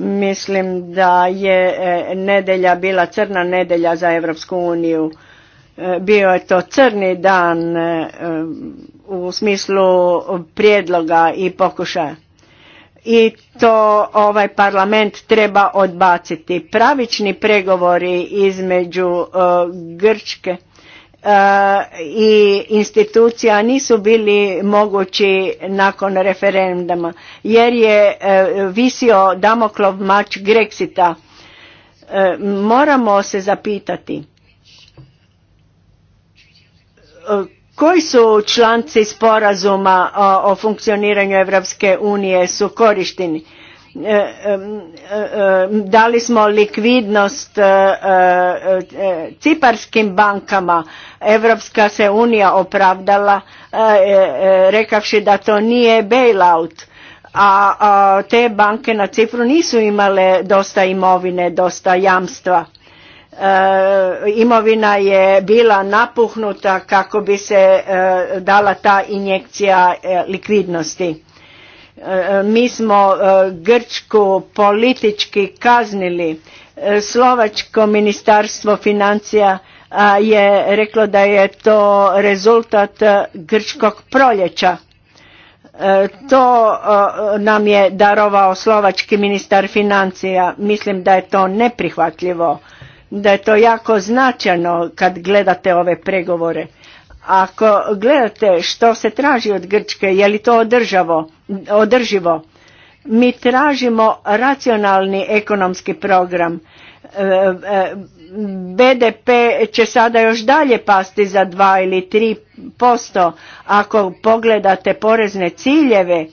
Mislim da je e, nedelja bila crna nedelja za Europsku uniju. E, bio je to crni dan e, u smislu prijedloga i pokušaja. I to ovaj parlament treba odbaciti. Pravični pregovori između Grčke i institucija nisu bili mogući nakon referenduma jer je e, visio damoklov mač Grexita. E, moramo se zapitati e, koji su članci sporazuma o funkcioniranju Europske unije su korišteni E, e, dali smo likvidnost e, ciparskim bankama. Evropska se unija opravdala rekavši da to nije bailout. A te banke na Cipru nisu imale dosta imovine, dosta jamstva. Imovina je bila napuhnuta kako bi se dala ta injekcija likvidnosti mi smo e, Grčku politički kaznili. E, Slovačko ministarstvo financija je reklo da je to rezultat grčkog proljeća. E, to nam je darovao slovački ministar financija. Mislim da je to neprihvatljivo, da je to jako značajno kad gledate ove pregovore. Ako gledate što se traži od Grčke, je li to održavo? održivo. Mi tražimo racionalni ekonomski program. E, e, BDP će sada još dalje pasti za 2 ili 3%. Ako pogledate porezne ciljeve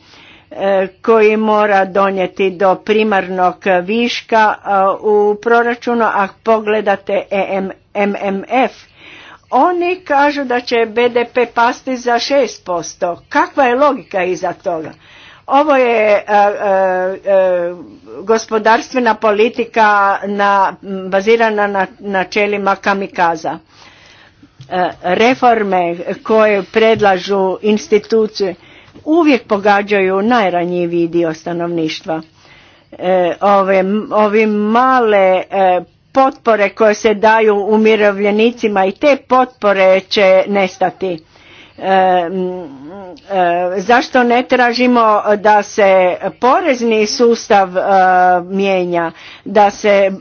e, koji mora donijeti do primarnog viška u proračunu, a pogledate MMF, oni kažu da će BDP pasti za 6%. Kakva je logika iza toga? Ovo je e, e, e, gospodarstvena politika na, bazirana na načelima kamikaza. Reforme koje predlažu institucije uvijek pogađaju najranjiviji dio stanovništva. ove, ovi male potpore koje se daju umirovljenicima i te potpore će nestati. E, e zašto ne tražimo da se porezni sustav e, mijenja, da se e,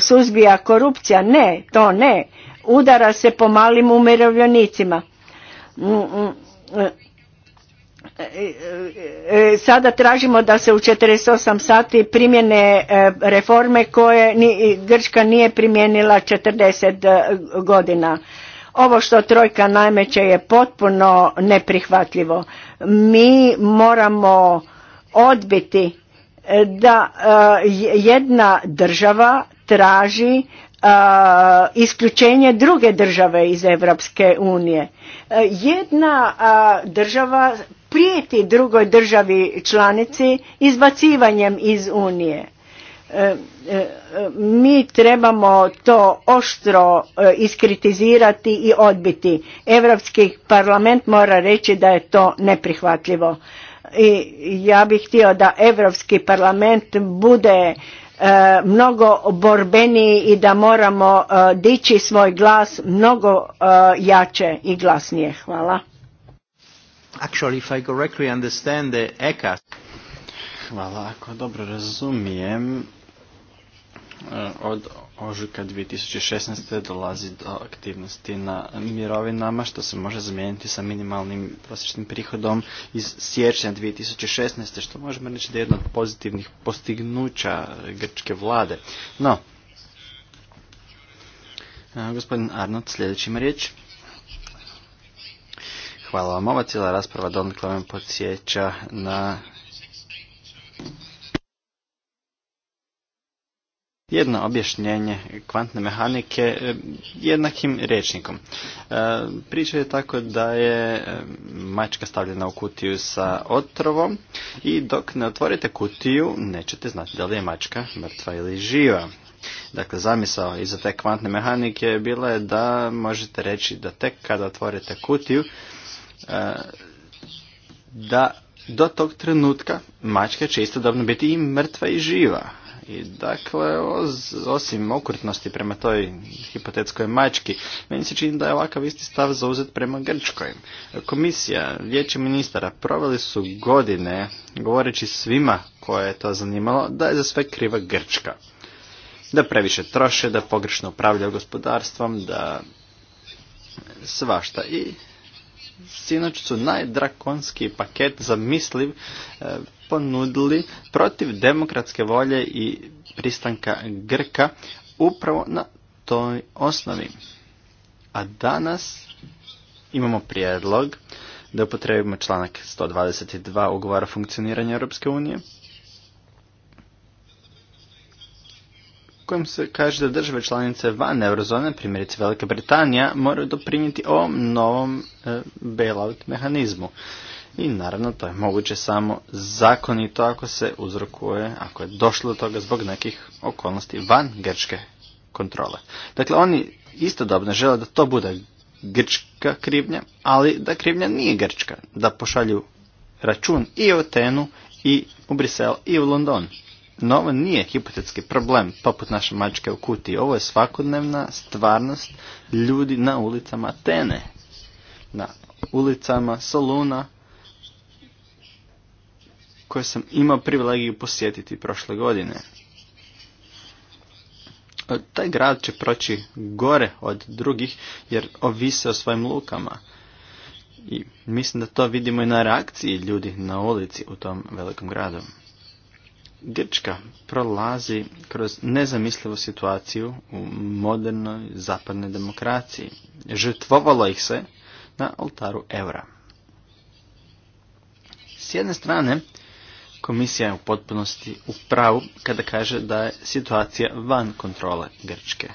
suzbija korupcija? Ne, to ne. Udara se po malim umirovljenicima. E, e, e, sada tražimo da se u 48 sati primjene reforme koje Grčka nije primijenila 40 godina. Ovo što trojka najmeće je potpuno neprihvatljivo. Mi moramo odbiti da jedna država traži isključenje druge države iz Europske unije. Jedna država prijeti drugoj državi članici izbacivanjem iz Unije. E, e, mi trebamo to oštro e, iskritizirati i odbiti. Europski parlament mora reći da je to neprihvatljivo. I ja bih htio da Europski parlament bude mnogo borbeniji i da moramo dići svoj glas mnogo jače i glasnije. Hvala. Actually, if I correctly understand the e Hvala, ako dobro razumijem, e, od ožujka 2016. dolazi do aktivnosti na mirovinama što se može zamijeniti sa minimalnim prosječnim prihodom iz siječnja 2016. što možemo reći da je jedno od pozitivnih postignuća grčke vlade. No, e, gospodin Arnold, ima riječ. Hvala vam. Ova cijela rasprava donikle vam podsjeća na jedno objašnjenje kvantne mehanike e, jednakim rečnikom. E, priča je tako da je e, mačka stavljena u kutiju sa otrovom i dok ne otvorite kutiju nećete znati da li je mačka mrtva ili živa. Dakle, zamisao iza te kvantne mehanike bila je da možete reći da tek kada otvorite kutiju Eh, da do tog trenutka mačka će istodobno biti i mrtva i živa. I dakle, osim okrutnosti prema toj hipotetskoj mački, meni se čini da je ovakav isti stav zauzet prema Grčkoj. Komisija, vijeće ministara proveli su godine govoreći svima koje je to zanimalo da je za sve kriva Grčka. Da previše troše, da pogrešno upravlja gospodarstvom, da svašta i sinoć su najdrakonski paket zamisliv e, ponudili protiv demokratske volje i pristanka Grka upravo na toj osnovi. A danas imamo prijedlog da upotrebimo članak 122 ugovora funkcioniranja Europske unije kojim se kaže da države članice van eurozone, primjerice Velika Britanija, moraju doprinijeti ovom novom e, bailout mehanizmu. I naravno to je moguće samo zakonito ako se uzrokuje, ako je došlo do toga zbog nekih okolnosti van grčke kontrole. Dakle, oni istodobno žele da to bude grčka krivnja, ali da krivnja nije grčka, da pošalju račun i u Tenu i u Brisel i u London. No, ovo nije hipotetski problem, poput naše mačke u kutiji. Ovo je svakodnevna stvarnost ljudi na ulicama Tene. Na ulicama Soluna, koje sam imao privilegiju posjetiti prošle godine. Taj grad će proći gore od drugih, jer ovise o svojim lukama. I mislim da to vidimo i na reakciji ljudi na ulici u tom velikom gradu. Grčka prolazi kroz nezamislivu situaciju u modernoj zapadnoj demokraciji. Žrtvovalo ih se na oltaru eura. S jedne strane, komisija je u potpunosti u pravu kada kaže da je situacija van kontrole Grčke.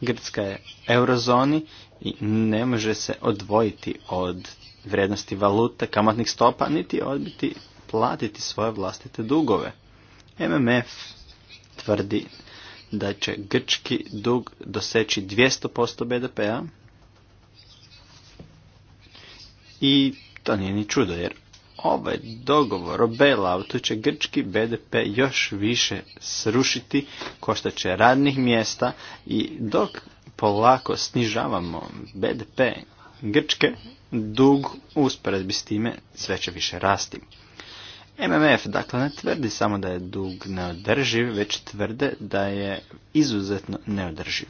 Grčka je eurozoni i ne može se odvojiti od vrijednosti valute, kamatnih stopa, niti odbiti platiti svoje vlastite dugove. MMF tvrdi da će grčki dug doseći 200% BDP-a i to nije ni čudo jer ovaj dogovor o bailoutu će grčki BDP još više srušiti košta će radnih mjesta i dok polako snižavamo BDP Grčke, dug usporedbi s time sve će više rasti. MMF dakle ne tvrdi samo da je dug neodrživ, već tvrde da je izuzetno neodrživ.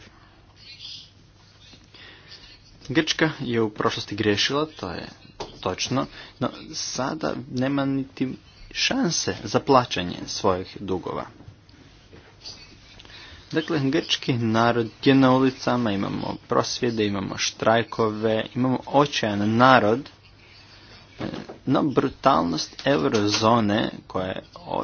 Grčka je u prošlosti griješila, to je točno, no sada nema niti šanse za plaćanje svojih dugova. Dakle, grčki narod je na ulicama, imamo prosvjede, imamo štrajkove, imamo očajan narod no, brutalnost eurozone koja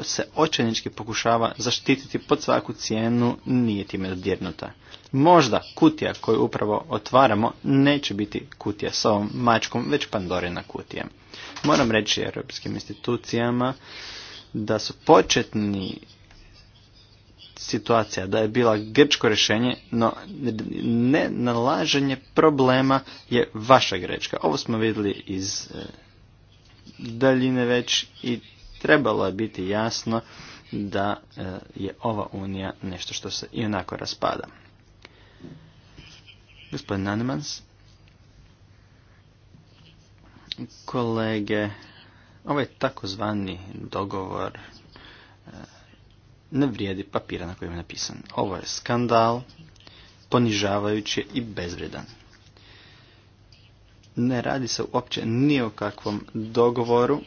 se očajnički pokušava zaštititi pod svaku cijenu nije time dodirnuta. Možda kutija koju upravo otvaramo neće biti kutija s ovom mačkom, već Pandorina kutija. Moram reći europskim institucijama da su početni situacija da je bila grčko rješenje, no nenalaženje problema je vaša grečka. Ovo smo vidjeli iz eh, daljine već i trebalo je biti jasno da e, je ova unija nešto što se i onako raspada. Gospodin Anemans, kolege, ovaj takozvani dogovor e, ne vrijedi papira na kojem je napisan. Ovo je skandal, ponižavajući i bezvredan. Ne radi se uopće ni o kakvom dogovoru,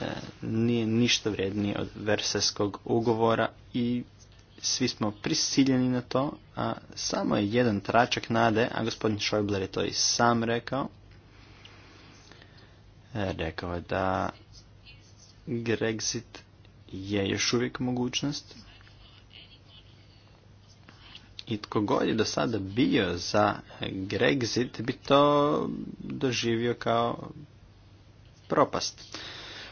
e, nije ništa vrijednije od verseskog ugovora i svi smo prisiljeni na to, a samo je jedan tračak nade, a gospodin Schäuble je to i sam rekao, e, rekao je da Grexit je još uvijek mogućnost, i tko god je do sada bio za Grexit bi to doživio kao propast.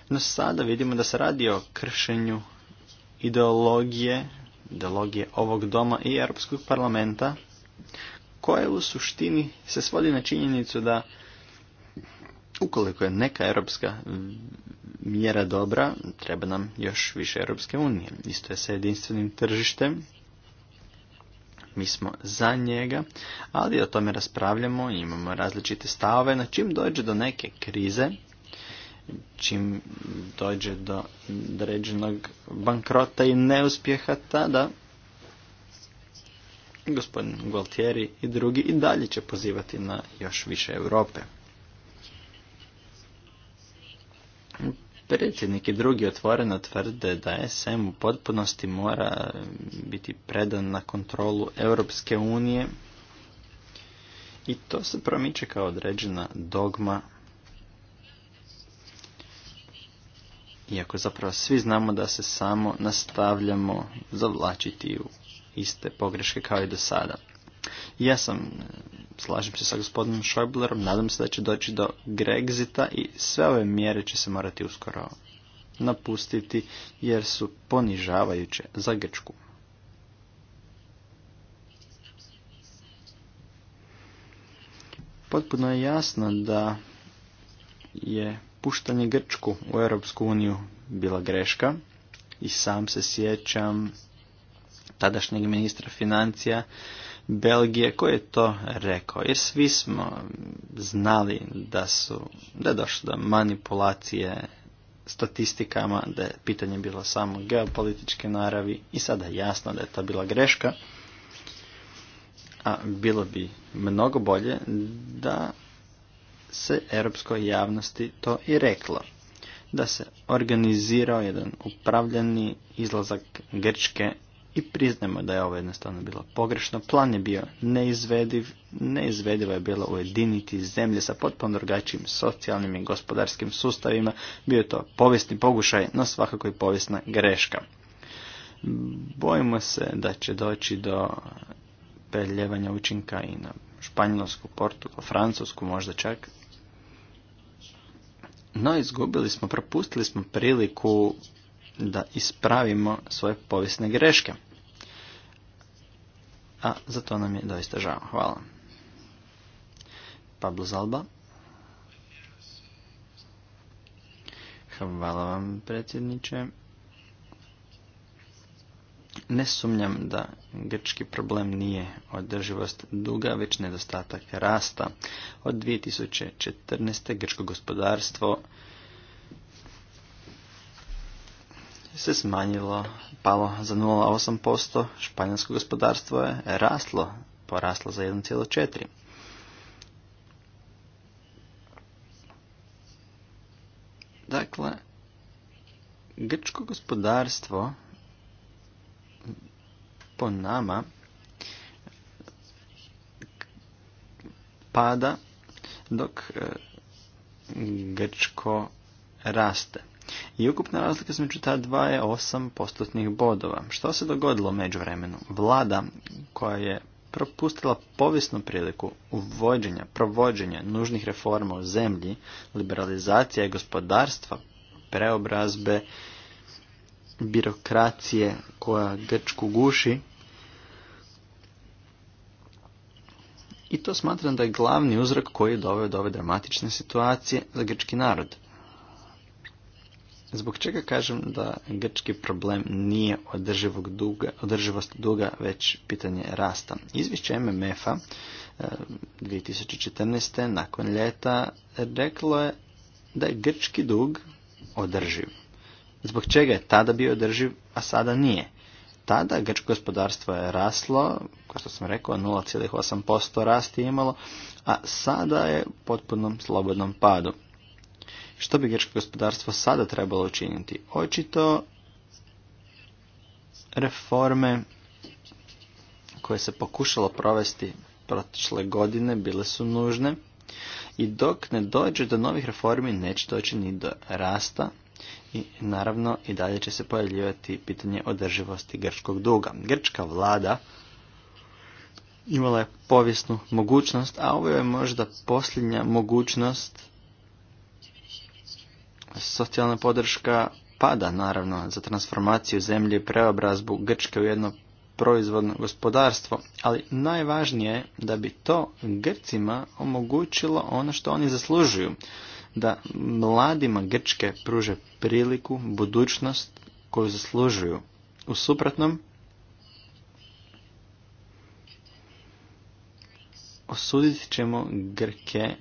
No sada vidimo da se radi o kršenju ideologije, ideologije ovog doma i Europskog parlamenta, koje u suštini se svodi na činjenicu da ukoliko je neka europska mjera dobra, treba nam još više Europske unije. Isto je sa jedinstvenim tržištem, mi smo za njega, ali o tome raspravljamo imamo različite stavove na čim dođe do neke krize, čim dođe do određenog bankrota i neuspjeha, tada gospodin Gualtieri i drugi i dalje će pozivati na još više Europe. Predsjednik i drugi otvoreno tvrde da SM u potpunosti mora biti predan na kontrolu Europske unije i to se promiče kao određena dogma iako zapravo svi znamo da se samo nastavljamo zavlačiti u iste pogreške kao i do sada. Ja sam slažem se sa gospodinom Schäublerom, nadam se da će doći do Grexita i sve ove mjere će se morati uskoro napustiti jer su ponižavajuće za Grčku. Potpuno je jasno da je puštanje Grčku u Europsku uniju bila greška i sam se sjećam tadašnjeg ministra financija Belgije koji je to rekao. Jer svi smo znali da su, da je došlo do manipulacije statistikama, da je pitanje bilo samo geopolitičke naravi i sada je jasno da je to bila greška. A bilo bi mnogo bolje da se europskoj javnosti to i reklo. Da se organizirao jedan upravljani izlazak Grčke i priznajmo da je ovo jednostavno bilo pogrešno. Plan je bio neizvediv, neizvedivo je bilo ujediniti zemlje sa potpuno drugačijim socijalnim i gospodarskim sustavima. Bio je to povijesni pogušaj, no svakako i povijesna greška. Bojimo se da će doći do peljevanja učinka i na Španjolsku, Portugal, Francusku, možda čak. No, izgubili smo, propustili smo priliku da ispravimo svoje povijesne greške. A za to nam je doista žao. Hvala. Pablo Zalba. Hvala vam, predsjedniče. Ne sumnjam da grčki problem nije održivost duga, već nedostatak rasta. Od 2014. grčko gospodarstvo se smanjilo, palo za 0,8%, španjolsko gospodarstvo je raslo, poraslo za 1,4%. Dakle, grčko gospodarstvo po nama pada dok e, grčko raste. I ukupna razlika između ta dva je 8 postotnih bodova. Što se dogodilo među vremenu? Vlada koja je propustila povijesnu priliku uvođenja, provođenja nužnih reforma u zemlji, liberalizacija i gospodarstva, preobrazbe, birokracije koja Grčku guši. I to smatram da je glavni uzrok koji je doveo do ove dramatične situacije za grčki narod. Zbog čega kažem da grčki problem nije održivog duga, održivost duga, već pitanje rasta. Izvješće MMF-a 2014. E, nakon ljeta reklo je da je grčki dug održiv. Zbog čega je tada bio održiv, a sada nije? Tada grčko gospodarstvo je raslo, kao što sam rekao, 0,8% rasti imalo, a sada je potpunom slobodnom padu. Što bi grčko gospodarstvo sada trebalo učiniti? Očito reforme koje se pokušalo provesti prošle godine bile su nužne i dok ne dođe do novih reformi neće doći ni do rasta i naravno i dalje će se pojavljivati pitanje održivosti grčkog duga. Grčka vlada imala je povijesnu mogućnost, a ovo je možda posljednja mogućnost socijalna podrška pada naravno za transformaciju zemlje i preobrazbu Grčke u jedno proizvodno gospodarstvo, ali najvažnije je da bi to Grcima omogućilo ono što oni zaslužuju, da mladima Grčke pruže priliku, budućnost koju zaslužuju. U suprotnom, osuditi ćemo Grke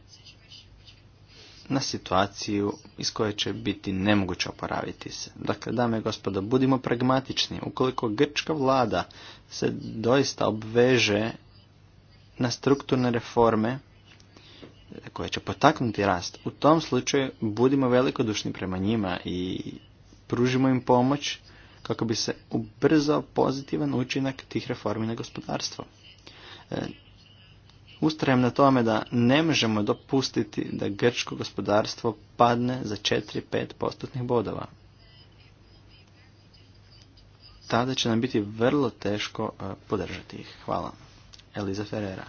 na situaciju iz koje će biti nemoguće oporaviti se. Dakle, dame i gospodo, budimo pragmatični. Ukoliko grčka vlada se doista obveže na strukturne reforme koje će potaknuti rast, u tom slučaju budimo velikodušni prema njima i pružimo im pomoć kako bi se ubrzao pozitivan učinak tih reformi na gospodarstvo. E, Ustrajem na tome da ne možemo dopustiti da grčko gospodarstvo padne za 4-5 postotnih bodova. Tada će nam biti vrlo teško e, podržati ih. Hvala. Eliza Ferreira.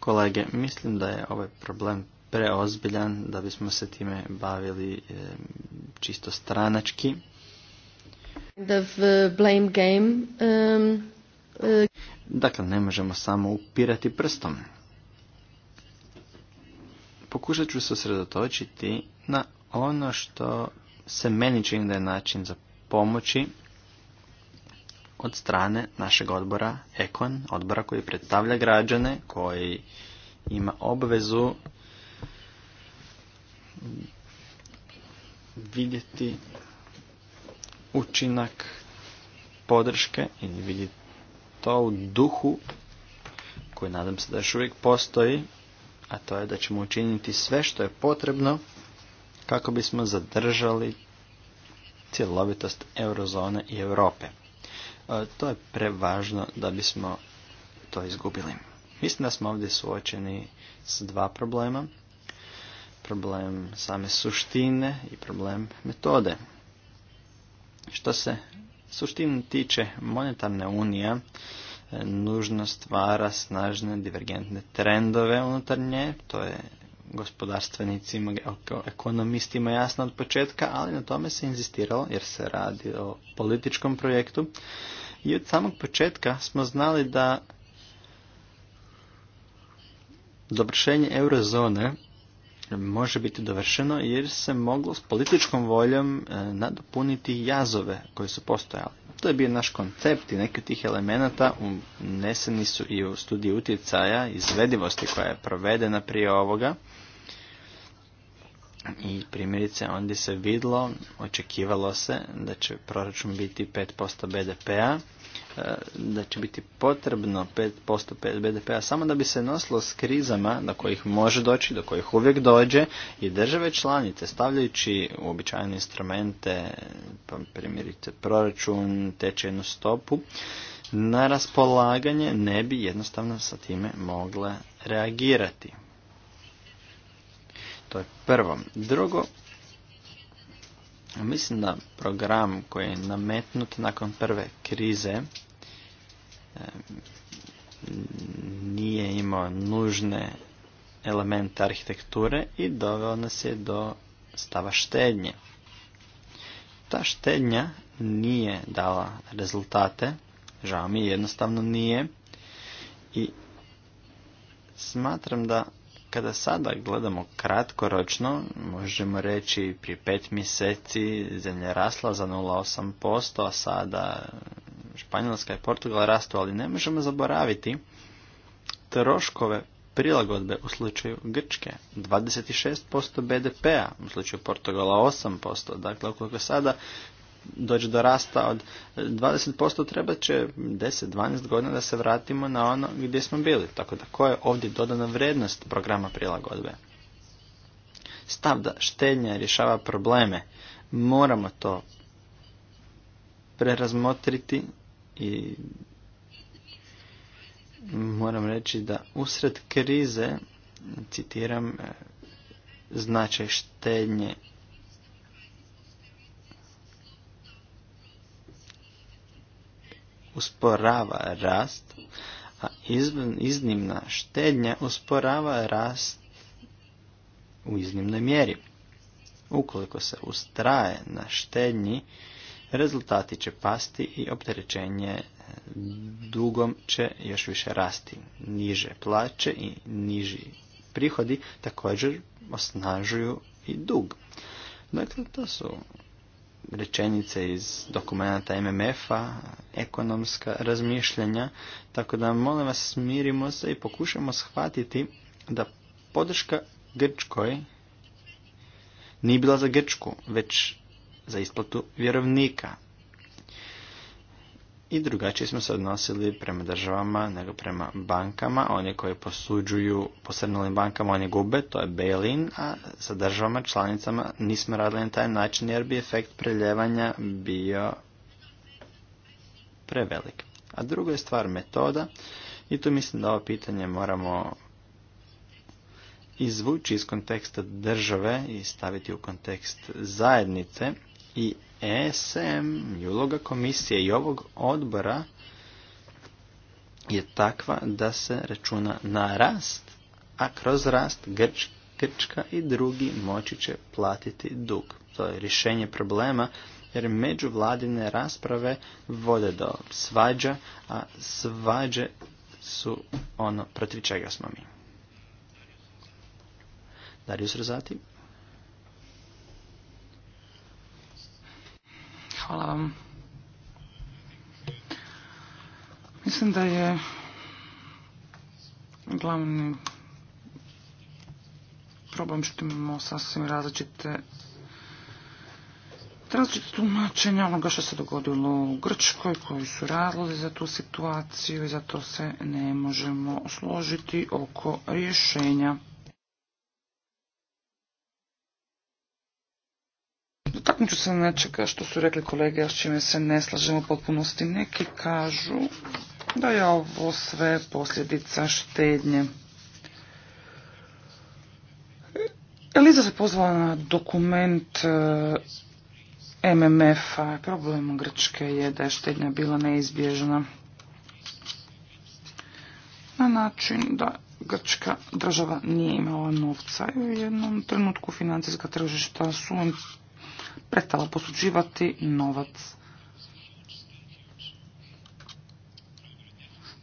Kolege, mislim da je ovaj problem preozbiljan da bismo se time bavili e, čisto stranački Uh, blame game. Um, uh, dakle, ne možemo samo upirati prstom. Pokušat ću se sredotočiti na ono što se meni čini da je način za pomoći od strane našeg odbora Ekon, odbora koji predstavlja građane, koji ima obvezu vidjeti učinak podrške i vidi to u duhu koji nadam se da još uvijek postoji, a to je da ćemo učiniti sve što je potrebno kako bismo zadržali cjelovitost eurozone i Europe. E, to je prevažno da bismo to izgubili. Mislim da smo ovdje suočeni s dva problema. Problem same suštine i problem metode. Što se suštinu tiče monetarne unije, nužno stvara snažne divergentne trendove unutar nje, to je gospodarstvenicima, ekonomistima jasno od početka, ali na tome se inzistiralo jer se radi o političkom projektu i od samog početka smo znali da dobršenje eurozone može biti dovršeno jer se moglo s političkom voljom e, nadopuniti jazove koji su postojali. To je bio naš koncept i neki od tih elemenata uneseni su i u studiju utjecaja izvedivosti koja je provedena prije ovoga. I primjerice onda se vidlo, očekivalo se da će proračun biti 5% BDP-a E, da će biti potrebno 5% BDP-a samo da bi se nosilo s krizama do kojih može doći, do kojih uvijek dođe i države članice stavljajući uobičajene instrumente, pa primjerice proračun, tečajnu stopu, na raspolaganje ne bi jednostavno sa time mogle reagirati. To je prvo. Drugo, Mislim da program koji je nametnut nakon prve krize nije imao nužne elemente arhitekture i doveo nas je do stava štednje. Ta štednja nije dala rezultate, žao mi jednostavno nije i smatram da kada sada gledamo kratkoročno, možemo reći prije pet mjeseci zemlja rasla za 0,8%, a sada Španjolska i Portugal rastu, ali ne možemo zaboraviti troškove prilagodbe u slučaju Grčke, 26% BDP-a, u slučaju Portugala 8%, dakle ukoliko sada dođe do rasta od 20%, treba će 10-12 godina da se vratimo na ono gdje smo bili, tako da koja je ovdje dodana vrednost programa prilagodbe. Stav da štednja rješava probleme, moramo to prerazmotriti i moram reći da usred krize, citiram, e, značaj štednje usporava rast, a iznimna štednja usporava rast u iznimnoj mjeri. Ukoliko se ustraje na štednji, rezultati će pasti i opterećenje dugom će još više rasti. Niže plaće i niži prihodi također osnažuju i dug. Dakle, to su rečenice iz dokumenta MMF-a, ekonomska razmišljanja, tako da molim vas smirimo se i pokušamo shvatiti da podrška Grčkoj nije bila za Grčku, već za isplatu vjerovnika. I drugačije smo se odnosili prema državama nego prema bankama. Oni koji posuđuju posrnulim bankama, oni gube, to je bail-in, a sa državama, članicama nismo radili na taj način jer bi efekt preljevanja bio prevelik. A druga je stvar metoda i tu mislim da ovo pitanje moramo izvući iz konteksta države i staviti u kontekst zajednice i ESM i uloga komisije i ovog odbora je takva da se računa na rast, a kroz rast Grč, Grčka i drugi moći će platiti dug. To je rješenje problema jer međuvladine rasprave vode do svađa, a svađe su ono protiv čega smo mi. Darius Rozati. Hvala vam. Mislim da je glavni problem što imamo sasvim različite različite tumačenja onoga što se dogodilo u Grčkoj, koji su razlozi za tu situaciju i zato se ne možemo složiti oko rješenja. Dotaknut ću se nečega što su rekli kolege, a s čime se ne slažem u potpunosti. Neki kažu da je ovo sve posljedica štednje. Eliza se pozvala na dokument eh, MMF-a. Problem Grčke je da je štednja bila neizbježna na način da Grčka država nije imala novca. U jednom trenutku financijska tržišta su prestala posuđivati novac.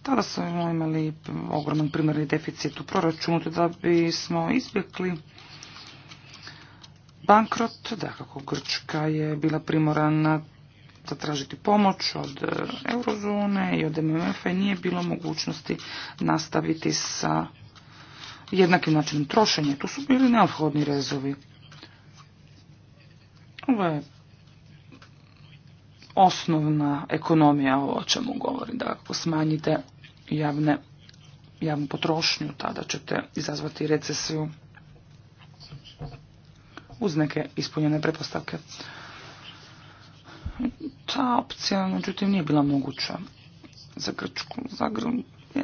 Tada smo imali ogroman primarni deficit u proračunu, da bismo izbjegli bankrot, Dakle, Grčka je bila primorana zatražiti pomoć od e, eurozone i od MMF-a i nije bilo mogućnosti nastaviti sa jednakim načinom trošenja. Tu su bili neophodni rezovi. Ovo je osnovna ekonomija o čemu govorim, da ako smanjite javne, javnu potrošnju, tada ćete izazvati recesiju uz neke ispunjene pretpostavke. Ta opcija, međutim, nije bila moguća za Grčku. Za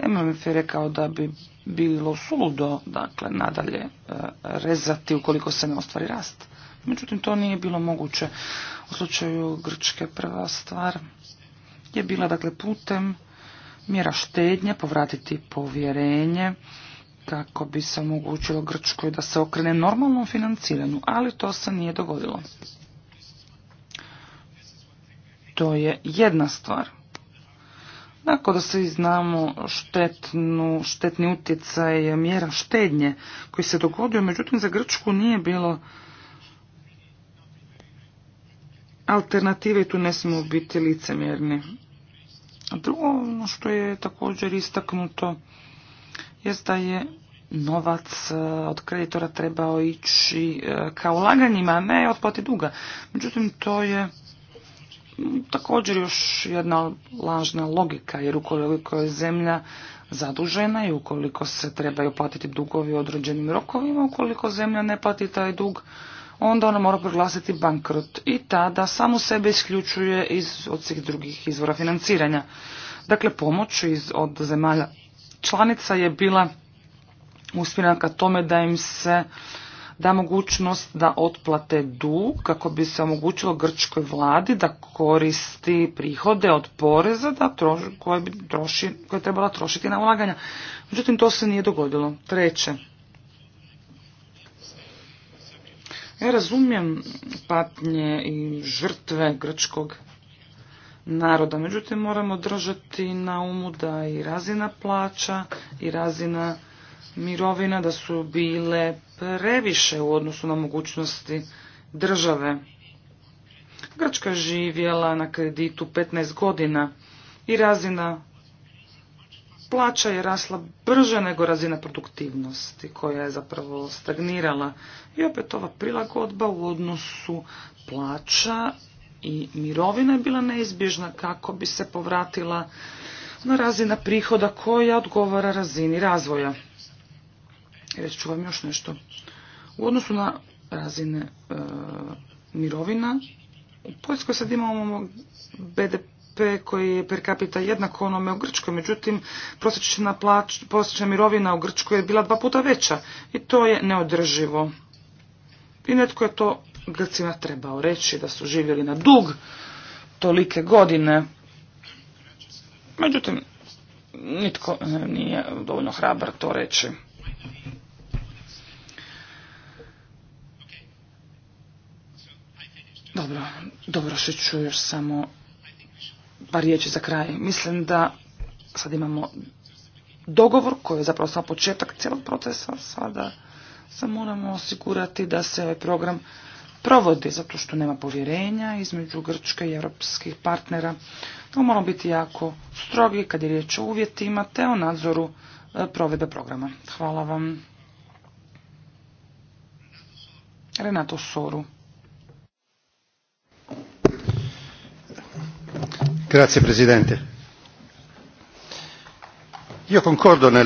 MMF je rekao da bi bilo suludo, dakle, nadalje e, rezati ukoliko se ne ostvari rast. Međutim, to nije bilo moguće u slučaju Grčke. Prva stvar je bila dakle putem mjera štednje povratiti povjerenje kako bi se omogućilo Grčkoj da se okrene normalnom financiranju, ali to se nije dogodilo. To je jedna stvar. nakon da svi znamo štetnu, štetni utjecaj mjera štednje koji se dogodio, međutim za Grčku nije bilo alternative i tu ne smijemo biti licemjerni. A drugo ono što je također istaknuto je da je novac e, od kreditora trebao ići e, kao ulaganjima, a ne otplati duga. Međutim, to je također još jedna lažna logika, jer ukoliko je zemlja zadužena i ukoliko se trebaju platiti dugovi u određenim rokovima, ukoliko zemlja ne plati taj dug, onda ona mora proglasiti bankrot i tada samo sebe isključuje iz, od svih drugih izvora financiranja. Dakle, pomoć iz, od zemalja članica je bila usmjerena ka tome da im se da mogućnost da otplate dug kako bi se omogućilo grčkoj vladi da koristi prihode od poreza da troši, koje, bi troši, koje je trebala trošiti na ulaganja. Međutim, to se nije dogodilo. Treće, Ja razumijem patnje i žrtve grčkog naroda, međutim moramo držati na umu da i razina plaća i razina mirovina da su bile previše u odnosu na mogućnosti države. Grčka živjela na kreditu 15 godina i razina plaća je rasla brže nego razina produktivnosti koja je zapravo stagnirala i opet ova prilagodba u odnosu plaća i mirovina je bila neizbježna kako bi se povratila na razina prihoda koja odgovara razini razvoja. Reći ću vam još nešto. U odnosu na razine e, mirovina, u Poljskoj sad imamo BDP BDP koji je per capita jednak onome u Grčkoj, međutim prosječna, prosječna mirovina u Grčkoj je bila dva puta veća i to je neodrživo. I netko je to Grcima trebao reći da su živjeli na dug tolike godine. Međutim, nitko e, nije dovoljno hrabar to reći. Dobro, dobro, ću još samo par riječi za kraj. Mislim da sad imamo dogovor koji je zapravo samo početak cijelog procesa. Sada se moramo osigurati da se ovaj program provodi zato što nema povjerenja između Grčke i europskih partnera. To moramo biti jako strogi kad je riječ o uvjetima te o nadzoru e, provedbe programa. Hvala vam. Renato Soru. Grazie Presidente. Io concordo nel,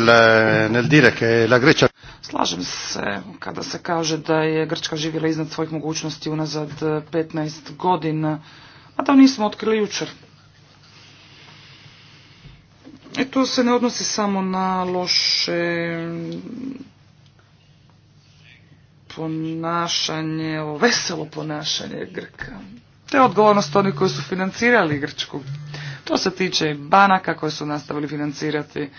nel dire che la Grecia... Slažem se kada se kaže da je Grčka živjela iznad svojih mogućnosti unazad 15 godina, a da nismo otkrili jučer. I e, to se ne odnosi samo na loše ponašanje, veselo ponašanje Grka te odgovornost onih koji su financirali Grčku. To se tiče i banaka koje su nastavili financirati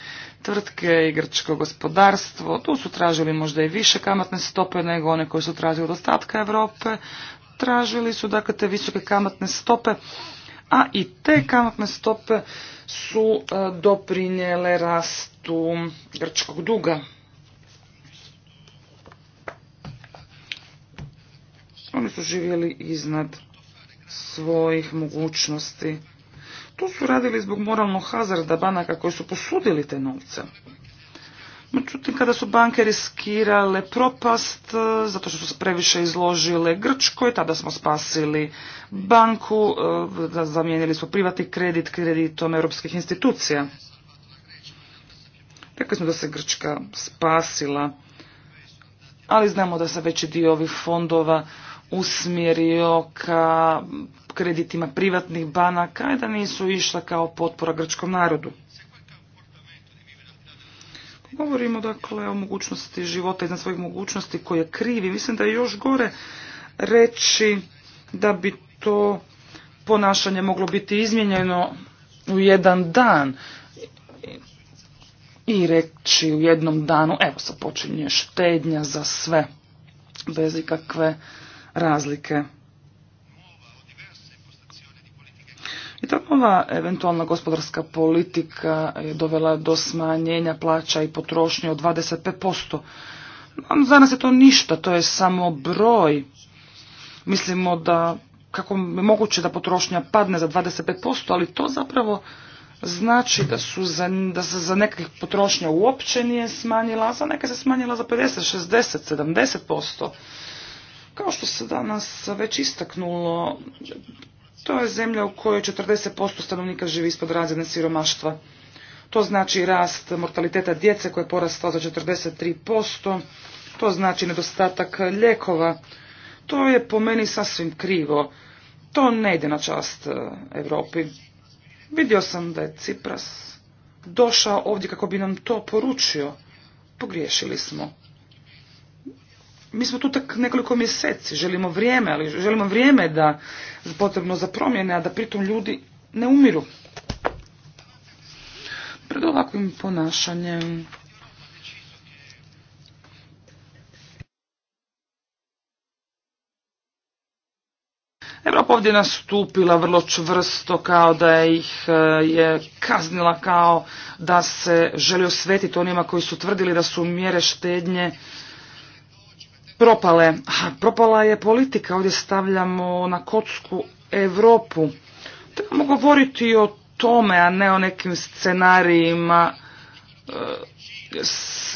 tvrtke i grčko gospodarstvo. Tu su tražili možda i više kamatne stope nego one koje su tražili od ostatka Europe. Tražili su dakle te visoke kamatne stope, a i te kamatne stope su e, doprinjele rastu grčkog duga. Oni su živjeli iznad svojih mogućnosti. To su radili zbog moralnog hazarda banaka koji su posudili te novce. Međutim, kada su banke riskirale propast, e, zato što su se previše izložile Grčkoj, tada smo spasili banku, e, zamijenili smo privatni kredit kreditom europskih institucija. Rekli smo da se Grčka spasila, ali znamo da se veći dio ovih fondova usmjerio ka kreditima privatnih banaka i da nisu išla kao potpora grčkom narodu. Govorimo dakle o mogućnosti života iznad svojih mogućnosti koje krivi. Mislim da je još gore reći da bi to ponašanje moglo biti izmijenjeno u jedan dan i reći u jednom danu evo se počinje štednja za sve bez ikakve razlike. I ta nova eventualna gospodarska politika je dovela do smanjenja plaća i potrošnje od 25%. Za nas je to ništa, to je samo broj. Mislimo da kako je moguće da potrošnja padne za 25%, ali to zapravo znači da, su za, da se za nekih potrošnja uopće nije smanjila, a za neke se smanjila za 50, 60, 70%. Kao što se danas već istaknulo, to je zemlja u kojoj 40% stanovnika živi ispod razine siromaštva. To znači rast mortaliteta djece koja je porastao za 43%, to znači nedostatak ljekova. To je po meni sasvim krivo. To ne ide na čast e, Europi. Vidio sam da je Cipras došao ovdje kako bi nam to poručio. Pogriješili smo mi smo tu tak nekoliko mjeseci, želimo vrijeme, ali želimo vrijeme da potrebno za promjene, a da pritom ljudi ne umiru. Pred ovakvim ponašanjem Evropa ovdje nastupila vrlo čvrsto kao da ih e, je kaznila kao da se želi osvetiti onima koji su tvrdili da su mjere štednje propale. Propala je politika, ovdje stavljamo na kocku Europu. Trebamo govoriti o tome, a ne o nekim scenarijima eh,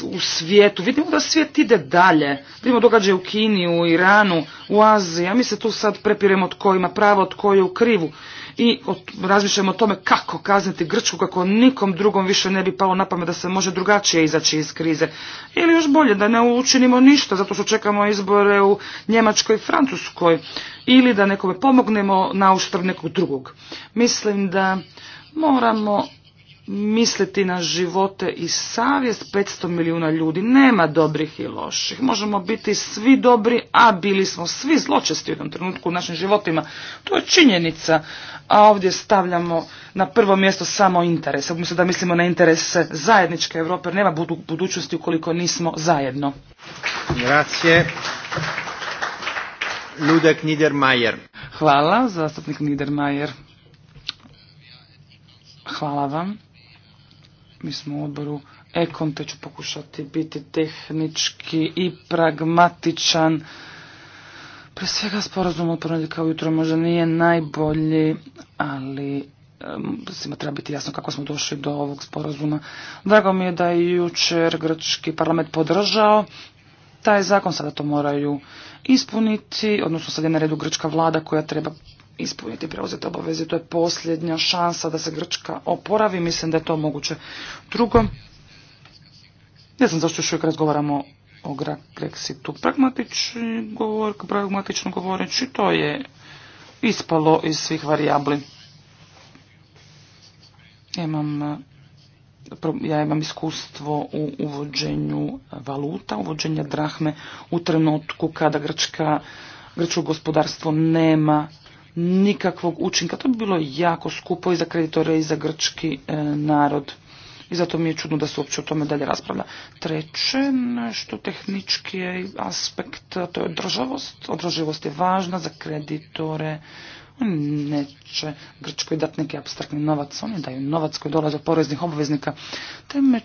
u svijetu. Vidimo da svijet ide dalje. Vidimo događaje u Kini, u Iranu, u Aziji, a mi se tu sad prepiremo tko ima pravo, tko je u krivu i razmišljamo o tome kako kazniti Grčku kako nikom drugom više ne bi palo na pamet da se može drugačije izaći iz krize. Ili još bolje da ne učinimo ništa zato što čekamo izbore u Njemačkoj i Francuskoj ili da nekome pomognemo na uštrb nekog drugog. Mislim da moramo misliti na živote i savjest 500 milijuna ljudi. Nema dobrih i loših. Možemo biti svi dobri, a bili smo svi zločesti u jednom trenutku u našim životima. To je činjenica. A ovdje stavljamo na prvo mjesto samo interese. Mislim da mislimo na interese zajedničke Europe, nema budu budućnosti ukoliko nismo zajedno. Grazie. Ludek Niedermayer. Hvala, zastupnik Niedermayer. Hvala vam. Mi smo u odboru Ekon, te ću pokušati biti tehnički i pragmatičan. Pre svega sporazum od ponedjeljka ujutro možda nije najbolji, ali svima treba biti jasno kako smo došli do ovog sporazuma. Drago mi je da je jučer grčki parlament podržao taj zakon, sada to moraju ispuniti, odnosno sad je na redu grčka vlada koja treba ispuniti preuzete obaveze. To je posljednja šansa da se Grčka oporavi. Mislim da je to moguće. Drugo, ne znam zašto još uvijek razgovaramo o Grexitu. Pragmatični govor, pragmatično govoreći, to je ispalo iz svih varijabli. ja imam iskustvo u uvođenju valuta, uvođenja drahme u trenutku kada Grčka, Grčko gospodarstvo nema nikakvog učinka. To bi bilo jako skupo i za kreditore i za grčki e, narod. I zato mi je čudno da se uopće o tome dalje raspravlja. Treće, nešto tehnički aspekt, to je održavost. Održivost je važna za kreditore. Oni neće Grčkoj dati neki abstraktni novac. Oni daju novac koji dolaze od poreznih obveznika. Te me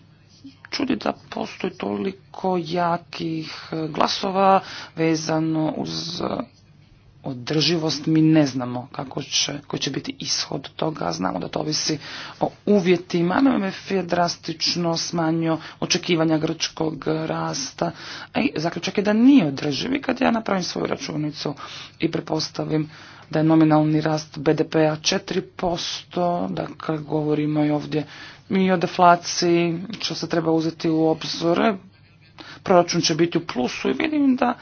čudi da postoji toliko jakih e, glasova vezano uz održivost, mi ne znamo kako će, koji će biti ishod toga, znamo da to ovisi o uvjetima. MMF je drastično smanjio očekivanja grčkog rasta, e, zaključak je da nije održiv i kad ja napravim svoju računicu i prepostavim da je nominalni rast BDP-a 4%, dakle govorimo i ovdje i o deflaciji, što se treba uzeti u obzore. proračun će biti u plusu i vidim da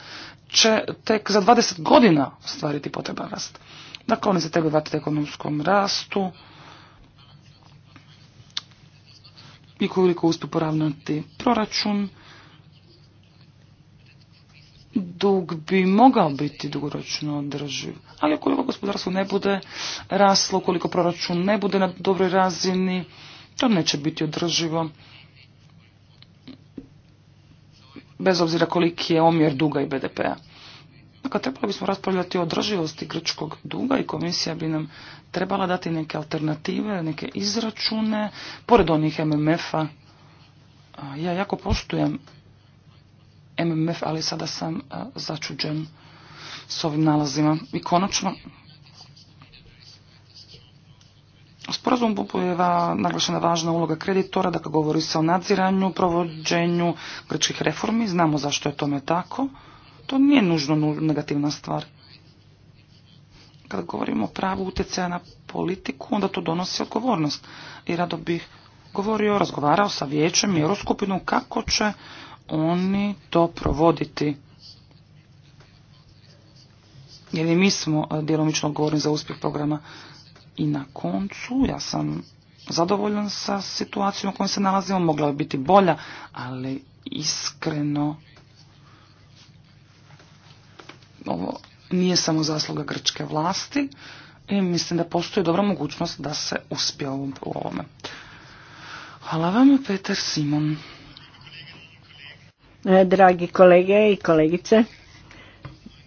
će tek za 20 godina ostvariti potreban rast. Dakle, oni se trebaju vratiti ekonomskom rastu i koliko uspiju poravnati proračun, dug bi mogao biti dugoročno održiv. Ali ukoliko gospodarstvo ne bude raslo, ukoliko proračun ne bude na dobroj razini, to neće biti održivo bez obzira koliki je omjer duga i BDP-a. Dakle, trebali bismo raspravljati o održivosti grčkog duga i komisija bi nam trebala dati neke alternative, neke izračune, pored onih MMF-a. Ja jako poštujem MMF, ali sada sam začuđen s ovim nalazima. I konačno, sporazum popujeva naglašena važna uloga kreditora, dakle govori se o nadziranju, provođenju grčkih reformi, znamo zašto je tome tako. To nije nužno negativna stvar. Kada govorimo o pravu utjecaja na politiku, onda to donosi odgovornost. I rado bih govorio, razgovarao sa vijećem i Euroskupinom kako će oni to provoditi. Jer i mi smo e, djelomično odgovorni za uspjeh programa i na koncu, ja sam zadovoljan sa situacijom u kojoj se nalazimo, mogla bi biti bolja, ali iskreno ovo nije samo zasluga grčke vlasti i mislim da postoji dobra mogućnost da se uspije u ovome. Hvala vam, Peter Simon. E, dragi kolege i kolegice,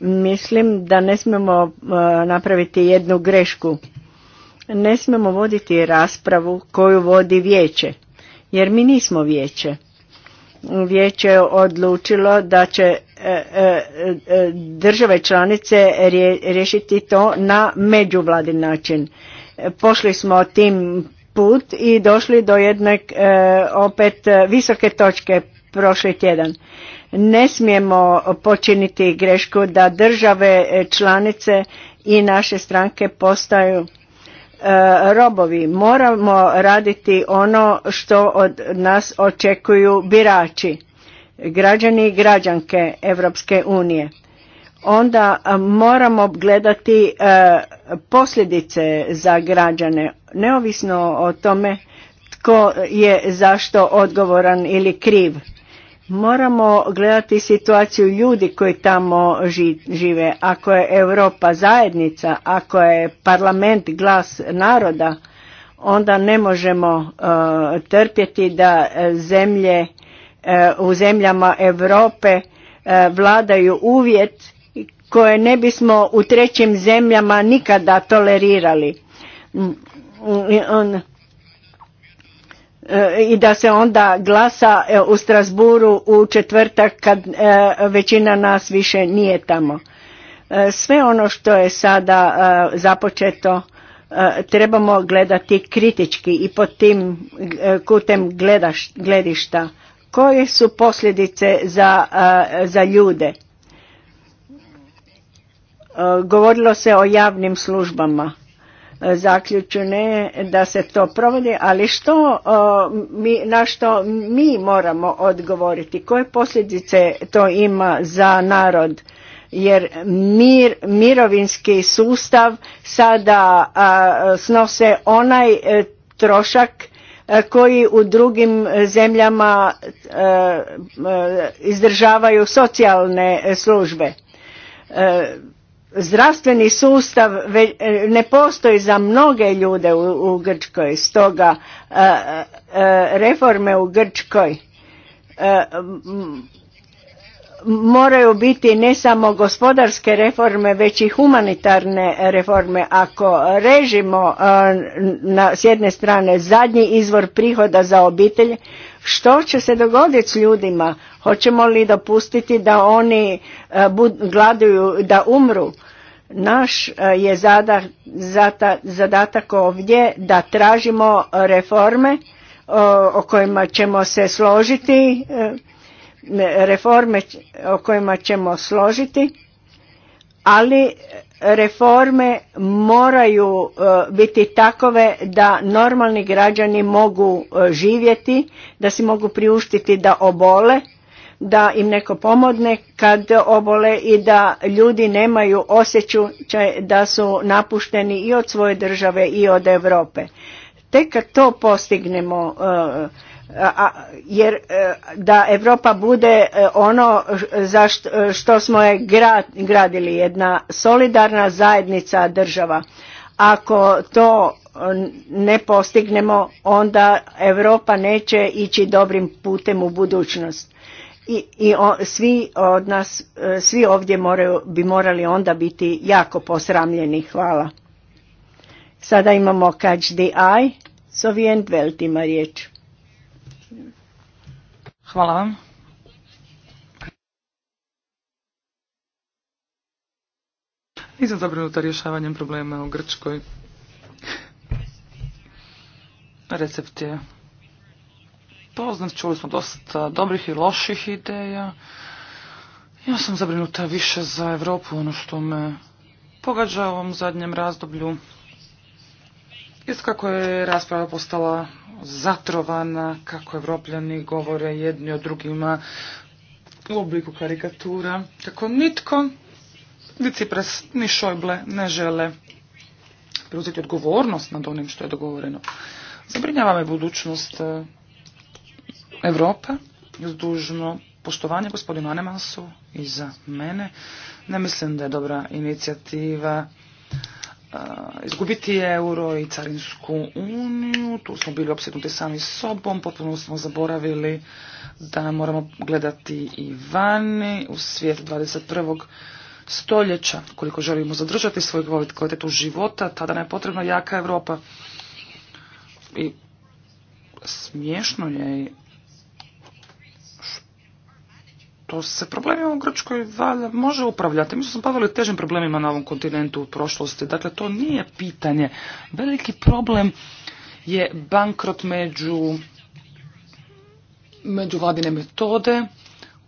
mislim da ne smemo e, napraviti jednu grešku ne smemo voditi raspravu koju vodi vijeće, jer mi nismo vijeće. Vijeće je odlučilo da će e, e, e, države članice riješiti to na međuvladin način. Pošli smo tim put i došli do jedne opet visoke točke prošli tjedan. Ne smijemo počiniti grešku da države članice i naše stranke postaju E, robovi. Moramo raditi ono što od nas očekuju birači, građani i građanke Europske unije. Onda moramo gledati e, posljedice za građane, neovisno o tome tko je zašto odgovoran ili kriv Moramo gledati situaciju ljudi koji tamo žive. Ako je Europa zajednica, ako je parlament glas naroda, onda ne možemo uh, trpjeti da zemlje uh, u zemljama Europe uh, vladaju uvjet koje ne bismo u trećim zemljama nikada tolerirali. Mm, mm, mm i da se onda glasa e, u Strasburu u četvrtak kad e, većina nas više nije tamo. E, sve ono što je sada započeto trebamo gledati kritički i pod tim kutem gledaš, gledišta. Koje su posljedice za, za ljude? Govorilo se o javnim službama E, zaključene da se to provodi, ali što, mi, na što mi moramo odgovoriti, koje posljedice to ima za narod, jer mir, mirovinski sustav sada snose onaj e, trošak e, koji u drugim zemljama izdržavaju socijalne službe zdravstveni sustav e, ne postoji za mnoge ljude u, u Grčkoj, stoga e, e, reforme u Grčkoj moraju biti ne samo gospodarske reforme već i humanitarne reforme ako režimo e, na, s jedne strane zadnji izvor prihoda za obitelj što će se dogoditi s ljudima hoćemo li dopustiti da oni e, gladuju da umru naš e, je zadatak ovdje da tražimo reforme o, o kojima ćemo se složiti reforme o kojima ćemo složiti, ali reforme moraju e, biti takove da normalni građani mogu e, živjeti, da si mogu priuštiti da obole, da im neko pomodne kad obole i da ljudi nemaju osjećaj da su napušteni i od svoje države i od Europe. Tek kad to postignemo e, jer e, da Europa bude e, ono za e, što smo je gradili jedna solidarna zajednica država ako to ne postignemo onda Europa neće ići dobrim putem u budućnost i, svi od nas svi ovdje moraju, bi morali onda biti jako posramljeni hvala sada imamo catch the eye ima riječ Hvala vam. Nisam zabrinuta rješavanjem problema u Grčkoj. Recept je poznat, čuli smo dosta dobrih i loših ideja. Ja sam zabrinuta više za Europu, ono što me pogađa u ovom zadnjem razdoblju. Jest kako je rasprava postala zatrovana, kako evropljani govore jedni o drugima u obliku karikatura, kako nitko, ni Cipras, ni Šojble ne žele preuzeti odgovornost nad onim što je dogovoreno. Zabrinjava me budućnost e, Evropa uz dužno poštovanje gospodinu Anemansu i za mene. Ne mislim da je dobra inicijativa izgubiti euro i carinsku uniju, tu smo bili opsjednuti sami sobom, potpuno smo zaboravili da moramo gledati i vani u svijet 21. stoljeća. Koliko želimo zadržati svoju kvalitetu života, tada nam je potrebna jaka Europa. I smiješno je to se problemima u Grčkoj valja, može upravljati. Mi smo bavili težim problemima na ovom kontinentu u prošlosti. Dakle, to nije pitanje. Veliki problem je bankrot među međuvladine metode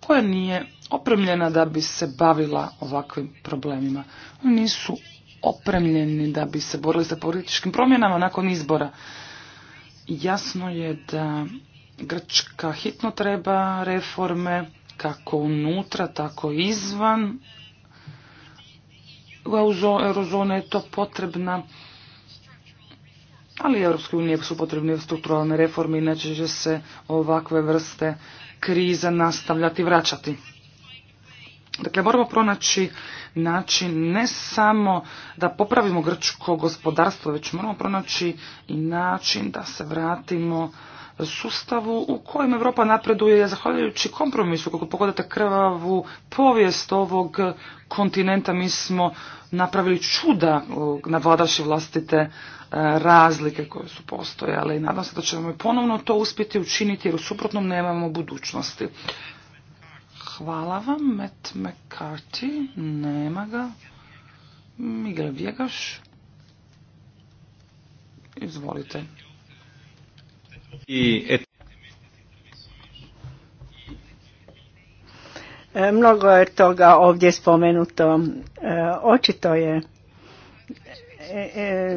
koja nije opremljena da bi se bavila ovakvim problemima. Oni nisu opremljeni da bi se borili sa političkim promjenama nakon izbora. Jasno je da Grčka hitno treba reforme, kako unutra, tako izvan eurozone je to potrebna, ali Europske unije su potrebne strukturalne reforme, inače će se ovakve vrste krize nastavljati vraćati. Dakle, moramo pronaći način ne samo da popravimo grčko gospodarstvo, već moramo pronaći i način da se vratimo sustavu u kojem Europa napreduje zahvaljujući kompromisu. Kako pogledate krvavu povijest ovog kontinenta, mi smo napravili čuda navladaši vlastite e, razlike koje su postojale i nadam se da ćemo ponovno to uspjeti učiniti jer u suprotnom nemamo budućnosti. Hvala vam, Matt McCarthy, nema ga. Miguel Vjegaš, izvolite. E, mnogo je toga ovdje spomenuto. E, očito je e,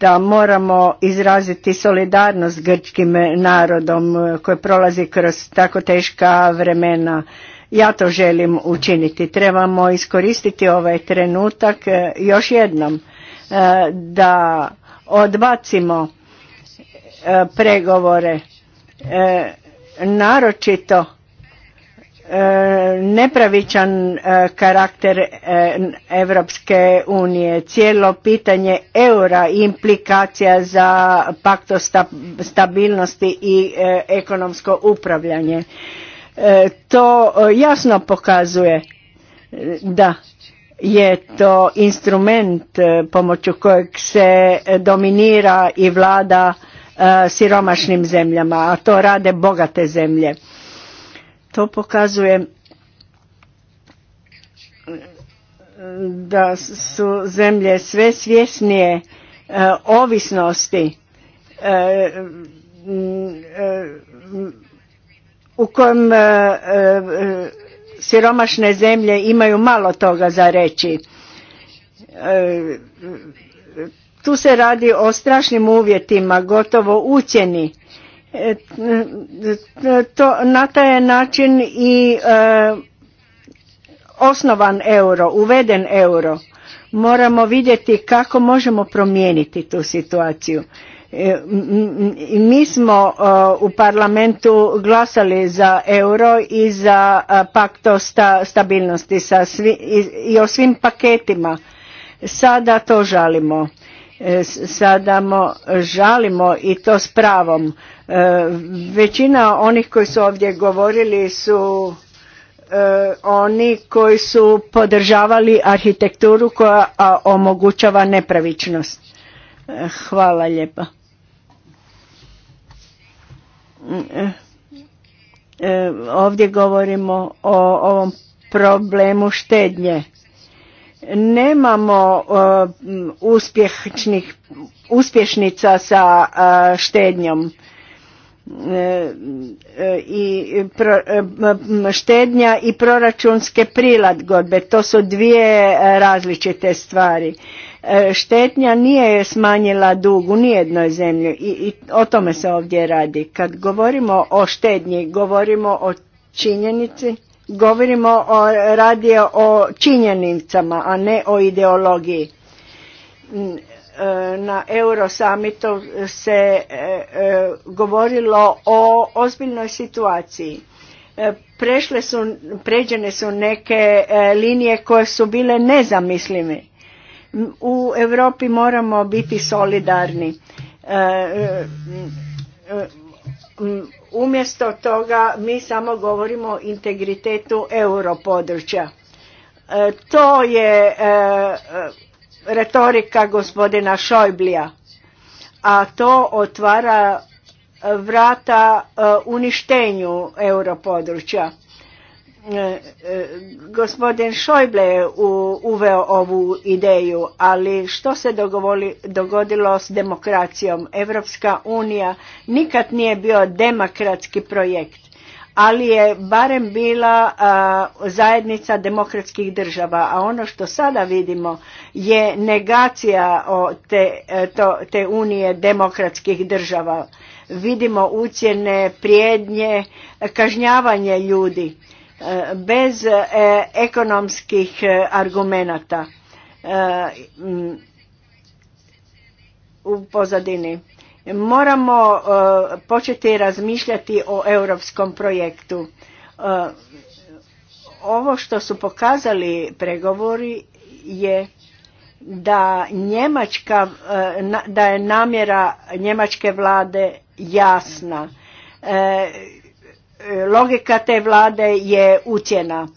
da moramo izraziti solidarnost s grčkim narodom koji prolazi kroz tako teška vremena. Ja to želim učiniti. Trebamo iskoristiti ovaj trenutak još jednom da odbacimo E, pregovore. E, naročito e, nepravičan karakter Evropske unije, cijelo pitanje eura i implikacija za pakto stabilnosti i ekonomsko upravljanje. To jasno pokazuje da je to instrument pomoću kojeg se dominira i vlada E, siromašnim zemljama, a to rade bogate zemlje. To pokazuje e, da su zemlje sve svjesnije e, ovisnosti u kojem siromašne zemlje imaju malo toga za reći tu se radi o strašnim uvjetima, gotovo ucjeni. E, to, na taj je način i e, osnovan euro, uveden euro. Moramo vidjeti kako možemo promijeniti tu situaciju. E, mi smo e, u parlamentu glasali za euro i za pakto stabilnosti sa i, i o svim paketima. Sada to žalimo E, sada žalimo i to s pravom. E, većina onih koji su ovdje govorili su e, oni koji su podržavali arhitekturu koja omogućava nepravičnost. Hvala lijepa. Ovdje govorimo o ovom problemu štednje nemamo e, uspješnica sa e, štednjom e, i štednja i proračunske prilagodbe to su dvije različite stvari Štednja nije smanjila dug u nijednoj zemlji I, i o tome se ovdje radi kad govorimo o štednji govorimo o činjenici Govorimo o, radi o činjenicama, a ne o ideologiji. E, na Eurosamitu se e, e, govorilo o ozbiljnoj situaciji. Prešle su, pređene su neke linije koje su bile nezamislive. U Europi moramo biti solidarni. Umjesto toga mi samo govorimo o integritetu europodručja. E, to je e, e, retorika gospodina Šojblija, a to otvara vrata uništenju europodručja Gospodin Šojble je uveo ovu ideju, ali što se dogodilo s demokracijom? Evropska unija nikad nije bio demokratski projekt, ali je barem bila zajednica demokratskih država, a ono što sada vidimo je negacija o te, te unije demokratskih država. Vidimo ucjene, prijednje, kažnjavanje ljudi bez e, ekonomskih e, argumenata e, u pozadini. Moramo početi razmišljati o europskom projektu. Ovo što su pokazali pregovori je da Njemačka, da je namjera njemačke vlade jasna. E, logika te vlade je ucjena.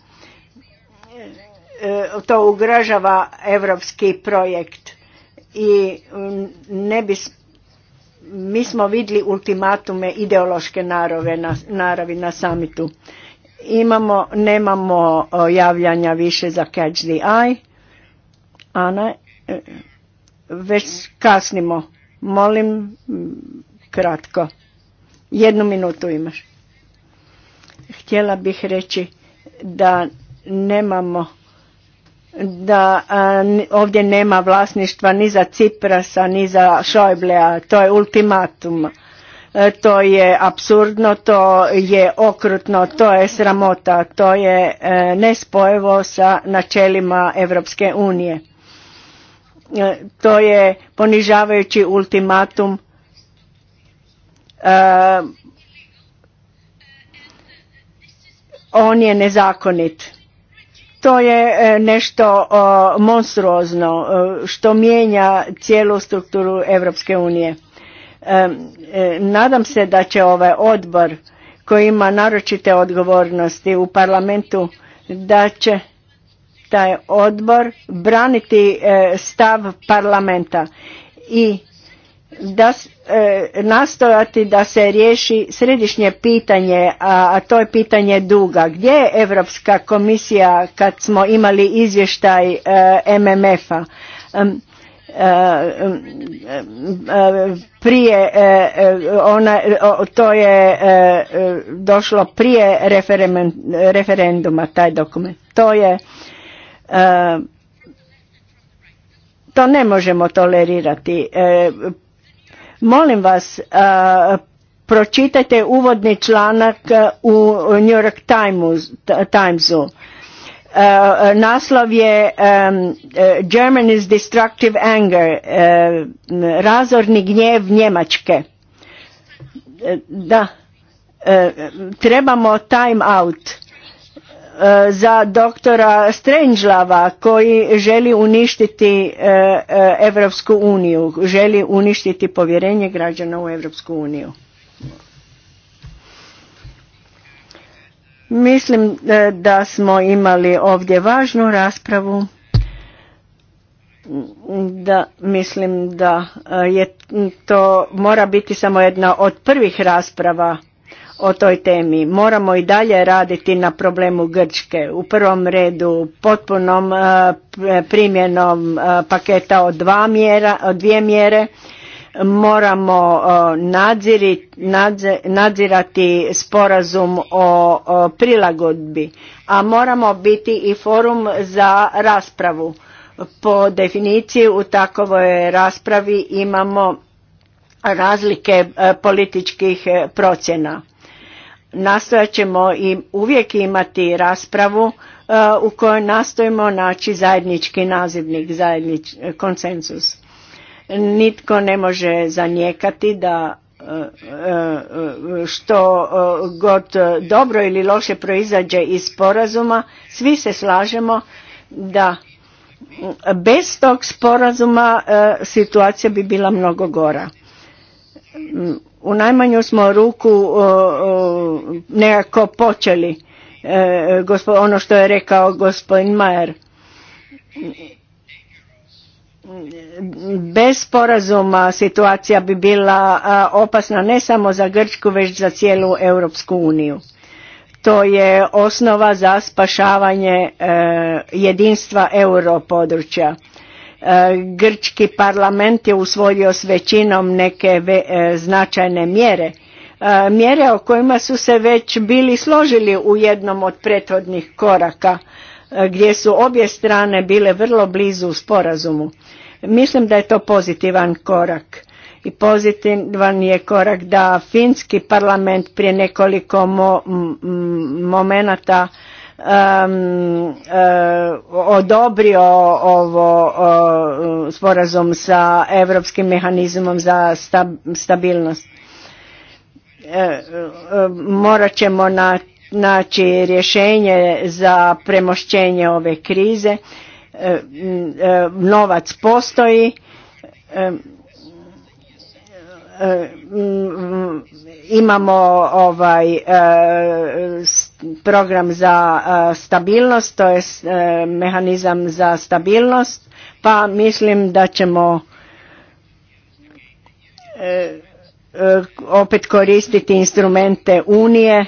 E, to ugražava evropski projekt i mm, ne bi mi smo vidjeli ultimatume ideološke narove na, naravi na samitu. Imamo, nemamo javljanja više za Catch the Eye. ne već kasnimo. Molim, mm, kratko. Jednu minutu imaš. Htjela bih reći da nemamo da ovdje nema vlasništva ni za Ciprasa, ni za Šojblea, to je ultimatum. E, to je absurdno, to je okrutno, to je sramota, to je e, nespojevo sa načelima Europske unije. E, to je ponižavajući ultimatum on je nezakonit. To je e, nešto monstruozno e, što mijenja cijelu strukturu Europske unije. E, nadam se da će ovaj odbor koji ima naročite odgovornosti u parlamentu da će taj odbor braniti stav parlamenta i da e, nastojati da se riješi središnje pitanje, a, to je pitanje duga. Gdje je Europska komisija kad smo imali izvještaj e, MMF-a? E, e, prije ona, to je došlo prije referenduma taj dokument. To je to ne možemo tolerirati. Molim vas, e, pročitajte uvodni članak e, u New York Timesu. E, naslov je is Destructive Anger, razorni gnjev Njemačke. Da, trebamo time out E, za doktora Strangelava koji želi uništiti e, e, Evropsku uniju, želi uništiti povjerenje građana u Evropsku uniju. Mislim da smo imali ovdje važnu raspravu. Da, mislim da je to mora biti samo jedna od prvih rasprava o toj temi. Moramo i dalje raditi na problemu Grčke. U prvom redu potpunom e, primjenom e, paketa od, dva mjera, dvije mjere moramo e, nadzirati sporazum o, prilagodbi, a moramo biti i forum za raspravu. Po definiciji u takovoj raspravi imamo razlike političkih procjena nastojat ćemo i uvijek imati raspravu e, u kojoj nastojimo naći zajednički nazivnik, zajednički e, konsensus. Nitko ne može zanijekati da e, što god dobro ili loše proizađe iz sporazuma, svi se slažemo da bez tog sporazuma situacija bi bila mnogo gora u najmanju smo ruku nekako počeli e, ono što je rekao gospodin Majer bez sporazuma situacija bi bila opasna ne samo za Grčku već za cijelu Europsku uniju. To je osnova za spašavanje e, jedinstva europodručja. E, grčki parlament je usvojio s većinom neke e, značajne mjere. E, mjere o kojima su se već bili složili u jednom od prethodnih koraka gdje su obje strane bile vrlo blizu sporazumu. Mislim da je to pozitivan korak. I pozitivan je korak da finski parlament prije nekoliko mo momenata um, odobrio ovo eh, sporazum sa Europskim mehanizmom za stabilnost. Eh, morat ćemo naći rješenje za premošćenje ove krize. novac postoji. Mm, mm, imamo ovaj program za e, stabilnost, to je e, mehanizam za stabilnost, pa mislim da ćemo e, opet koristiti instrumente Unije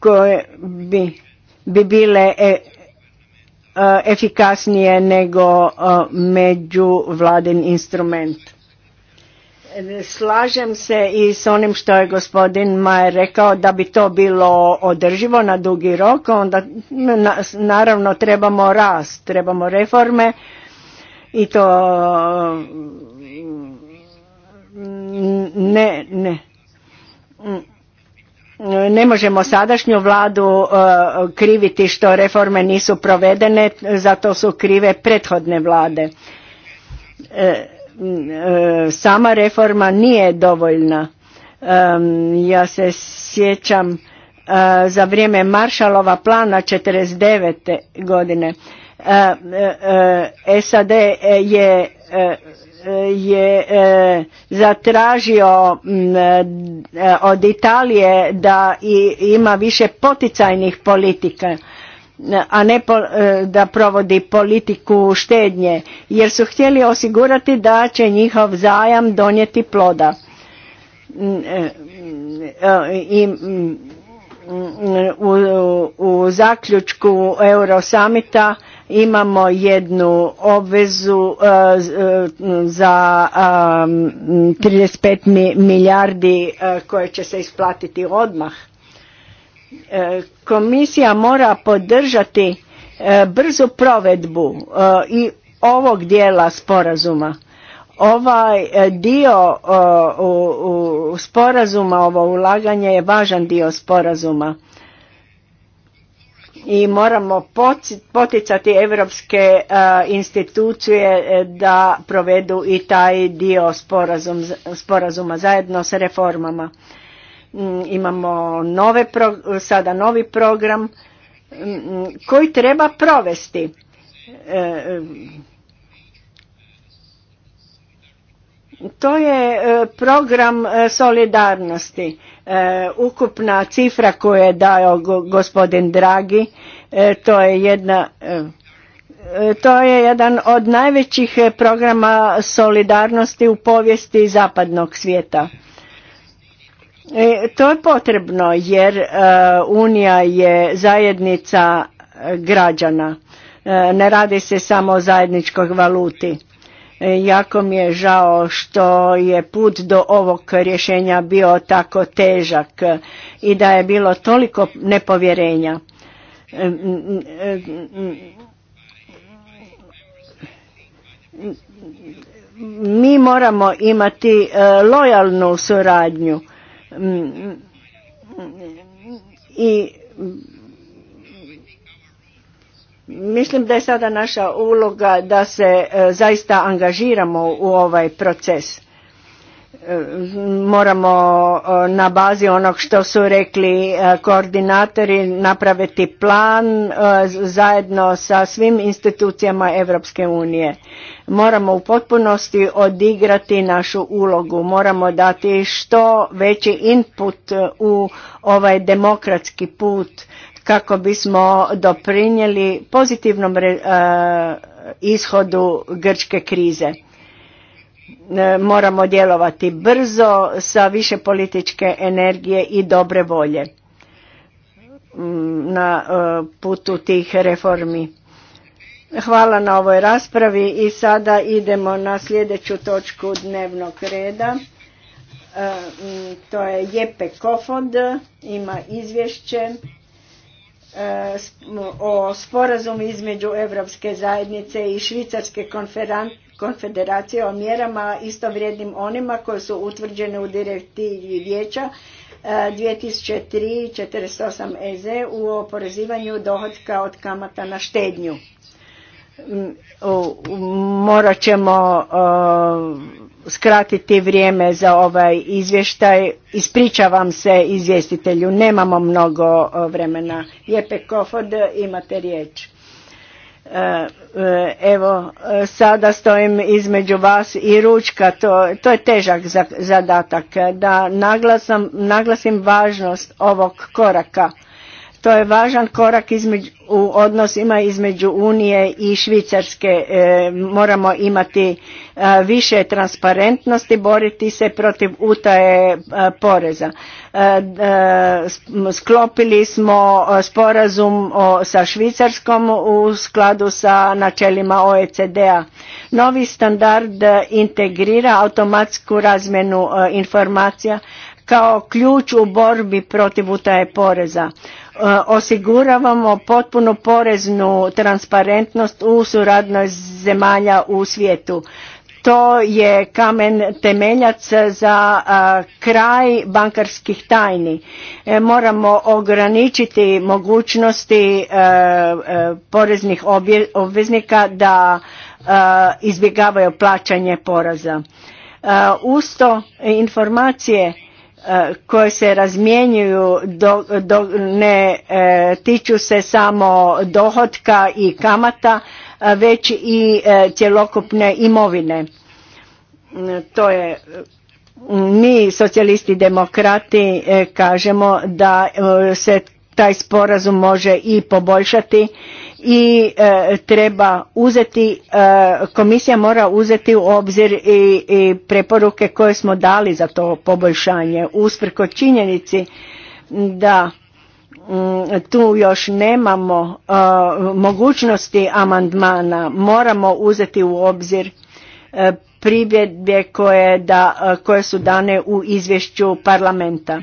koje bi, bile efikasnije nego međuvladin instrument. Slažem se i s onim što je gospodin Majer rekao da bi to bilo održivo na dugi rok, onda naravno trebamo rast, trebamo reforme i to ne, ne. Ne možemo sadašnju vladu e, kriviti što reforme nisu provedene, zato su krive prethodne vlade. E, E, sama reforma nije dovoljna. E, ja se sjećam e, za vrijeme Maršalova plana 49. godine. SAD je je zatražio od Italije da ima više poticajnih politika a ne e, da provodi politiku štednje jer su htjeli osigurati da će njihov zajam donijeti ploda mm, e, mm, e, i mm, u, u zaključku Eurosamita imamo jednu obvezu za 35 milijardi koje će se isplatiti odmah E, komisija mora podržati e, brzu provedbu e, i ovog dijela sporazuma. Ovaj dio sporazuma, ovo ulaganje je važan dio sporazuma i moramo poticati evropske institucije da provedu i taj dio sporazuma zajedno s reformama. Mm, imamo nove sada novi program mm, koji treba provesti. E, e, to je e, program solidarnosti. Ukupna cifra koju je dao gospodin Dragi, to je jedna... To je jedan od najvećih programa solidarnosti u povijesti zapadnog svijeta. To je potrebno jer Unija je zajednica građana. Ne radi se samo o zajedničkoj valuti. Jako mi je žao što je put do ovog rješenja bio tako težak i da je bilo toliko nepovjerenja. Mi moramo imati lojalnu suradnju Mm, I mm, mislim da je sada naša uloga da se e, zaista angažiramo u ovaj proces moramo e, na bazi onog što su rekli e, koordinatori napraviti plan e, zajedno sa svim institucijama Europske unije. Moramo u potpunosti odigrati našu ulogu, moramo dati što veći input u ovaj demokratski put kako bismo doprinijeli pozitivnom ishodu grčke krize E, moramo djelovati brzo sa više političke energije i dobre volje na e, putu tih reformi. Hvala na ovoj raspravi i sada idemo na sljedeću točku dnevnog reda. E, to je Jepe Kofod, ima izvješće o sporazumu između Europske zajednice i Švicarske konferencije konfederacije o mjerama isto vrijednim onima koje su utvrđene u direktivi vijeća 2003-48 e, EZ u oporezivanju dohodka od kamata na štednju. Mm, morat ćemo e, skratiti vrijeme za ovaj izvještaj. Ispričavam se izvjestitelju, nemamo mnogo e, vremena. Jepe Kofod, imate riječ. E, e, evo sada stojim između vas i ručka to, to je težak zadatak da naglasim važnost ovog koraka to je važan korak između, u odnosima između Unije i Švicarske. E, moramo imati e, više transparentnosti, boriti se protiv utaje e, poreza. sklopili smo sporazum sa Švicarskom u skladu sa načelima OECD-a. Novi standard integrira automatsku razmjenu informacija kao ključ u borbi protiv utaje poreza. Eh, osiguravamo potpunu poreznu transparentnost u suradnoj zemalja u svijetu. To je kamen temeljac za eh, kraj bankarskih tajni. Eh, moramo ograničiti mogućnosti poreznih obveznika da izbjegavaju plaćanje poraza. Usto informacije koje se razmjenjuju do, ne e, tiču se samo dohotka i kamata već i e, cjelokupne imovine. To je mi socijalisti demokrati e, kažemo da se taj sporazum može i poboljšati i e, treba uzeti, e, komisija mora uzeti u obzir i, preporuke koje smo dali za to poboljšanje. Usprko činjenici da mm, tu još nemamo e, mogućnosti amandmana, moramo uzeti u obzir pribjedbe koje, da, koje su dane u izvješću parlamenta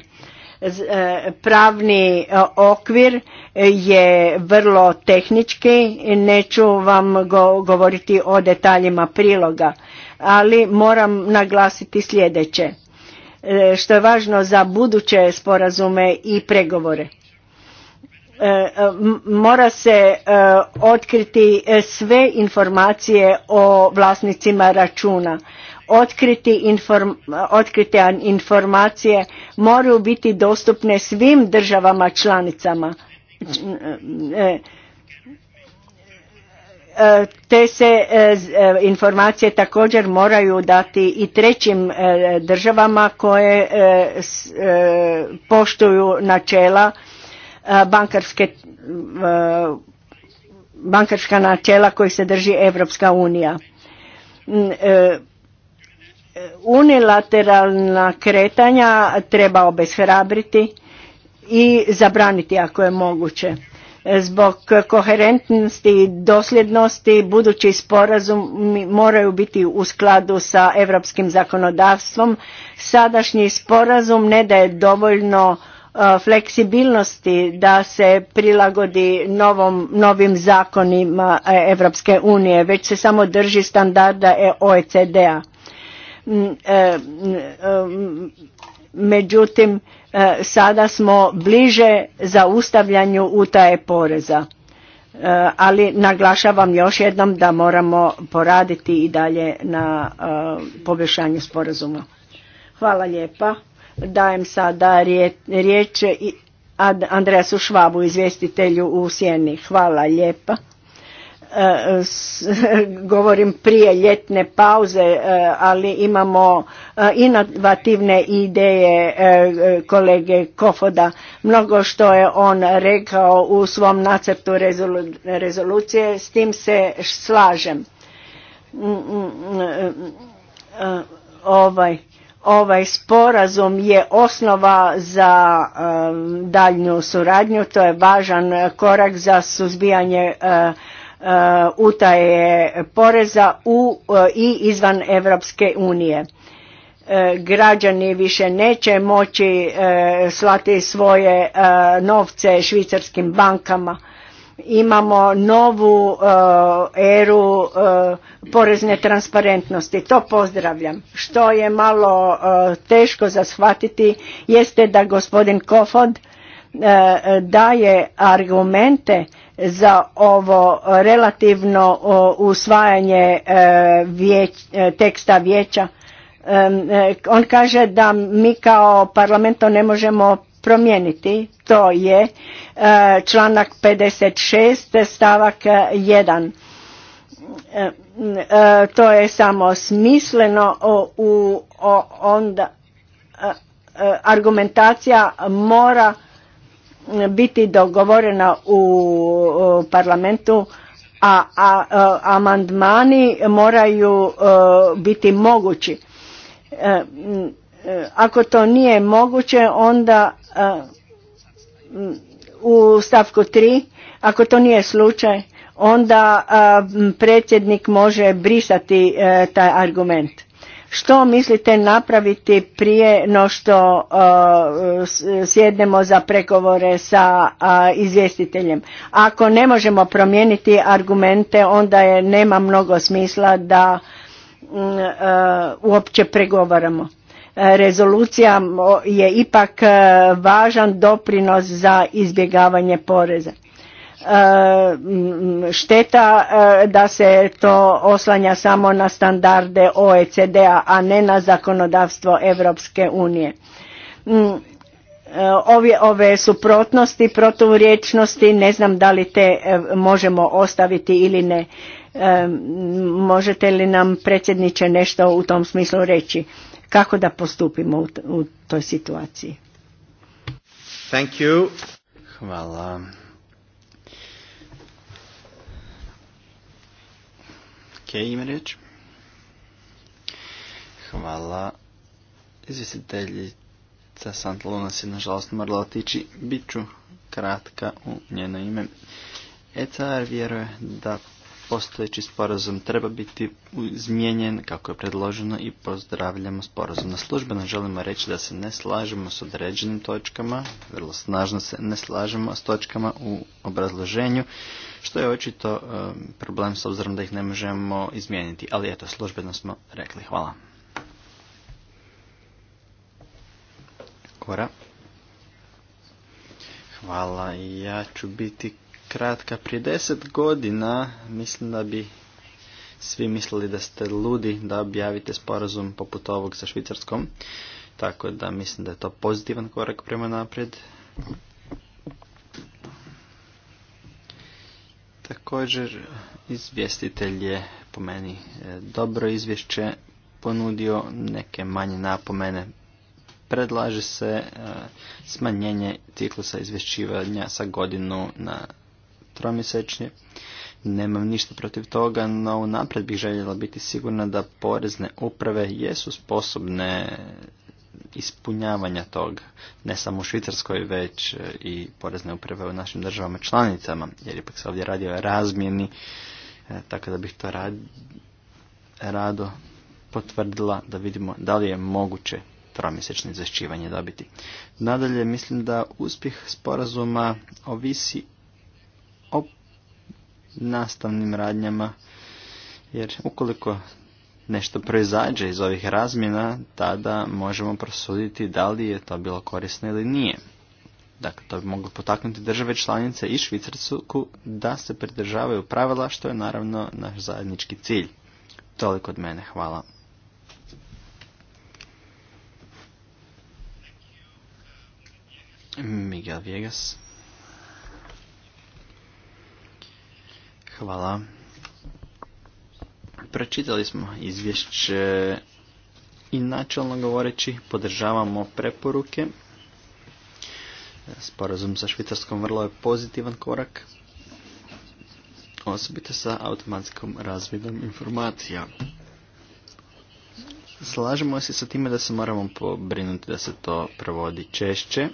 E, pravni e, okvir e, je vrlo tehnički, neću vam govoriti o detaljima priloga, ali moram naglasiti sljedeće, što je važno za buduće sporazume i pregovore. Mora se otkriti sve informacije o vlasnicima računa otkriti informacije moraju biti dostupne svim državama članicama e, e, te se e, informacije također moraju dati i trećim državama koje poštuju načela bankarske bankarska načela koji se drži Europska unija unilateralna kretanja treba obeshrabriti i zabraniti ako je moguće. Zbog koherentnosti i dosljednosti budući sporazumi moraju biti u skladu sa europskim zakonodavstvom. Sadašnji sporazum ne daje dovoljno uh, fleksibilnosti da se prilagodi novom, novim zakonima Evropske unije, već se samo drži standarda e OECD-a Mm, e, mm, e, mm, međutim e, sada smo bliže za zaustavljanju utaje poreza ali naglašavam još jednom da moramo poraditi i dalje na poboljšanju sporazuma. Hvala lijepa. Dajem sada riječ Andreasu Švabu, izvjestitelju u Sjeni. Hvala lijepa govorim prije ljetne pauze, e, ali imamo e, inovativne ideje e, kolege Kofoda. Mnogo što je on rekao u svom nacrtu rezolucije, s tim se slažem. Ovaj, ovaj sporazum je osnova za daljnju suradnju, to je važan korak za suzbijanje Uh, utaje poreza u uh, i izvan Europske unije. Uh, građani više neće moći slati svoje novce švicarskim bankama. Imamo novu eru porezne transparentnosti. To pozdravljam. Što je malo teško za shvatiti jeste da gospodin Kofod daje argumente za ovo relativno usvajanje e, e, teksta vijeća. E, on kaže da mi kao parlament to ne možemo promijeniti. To je članak 56 stavak 1. To je samo smisleno u onda argumentacija mora biti dogovorena u parlamentu, a, amandmani moraju e, biti mogući. E, e, ako to nije moguće, onda u stavku 3, ako to nije slučaj, onda predsjednik može brisati taj argument što mislite napraviti prije no što uh, sjednemo za pregovore sa uh, izvjestiteljem? Ako ne možemo promijeniti argumente, onda je nema mnogo smisla da mm, uh, uopće pregovaramo. Rezolucija je ipak važan doprinos za izbjegavanje poreza. E, šteta e, da se to oslanja samo na standarde OECD-a, a ne na zakonodavstvo Europske unije. E, ove, ove suprotnosti, protuvriječnosti, ne znam da li te možemo ostaviti ili ne. Možete li nam predsjedniče nešto u tom smislu reći? Kako da postupimo u, u toj situaciji? Thank you. Hvala. Hvala. Izvjestiteljica Santa Luna je nažalost morala otići. Biću kratka u njeno ime. ECR vjeruje da postojeći sporazum treba biti izmijenjen kako je predloženo i pozdravljamo sporazum. Na službeno želimo reći da se ne slažemo s određenim točkama, vrlo snažno se ne slažemo s točkama u obrazloženju što je očito e, problem s obzirom da ih ne možemo izmijeniti. Ali eto, službeno smo rekli. Hvala. Kora. Hvala, ja ću biti kratka. Prije deset godina mislim da bi svi mislili da ste ludi da objavite sporazum poput ovog sa Švicarskom. Tako da mislim da je to pozitivan korak prema naprijed. Također izvjestitelj je po meni e, dobro izvješće ponudio neke manje napomene. Predlaže se e, smanjenje ciklusa izvješćivanja sa godinu na tromjesečnje. Nemam ništa protiv toga, no unaprijed bih željela biti sigurna da porezne uprave jesu sposobne ispunjavanja tog, ne samo u Švicarskoj, već e, i porezne uprave u našim državama članicama, jer ipak se ovdje radi o razmjeni, e, tako da bih to rado potvrdila da vidimo da li je moguće tromjesečno izvješćivanje dobiti. Nadalje, mislim da uspjeh sporazuma ovisi o nastavnim radnjama, jer ukoliko nešto proizađe iz ovih razmjena, tada možemo prosuditi da li je to bilo korisno ili nije. Dakle, to bi moglo potaknuti države članice i Švicarsku da se pridržavaju pravila, što je naravno naš zajednički cilj. Toliko od mene, hvala. Miguel Viegas. Hvala. Pročitali smo izvješće i načelno govoreći podržavamo preporuke. Sporazum sa Švicarskom vrlo je pozitivan korak, osobito sa automatskom razvidom informacija. Slažemo se sa time da se moramo pobrinuti da se to provodi češće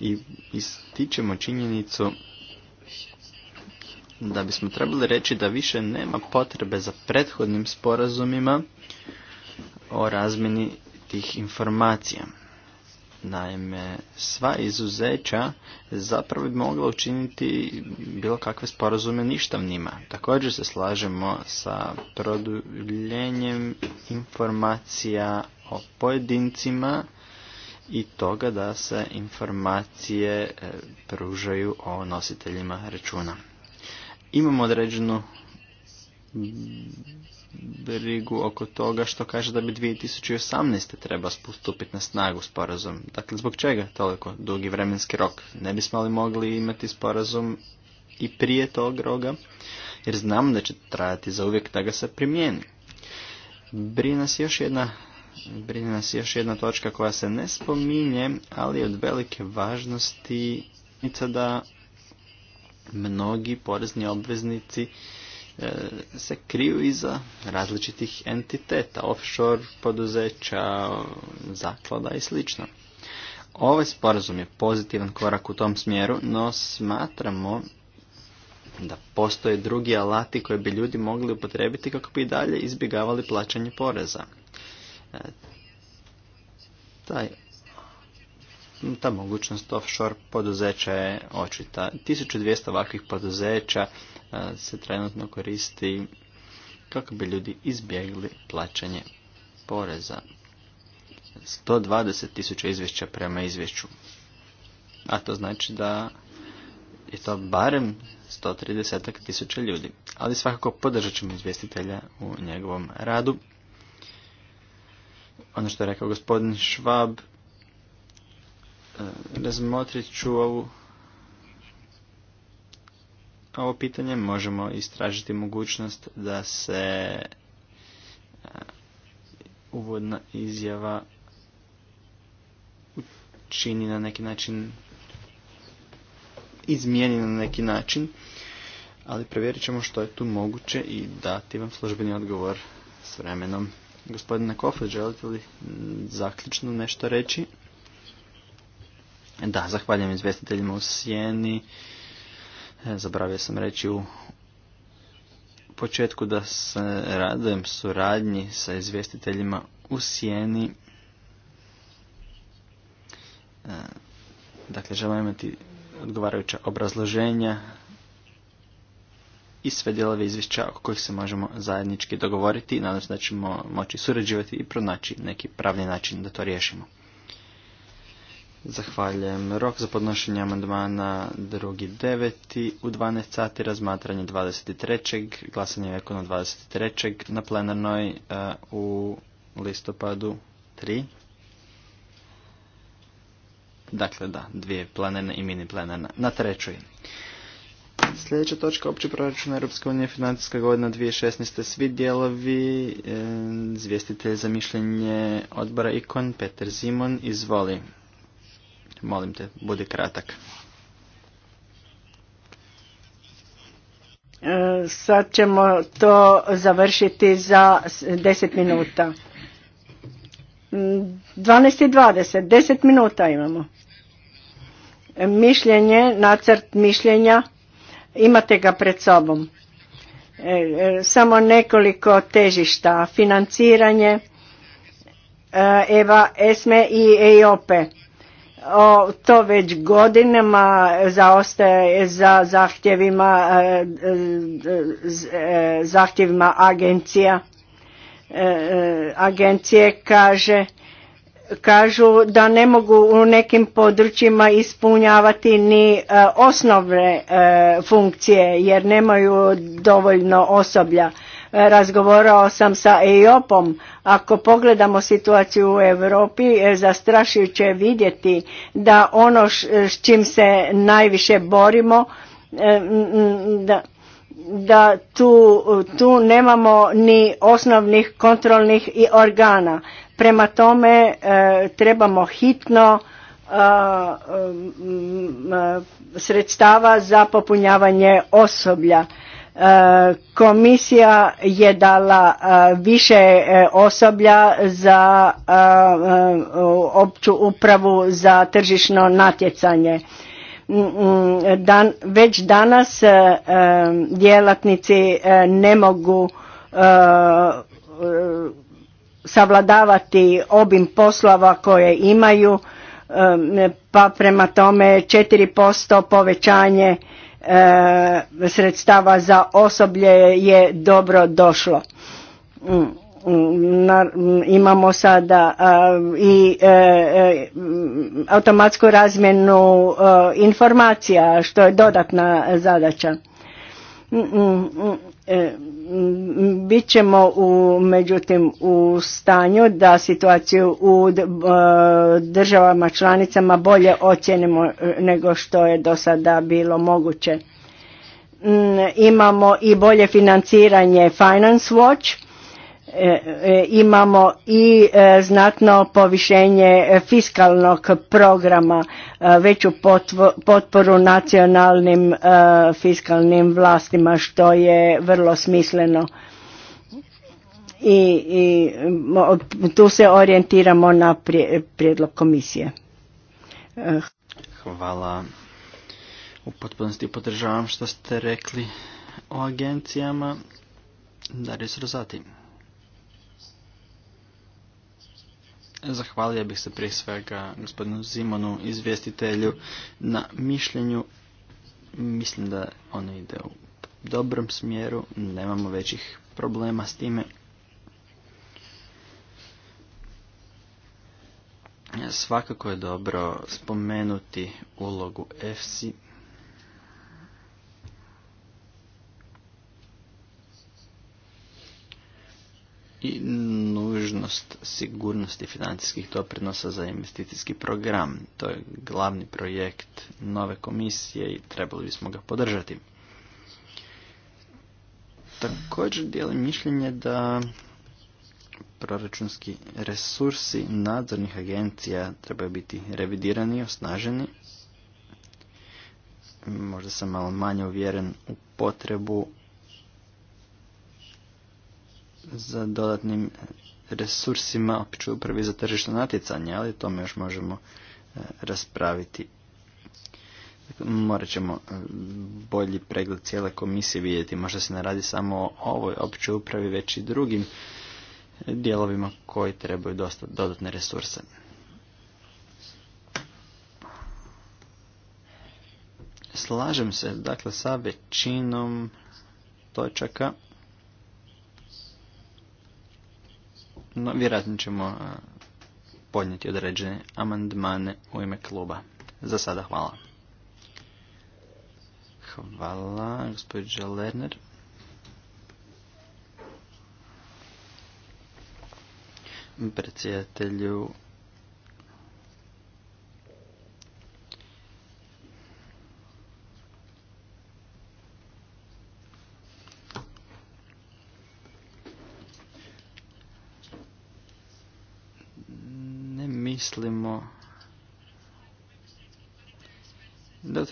i ističemo činjenicu da bismo trebali reći da više nema potrebe za prethodnim sporazumima o razmjeni tih informacija. Naime, sva izuzeća zapravo bi mogla učiniti bilo kakve sporazume ništavnima. Također se slažemo sa produljenjem informacija o pojedincima i toga da se informacije e, pružaju o nositeljima računa imamo određenu brigu oko toga što kaže da bi 2018. treba postupiti na snagu sporazum. Dakle, zbog čega toliko dugi vremenski rok? Ne bismo li mogli imati sporazum i prije tog roga? Jer znam da će trajati za uvijek da ga se primijeni. Brine nas još jedna brine nas još jedna točka koja se ne spominje, ali je od velike važnosti da mnogi porezni obveznici e, se kriju iza različitih entiteta, offshore poduzeća, zaklada i sl. Ovaj sporazum je pozitivan korak u tom smjeru, no smatramo da postoje drugi alati koje bi ljudi mogli upotrebiti kako bi i dalje izbjegavali plaćanje poreza. E, taj ta mogućnost offshore poduzeća je očita. 1200 ovakvih poduzeća e, se trenutno koristi kako bi ljudi izbjegli plaćanje poreza. 120 tisuća izvješća prema izvješću. A to znači da je to barem 130 tisuća ljudi. Ali svakako podržat ćemo izvjestitelja u njegovom radu. Ono što je rekao gospodin Švab, razmotrit ću ovu ovo pitanje možemo istražiti mogućnost da se e, uvodna izjava čini na neki način izmijeni na neki način ali provjerit ćemo što je tu moguće i dati vam službeni odgovor s vremenom. Gospodine Kofa, želite li zaključno nešto reći? Da, zahvaljujem izvjestiteljima u Sijeni. E, Zabravio sam reći u početku da se radujem suradnji sa izvjestiteljima u Sijeni. E, dakle, želim imati odgovarajuća obrazloženja i sve dijelove izvješća oko kojih se možemo zajednički dogovoriti. Nadam se da ćemo moći surađivati i pronaći neki pravni način da to riješimo. Zahvaljujem. Rok za podnošenje amandmana drugi deveti u 12 sati razmatranje 23. glasanje je na 23. na plenarnoj eh, u listopadu 3. Dakle, da, dvije plenarne i mini plenarna. Na trećoj. Sljedeća točka opći proračun Europske unije financijska godina 2016. Svi dijelovi, e, za mišljenje odbora IKON, Peter Zimon, izvoli. Molim te, budi kratak. E, sad ćemo to završiti za 10 minuta. 12.20, deset minuta imamo. Mišljenje, nacrt mišljenja, imate ga pred sobom. E, e, samo nekoliko težišta, financiranje, Eva, Esme i EOPE to već godinama zaostaje za zahtjevima, e, e, zahtjevima agencija. E, agencije kaže, kažu da ne mogu u nekim područjima ispunjavati ni osnovne funkcije jer nemaju dovoljno osoblja Razgovorao sam sa eiop Ako pogledamo situaciju u Europi, e, zastrašujuće vidjeti da ono s čim se najviše borimo, e, da, da tu, tu nemamo ni osnovnih kontrolnih i organa. Prema tome e, trebamo hitno sredstava za popunjavanje osoblja Eh, komisija je dala eh, više eh, osoblja za opću upravu za tržišno natjecanje. Mm, mm, već danas djelatnici ne mogu savladavati obim poslova koje imaju, pa prema tome 4% povećanje E, sredstava za osoblje je dobro došlo. Mm, mm, mm, imamo sada e, i e, automatsku razmjenu informacija što je dodatna zadaća E, bit ćemo u, međutim u stanju da situaciju u e, državama članicama bolje ocijenimo e, nego što je do sada bilo moguće. Imamo i bolje financiranje Finance Watch E, e, imamo i e, znatno povišenje fiskalnog programa, veću potporu nacionalnim fiskalnim vlastima što je vrlo smisleno. I, tu se orijentiramo na prijedlog komisije. Hvala. U potpunosti podržavam što ste rekli o agencijama. Darius Rozati. Zahvalio bih se prije svega gospodinu Zimonu, izvjestitelju, na mišljenju. Mislim da ono ide u dobrom smjeru, nemamo većih problema s time. Svakako je dobro spomenuti ulogu EFSI i nužnost sigurnosti financijskih doprinosa za investicijski program. To je glavni projekt nove komisije i trebali bismo ga podržati. Također dijelim mišljenje da proračunski resursi nadzornih agencija trebaju biti revidirani i osnaženi. Možda sam malo manje uvjeren u potrebu za dodatnim resursima općoj upravi za tržišno natjecanje, ali tome još možemo e, raspraviti. Dakle, morat ćemo e, bolji pregled cijele komisije vidjeti. Možda se ne radi samo o ovoj općoj upravi, već i drugim e, dijelovima koji trebaju dosta dodatne resurse. Slažem se, dakle, sa većinom točaka No, vjerojatno ćemo e, podnijeti određene amandmane u ime kluba. Za sada hvala. Hvala, gospođa Lerner. Predsjedatelju,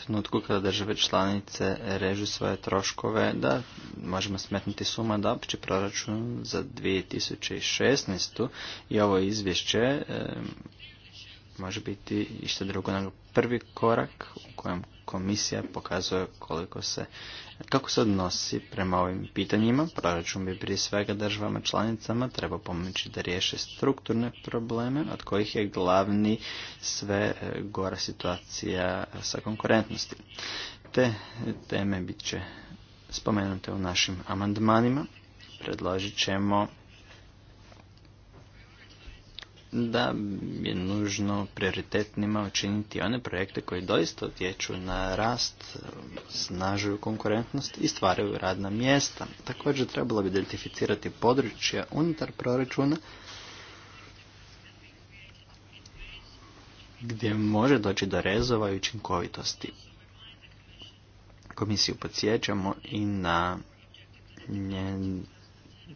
trenutku kada države članice režu svoje troškove da možemo smetnuti suma da opći proračun za 2016. i ovo izvješće e, može biti išto drugo nego prvi korak u kojem komisija pokazuje koliko se, kako se odnosi prema ovim pitanjima. Proračun bi prije svega državama članicama treba pomoći da riješe strukturne probleme od kojih je glavni sve e, gora situacija sa konkurentnosti. Te teme bit će spomenute u našim amandmanima. Predložit ćemo da je nužno prioritetnima učiniti one projekte koji doista utječu na rast, snažuju konkurentnost i stvaraju radna mjesta. Također trebalo bi identificirati područja unutar proračuna gdje može doći do rezova i učinkovitosti. Komisiju podsjećamo i na njen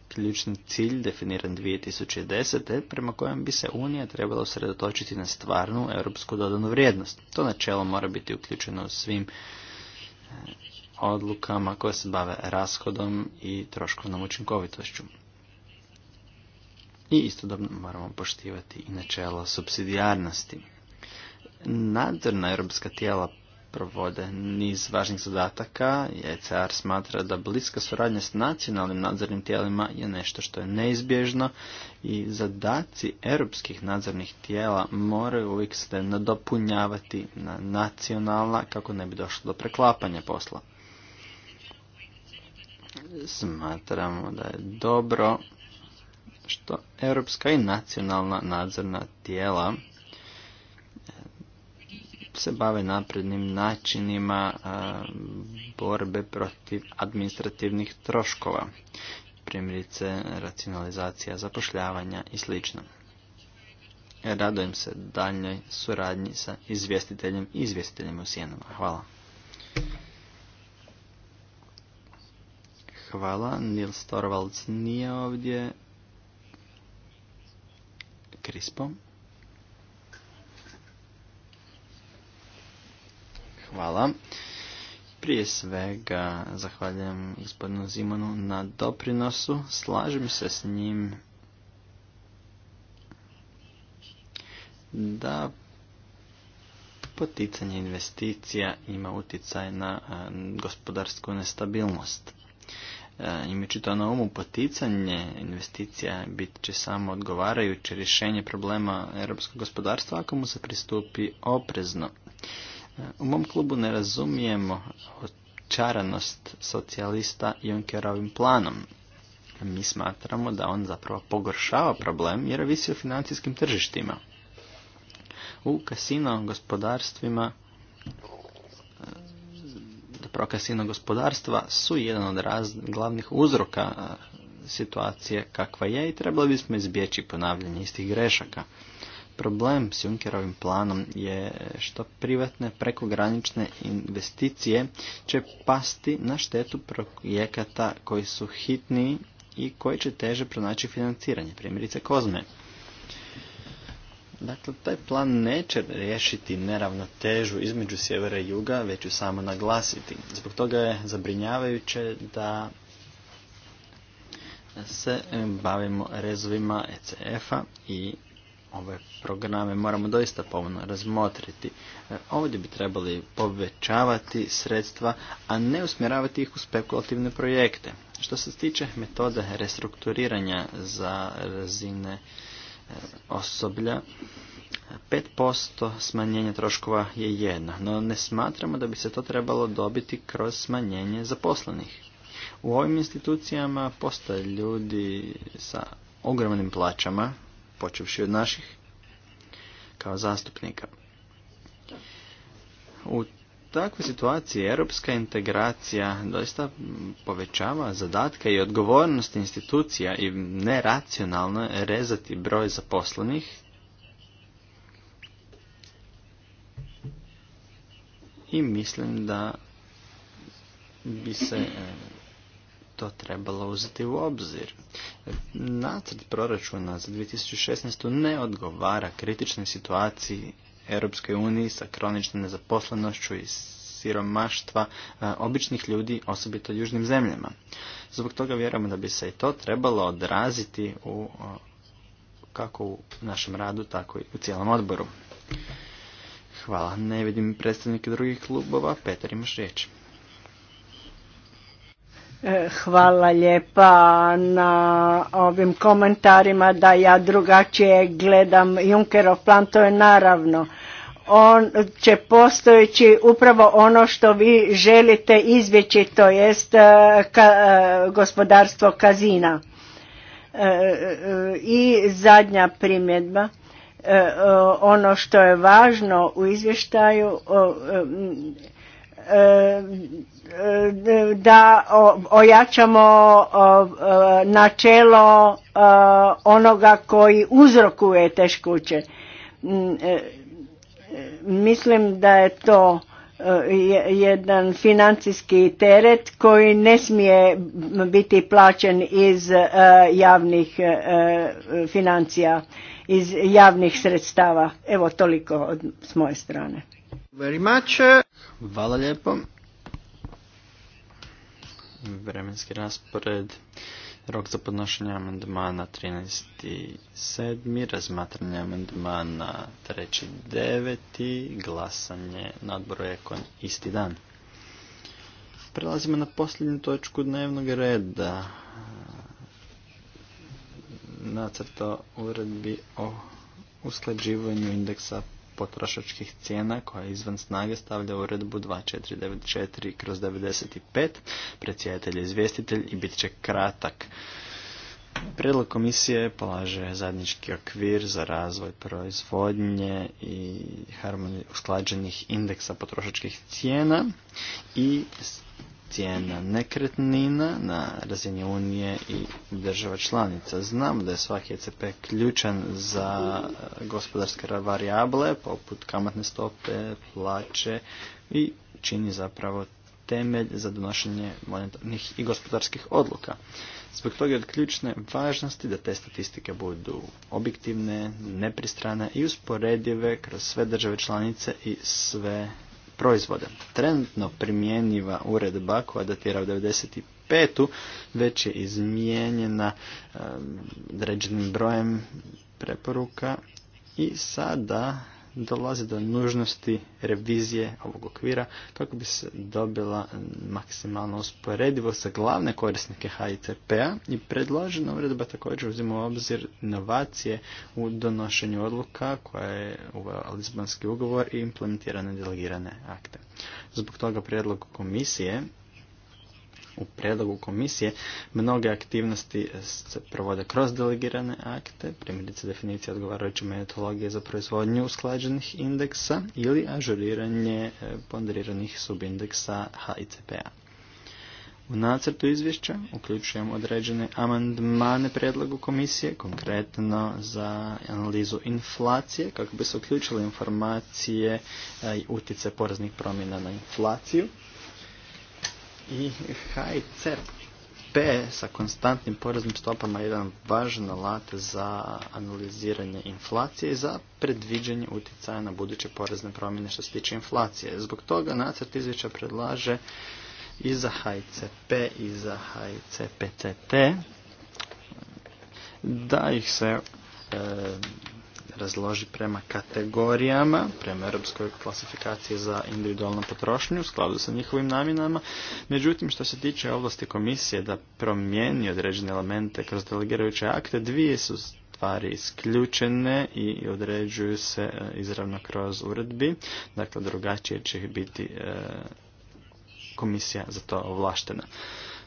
ključni cilj definiran 2010. prema kojem bi se Unija trebala usredotočiti na stvarnu europsku dodanu vrijednost. To načelo mora biti uključeno u svim e, odlukama koje se bave rashodom i troškovnom učinkovitošću. I istodobno moramo poštivati i načelo subsidijarnosti. Nadzorna europska tijela provode niz važnih zadataka. ECR smatra da bliska suradnja s nacionalnim nadzornim tijelima je nešto što je neizbježno i zadaci europskih nadzornih tijela moraju uvijek se nadopunjavati na nacionalna kako ne bi došlo do preklapanja posla. Smatramo da je dobro što europska i nacionalna nadzorna tijela se bave naprednim načinima borbe protiv administrativnih troškova, primjerice racionalizacija zapošljavanja i sl. Radojem se daljnjoj suradnji sa izvjestiteljem i izvjestiteljem u Sjenama. Hvala. Hvala. Nils Torvalds nije ovdje. Krispom. Hvala. Prije svega zahvaljujem gospodinu Zimonu na doprinosu. Slažem se s njim da poticanje investicija ima utjecaj na e, gospodarsku nestabilnost. E, imajući to na umu poticanje investicija bit će samo odgovarajuće rješenje problema europskog gospodarstva ako mu se pristupi oprezno. U mom klubu ne razumijemo očaranost socijalista Junkerovim planom. Mi smatramo da on zapravo pogoršava problem jer visi o financijskim tržištima. U kasino gospodarstvima zapravo kasino gospodarstva su jedan od raz, glavnih uzroka situacije kakva je i trebali bismo izbjeći ponavljanje istih grešaka. Problem s Junkerovim planom je što privatne prekogranične investicije će pasti na štetu projekata koji su hitniji i koji će teže pronaći financiranje, primjerice kozme. Dakle, taj plan neće riješiti neravnotežu između sjevera i juga, već ju samo naglasiti. Zbog toga je zabrinjavajuće da se bavimo rezovima ECF-a i ove programe moramo doista pomno razmotriti. E, ovdje bi trebali povećavati sredstva, a ne usmjeravati ih u spekulativne projekte. Što se tiče metode restrukturiranja za razine e, osoblja, 5% smanjenja troškova je jedna, no ne smatramo da bi se to trebalo dobiti kroz smanjenje zaposlenih. U ovim institucijama postoje ljudi sa ogromnim plaćama, počevši od naših kao zastupnika. U takvoj situaciji europska integracija doista povećava zadatke i odgovornost institucija i neracionalno rezati broj zaposlenih i mislim da bi se to trebalo uzeti u obzir. Nacrt proračuna za 2016. ne odgovara kritičnoj situaciji Europske unije sa kroničnom nezaposlenošću i siromaštva e, običnih ljudi, osobito južnim zemljama. Zbog toga vjerujemo da bi se i to trebalo odraziti u, e, kako u našem radu, tako i u cijelom odboru. Hvala. Ne vidim predstavnike drugih klubova. Petar, imaš riječi. E, hvala lijepa na ovim komentarima da ja drugačije gledam Junkerov plan, to je naravno. On će postojeći upravo ono što vi želite izvjeći, to jest e, e, gospodarstvo kazina. I zadnja primjedba, ono što je važno u izvještaju, da ojačamo e, načelo e, onoga koji uzrokuje teškuće. Mm, e, mislim da je to jedan financijski teret koji ne smije biti plaćen iz javnih financija, iz javnih sredstava. Evo toliko s moje strane. Very much. Hvala lijepo. Vremenski raspored. Rok za podnošenje amandmana 13.7. Razmatranje amandmana 3.9. Glasanje na odboru Ekon isti dan. Prelazimo na posljednju točku dnevnog reda. Nacrta uredbi o usklađivanju indeksa potrošačkih cijena koja izvan snage stavlja uredbu 2494 kroz 95. Predsjedatelj je izvjestitelj i bit će kratak. Prijedlog komisije polaže zajednički okvir za razvoj proizvodnje i usklađenih indeksa potrošačkih cijena i cijena nekretnina na razini Unije i država članica. Znam da je svaki ECP ključan za e, gospodarske varijable poput kamatne stope, plaće i čini zapravo temelj za donošenje monetarnih i gospodarskih odluka. Zbog toga je od ključne važnosti da te statistike budu objektivne, nepristrane i usporedive kroz sve države članice i sve proizvoda. Trenutno primjenjiva uredba koja datira u 95. već je izmijenjena određenim brojem preporuka i sada dolazi do nužnosti revizije ovog okvira kako bi se dobila maksimalno usporedivost sa glavne korisnike hitp a i predložena uredba također uzima u obzir inovacije u donošenju odluka koja je u Lizbanski ugovor i implementirane delegirane akte. Zbog toga prijedlog komisije u predlogu komisije mnoge aktivnosti se provode kroz delegirane akte, primjerice definicija odgovarajuće metodologije za proizvodnju usklađenih indeksa ili ažuriranje e, ponderiranih subindeksa HICPA. U nacrtu izvješća uključujem određene amandmane predlogu komisije, konkretno za analizu inflacije, kako bi se uključile informacije e, i utjece poreznih promjena na inflaciju. I HICP sa konstantnim poreznim stopama je jedan važan alat za analiziranje inflacije i za predviđanje utjecaja na buduće porezne promjene što se tiče inflacije. Zbog toga nacrt izvješća predlaže i za HICP i za HICPTT da ih se e, razloži prema kategorijama, prema europskoj klasifikaciji za individualnu potrošnju u skladu sa njihovim namjenama. Međutim, što se tiče ovlasti komisije da promijeni određene elemente kroz delegirajuće akte, dvije su stvari isključene i određuju se e, izravno kroz uredbi. Dakle, drugačije će biti e, komisija za to ovlaštena.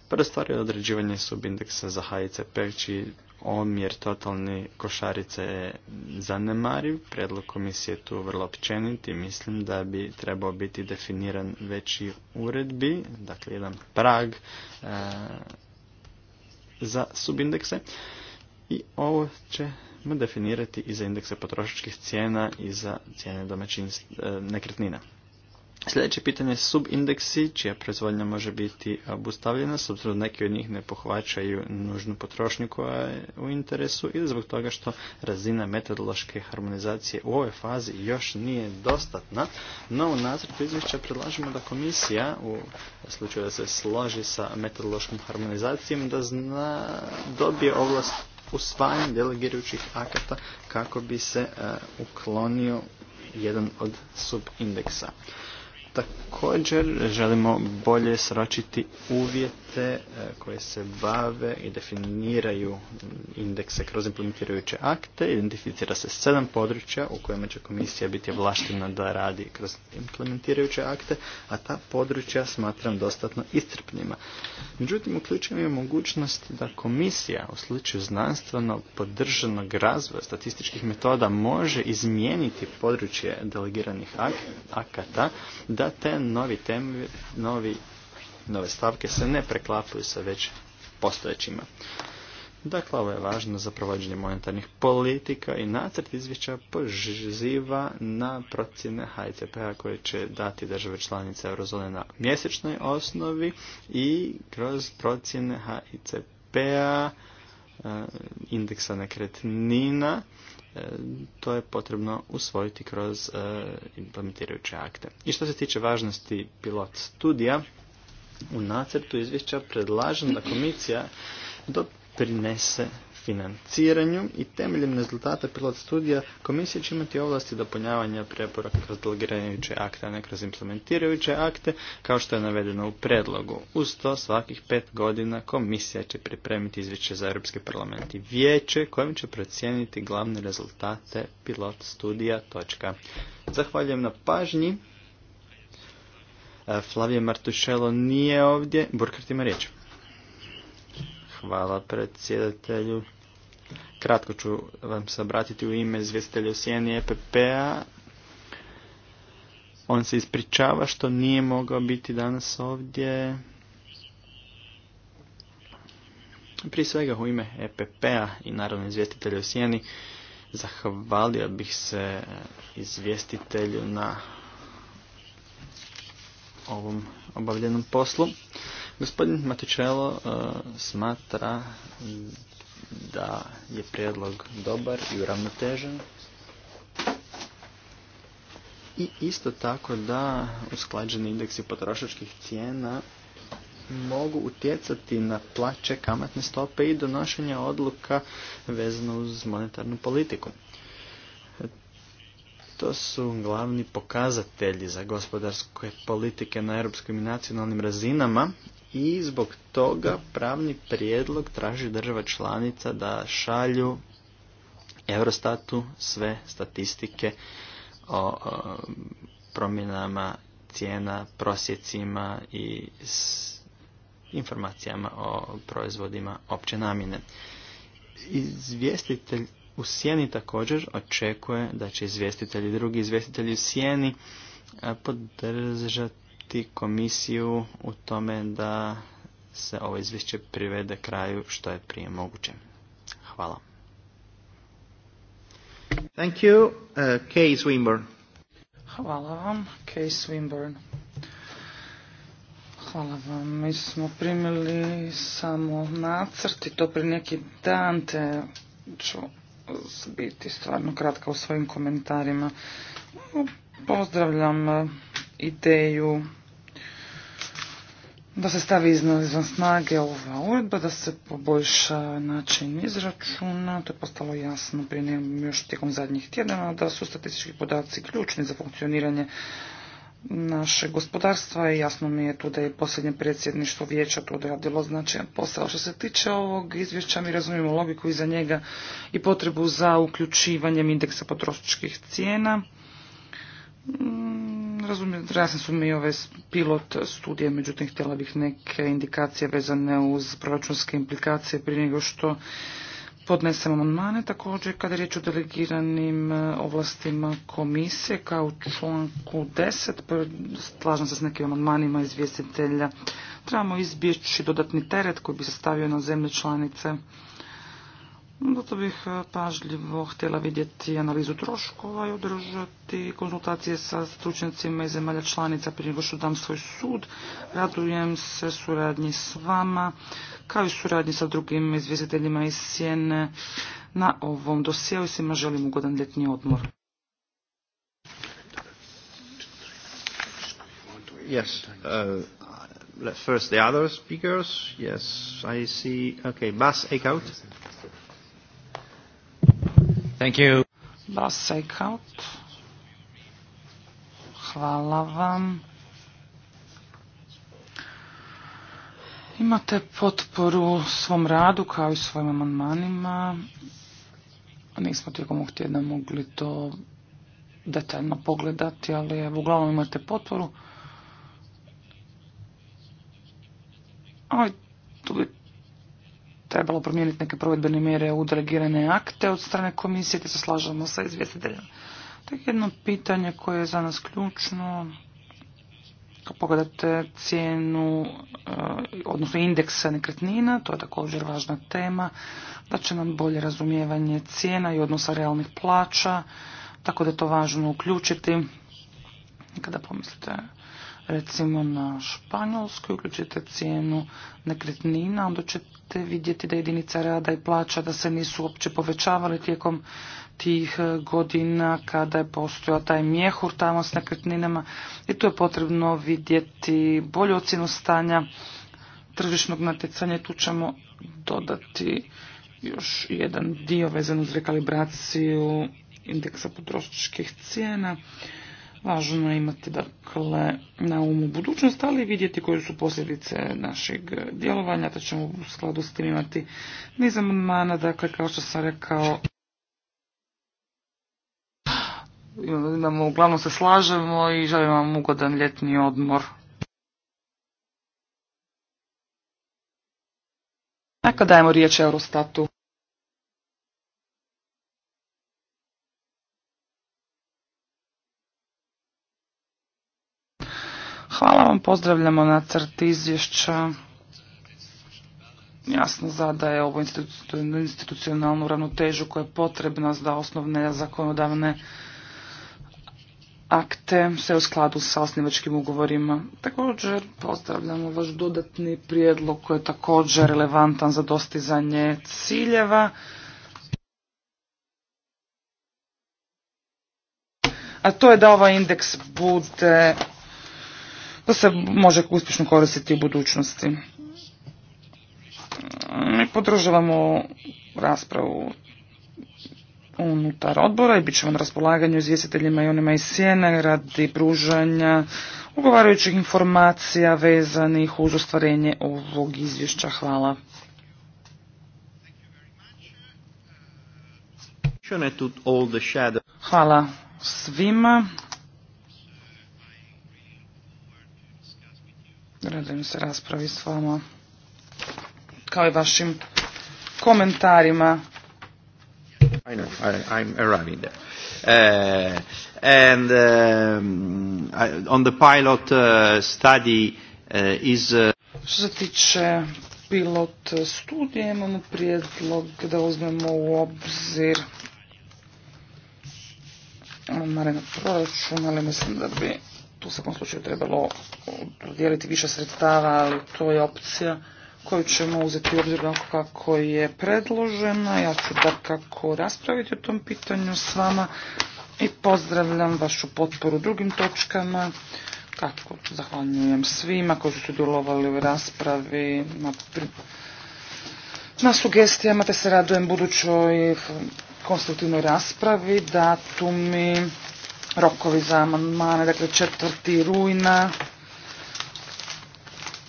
Prva stvar je određivanje subindeksa za HICP, čiji omjer totalni košarice je zanemariv. Predlog komisije je tu vrlo općenit i mislim da bi trebao biti definiran veći uredbi, dakle jedan prag eh, za subindekse. I ovo ćemo definirati i za indekse potrošačkih cijena i za cijene domaćinstva, eh, nekretnina. Sljedeće pitanje je subindeksi, čija proizvodnja može biti e, obustavljena, s obzirom da neki od njih ne pohvaćaju nužnu potrošnju koja je u interesu ili zbog toga što razina metodološke harmonizacije u ovoj fazi još nije dostatna, no u nacrtu izvješća predlažemo da komisija, u slučaju da se složi sa metodološkom harmonizacijom, da zna, dobije ovlast usvajanja delegirajućih akata kako bi se e, uklonio jedan od subindeksa. Također želimo bolje sročiti uvjet E, koje se bave i definiraju indekse kroz implementirajuće akte. Identificira se sedam područja u kojima će komisija biti ovlaštena da radi kroz implementirajuće akte, a ta područja smatram dostatno iscrpnima. Međutim, uključujem je mogućnost da komisija u slučaju znanstveno podržanog razvoja statističkih metoda može izmijeniti područje delegiranih akata da te novi, temi, novi nove stavke se ne preklapaju sa već postojećima. Dakle, ovo je važno za provođenje monetarnih politika i nacrt izvješća poziva na procjene HICP-a koje će dati države članice eurozone na mjesečnoj osnovi i kroz procjene HICP-a eh, indeksa nekretnina eh, to je potrebno usvojiti kroz eh, implementirajuće akte. I što se tiče važnosti pilot studija, u nacrtu izvješća predlažem da komisija doprinese financiranju i temeljem rezultata pilot studija komisija će imati ovlasti dopunjavanja preporaka kroz delegirajuće akte, a ne kroz implementirajuće akte, kao što je navedeno u predlogu. Uz to svakih pet godina komisija će pripremiti izvješće za Europski parlament i vijeće kojim će procijeniti glavne rezultate pilot studija. Točka. Zahvaljujem na pažnji. Flavije Martušelo nije ovdje. Burkart ima riječ. Hvala predsjedatelju. Kratko ću vam se obratiti u ime izvjestitelja Sjeni EPP-a. On se ispričava što nije mogao biti danas ovdje. Prije svega u ime EPP-a i naravno izvjestitelja u zahvalio bih se izvjestitelju na ovom obavljenom poslu. Gospodin Matičelo e, smatra da je prijedlog dobar i uravnotežen i isto tako da usklađeni indeksi potrošačkih cijena mogu utjecati na plaće kamatne stope i donošenja odluka vezano uz monetarnu politiku to su glavni pokazatelji za gospodarske politike na europskim i nacionalnim razinama i zbog toga pravni prijedlog traži država članica da šalju Eurostatu sve statistike o promjenama cijena, prosjecima i informacijama o proizvodima opće namjene. Izvjestitelj u sjeni također očekuje da će izvjestitelji, drugi izvjestitelji u sjeni e, podržati komisiju u tome da se ovo izvješće privede kraju što je prije moguće. Hvala. Thank you, uh, Kay Hvala vam, Kay Swinburne. Hvala vam. Mi smo primili samo nacrti, to pri neki dan, te ću biti stvarno kratka u svojim komentarima. Pozdravljam e, ideju da se stavi izvan snage ova uredba, da se poboljša način izračuna. To je postalo jasno prije još tijekom zadnjih tjedana da su statistički podaci ključni za funkcioniranje naše gospodarstva i jasno mi je tu da je posljednje predsjedništvo vijeća tu odradilo značajan posao. Što se tiče ovog izvješća, mi razumijemo logiku iza njega i potrebu za uključivanjem indeksa potrošačkih cijena. Mm, razumijem, su mi ove pilot studije, međutim htjela bih neke indikacije vezane uz proračunske implikacije prije nego što Podnesem amandmane. Također, kada je riječ o delegiranim e, ovlastima komisije, kao u članku 10, pa slažem se s nekim amandmanima izvjestitelja, trebamo izbjeći dodatni teret koji bi se stavio na zemlje članice. Zato bih e, pažljivo htjela vidjeti analizu troškova i održati konzultacije sa stručnjacima iz zemalja članica prije nego što dam svoj sud. Radujem se suradnji s vama, kao i suradnji sa drugim izvjestiteljima iz Sjene na ovom dosijelu i svima želim ugodan ljetni odmor. Yes. Uh, first the other speakers. Yes, I see. Okay, Bas Thank you. Hvala vam. Imate potporu svom radu kao i svojim amandmanima. Nismo tijekom ovog tjedna mogli to detaljno pogledati, ali evo, uglavnom imate potporu. Ali tu bi trebalo promijeniti neke provedbene mjere u delegirane akte od strane komisije, te se slažemo sa izvjestiteljem. Tako jedno pitanje koje je za nas ključno, kako pogledate cijenu, eh, odnosno indeksa nekretnina, to je također važna tema, da će nam bolje razumijevanje cijena i odnosa realnih plaća, tako da je to važno uključiti. Kada pomislite recimo na Španjolskoj uključite cijenu nekretnina, onda ćete vidjeti da jedinica rada i plaća da se nisu uopće povećavali tijekom tih e, godina kada je postojao taj mjehur tamo s nekretninama i tu je potrebno vidjeti bolju ocjenu stanja tržišnog natjecanja i tu ćemo dodati još jedan dio vezan uz rekalibraciju indeksa potrošačkih cijena. Važno je imati dakle, na umu budućnost, ali i vidjeti koje su posljedice našeg djelovanja, da ćemo u skladu s tim imati niz amandmana, dakle, kao što sam rekao, imamo, uglavnom se slažemo i želim vam ugodan ljetni odmor. Neka dajemo riječ Eurostatu. Pozdravljamo nacrt izvješća. Jasno je ovu institucionalnu ravnotežu koja je potrebna za osnovne zakonodavne akte sve u skladu sa osnivačkim ugovorima. Također pozdravljamo vaš dodatni prijedlog koji je također relevantan za dostizanje ciljeva. A to je da ovaj indeks bude to se može uspješno koristiti u budućnosti. Mi podržavamo raspravu unutar odbora i bit ćemo na raspolaganju izvjestiteljima i onima iz sjene radi pružanja ugovarajućih informacija vezanih uz ostvarenje ovog izvješća. Hvala. Hvala svima. Radujem se raspravi s vama kao i vašim komentarima. I know, I, I'm arriving there. Uh, and um, I, on the pilot uh, study uh, is... Uh... Što se tiče pilot studije, imamo prijedlog da uzmemo u obzir marina proračun, ali mislim da bi tu u svakom slučaju trebalo dijeliti više sredstava, ali to je opcija koju ćemo uzeti u obzir kako je predložena. Ja ću da kako raspraviti o tom pitanju s vama i pozdravljam vašu potporu drugim točkama. Kako zahvaljujem svima koji su sudjelovali u raspravi na, na sugestijama, te se radujem budućoj konstruktivnoj raspravi. Datumi rokovi za amandmane, dakle četvrti rujna.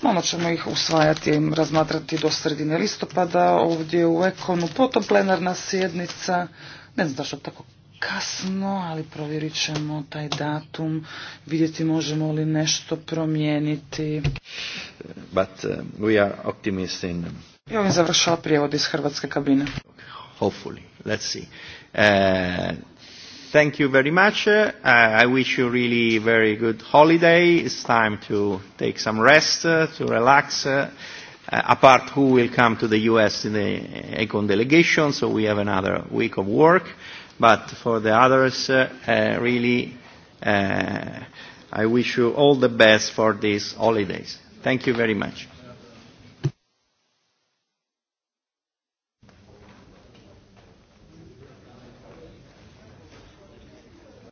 Malo ćemo ih usvajati i razmatrati do sredine listopada ovdje u Ekonu, potom plenarna sjednica, ne znam zašto tako kasno, ali provjerit ćemo taj datum, vidjeti možemo li nešto promijeniti. But uh, we are um, I ovim završava prijevod iz hrvatske kabine. Hopefully, let's see. Uh, thank you very much. Uh, I wish you really very good holiday. It's time to take some rest, uh, to relax. Uh, uh apart who will come to the US in the ECON delegation, so we have another week of work. But for the others, uh, uh, really, uh, I wish you all the best for these holidays. Thank you very much.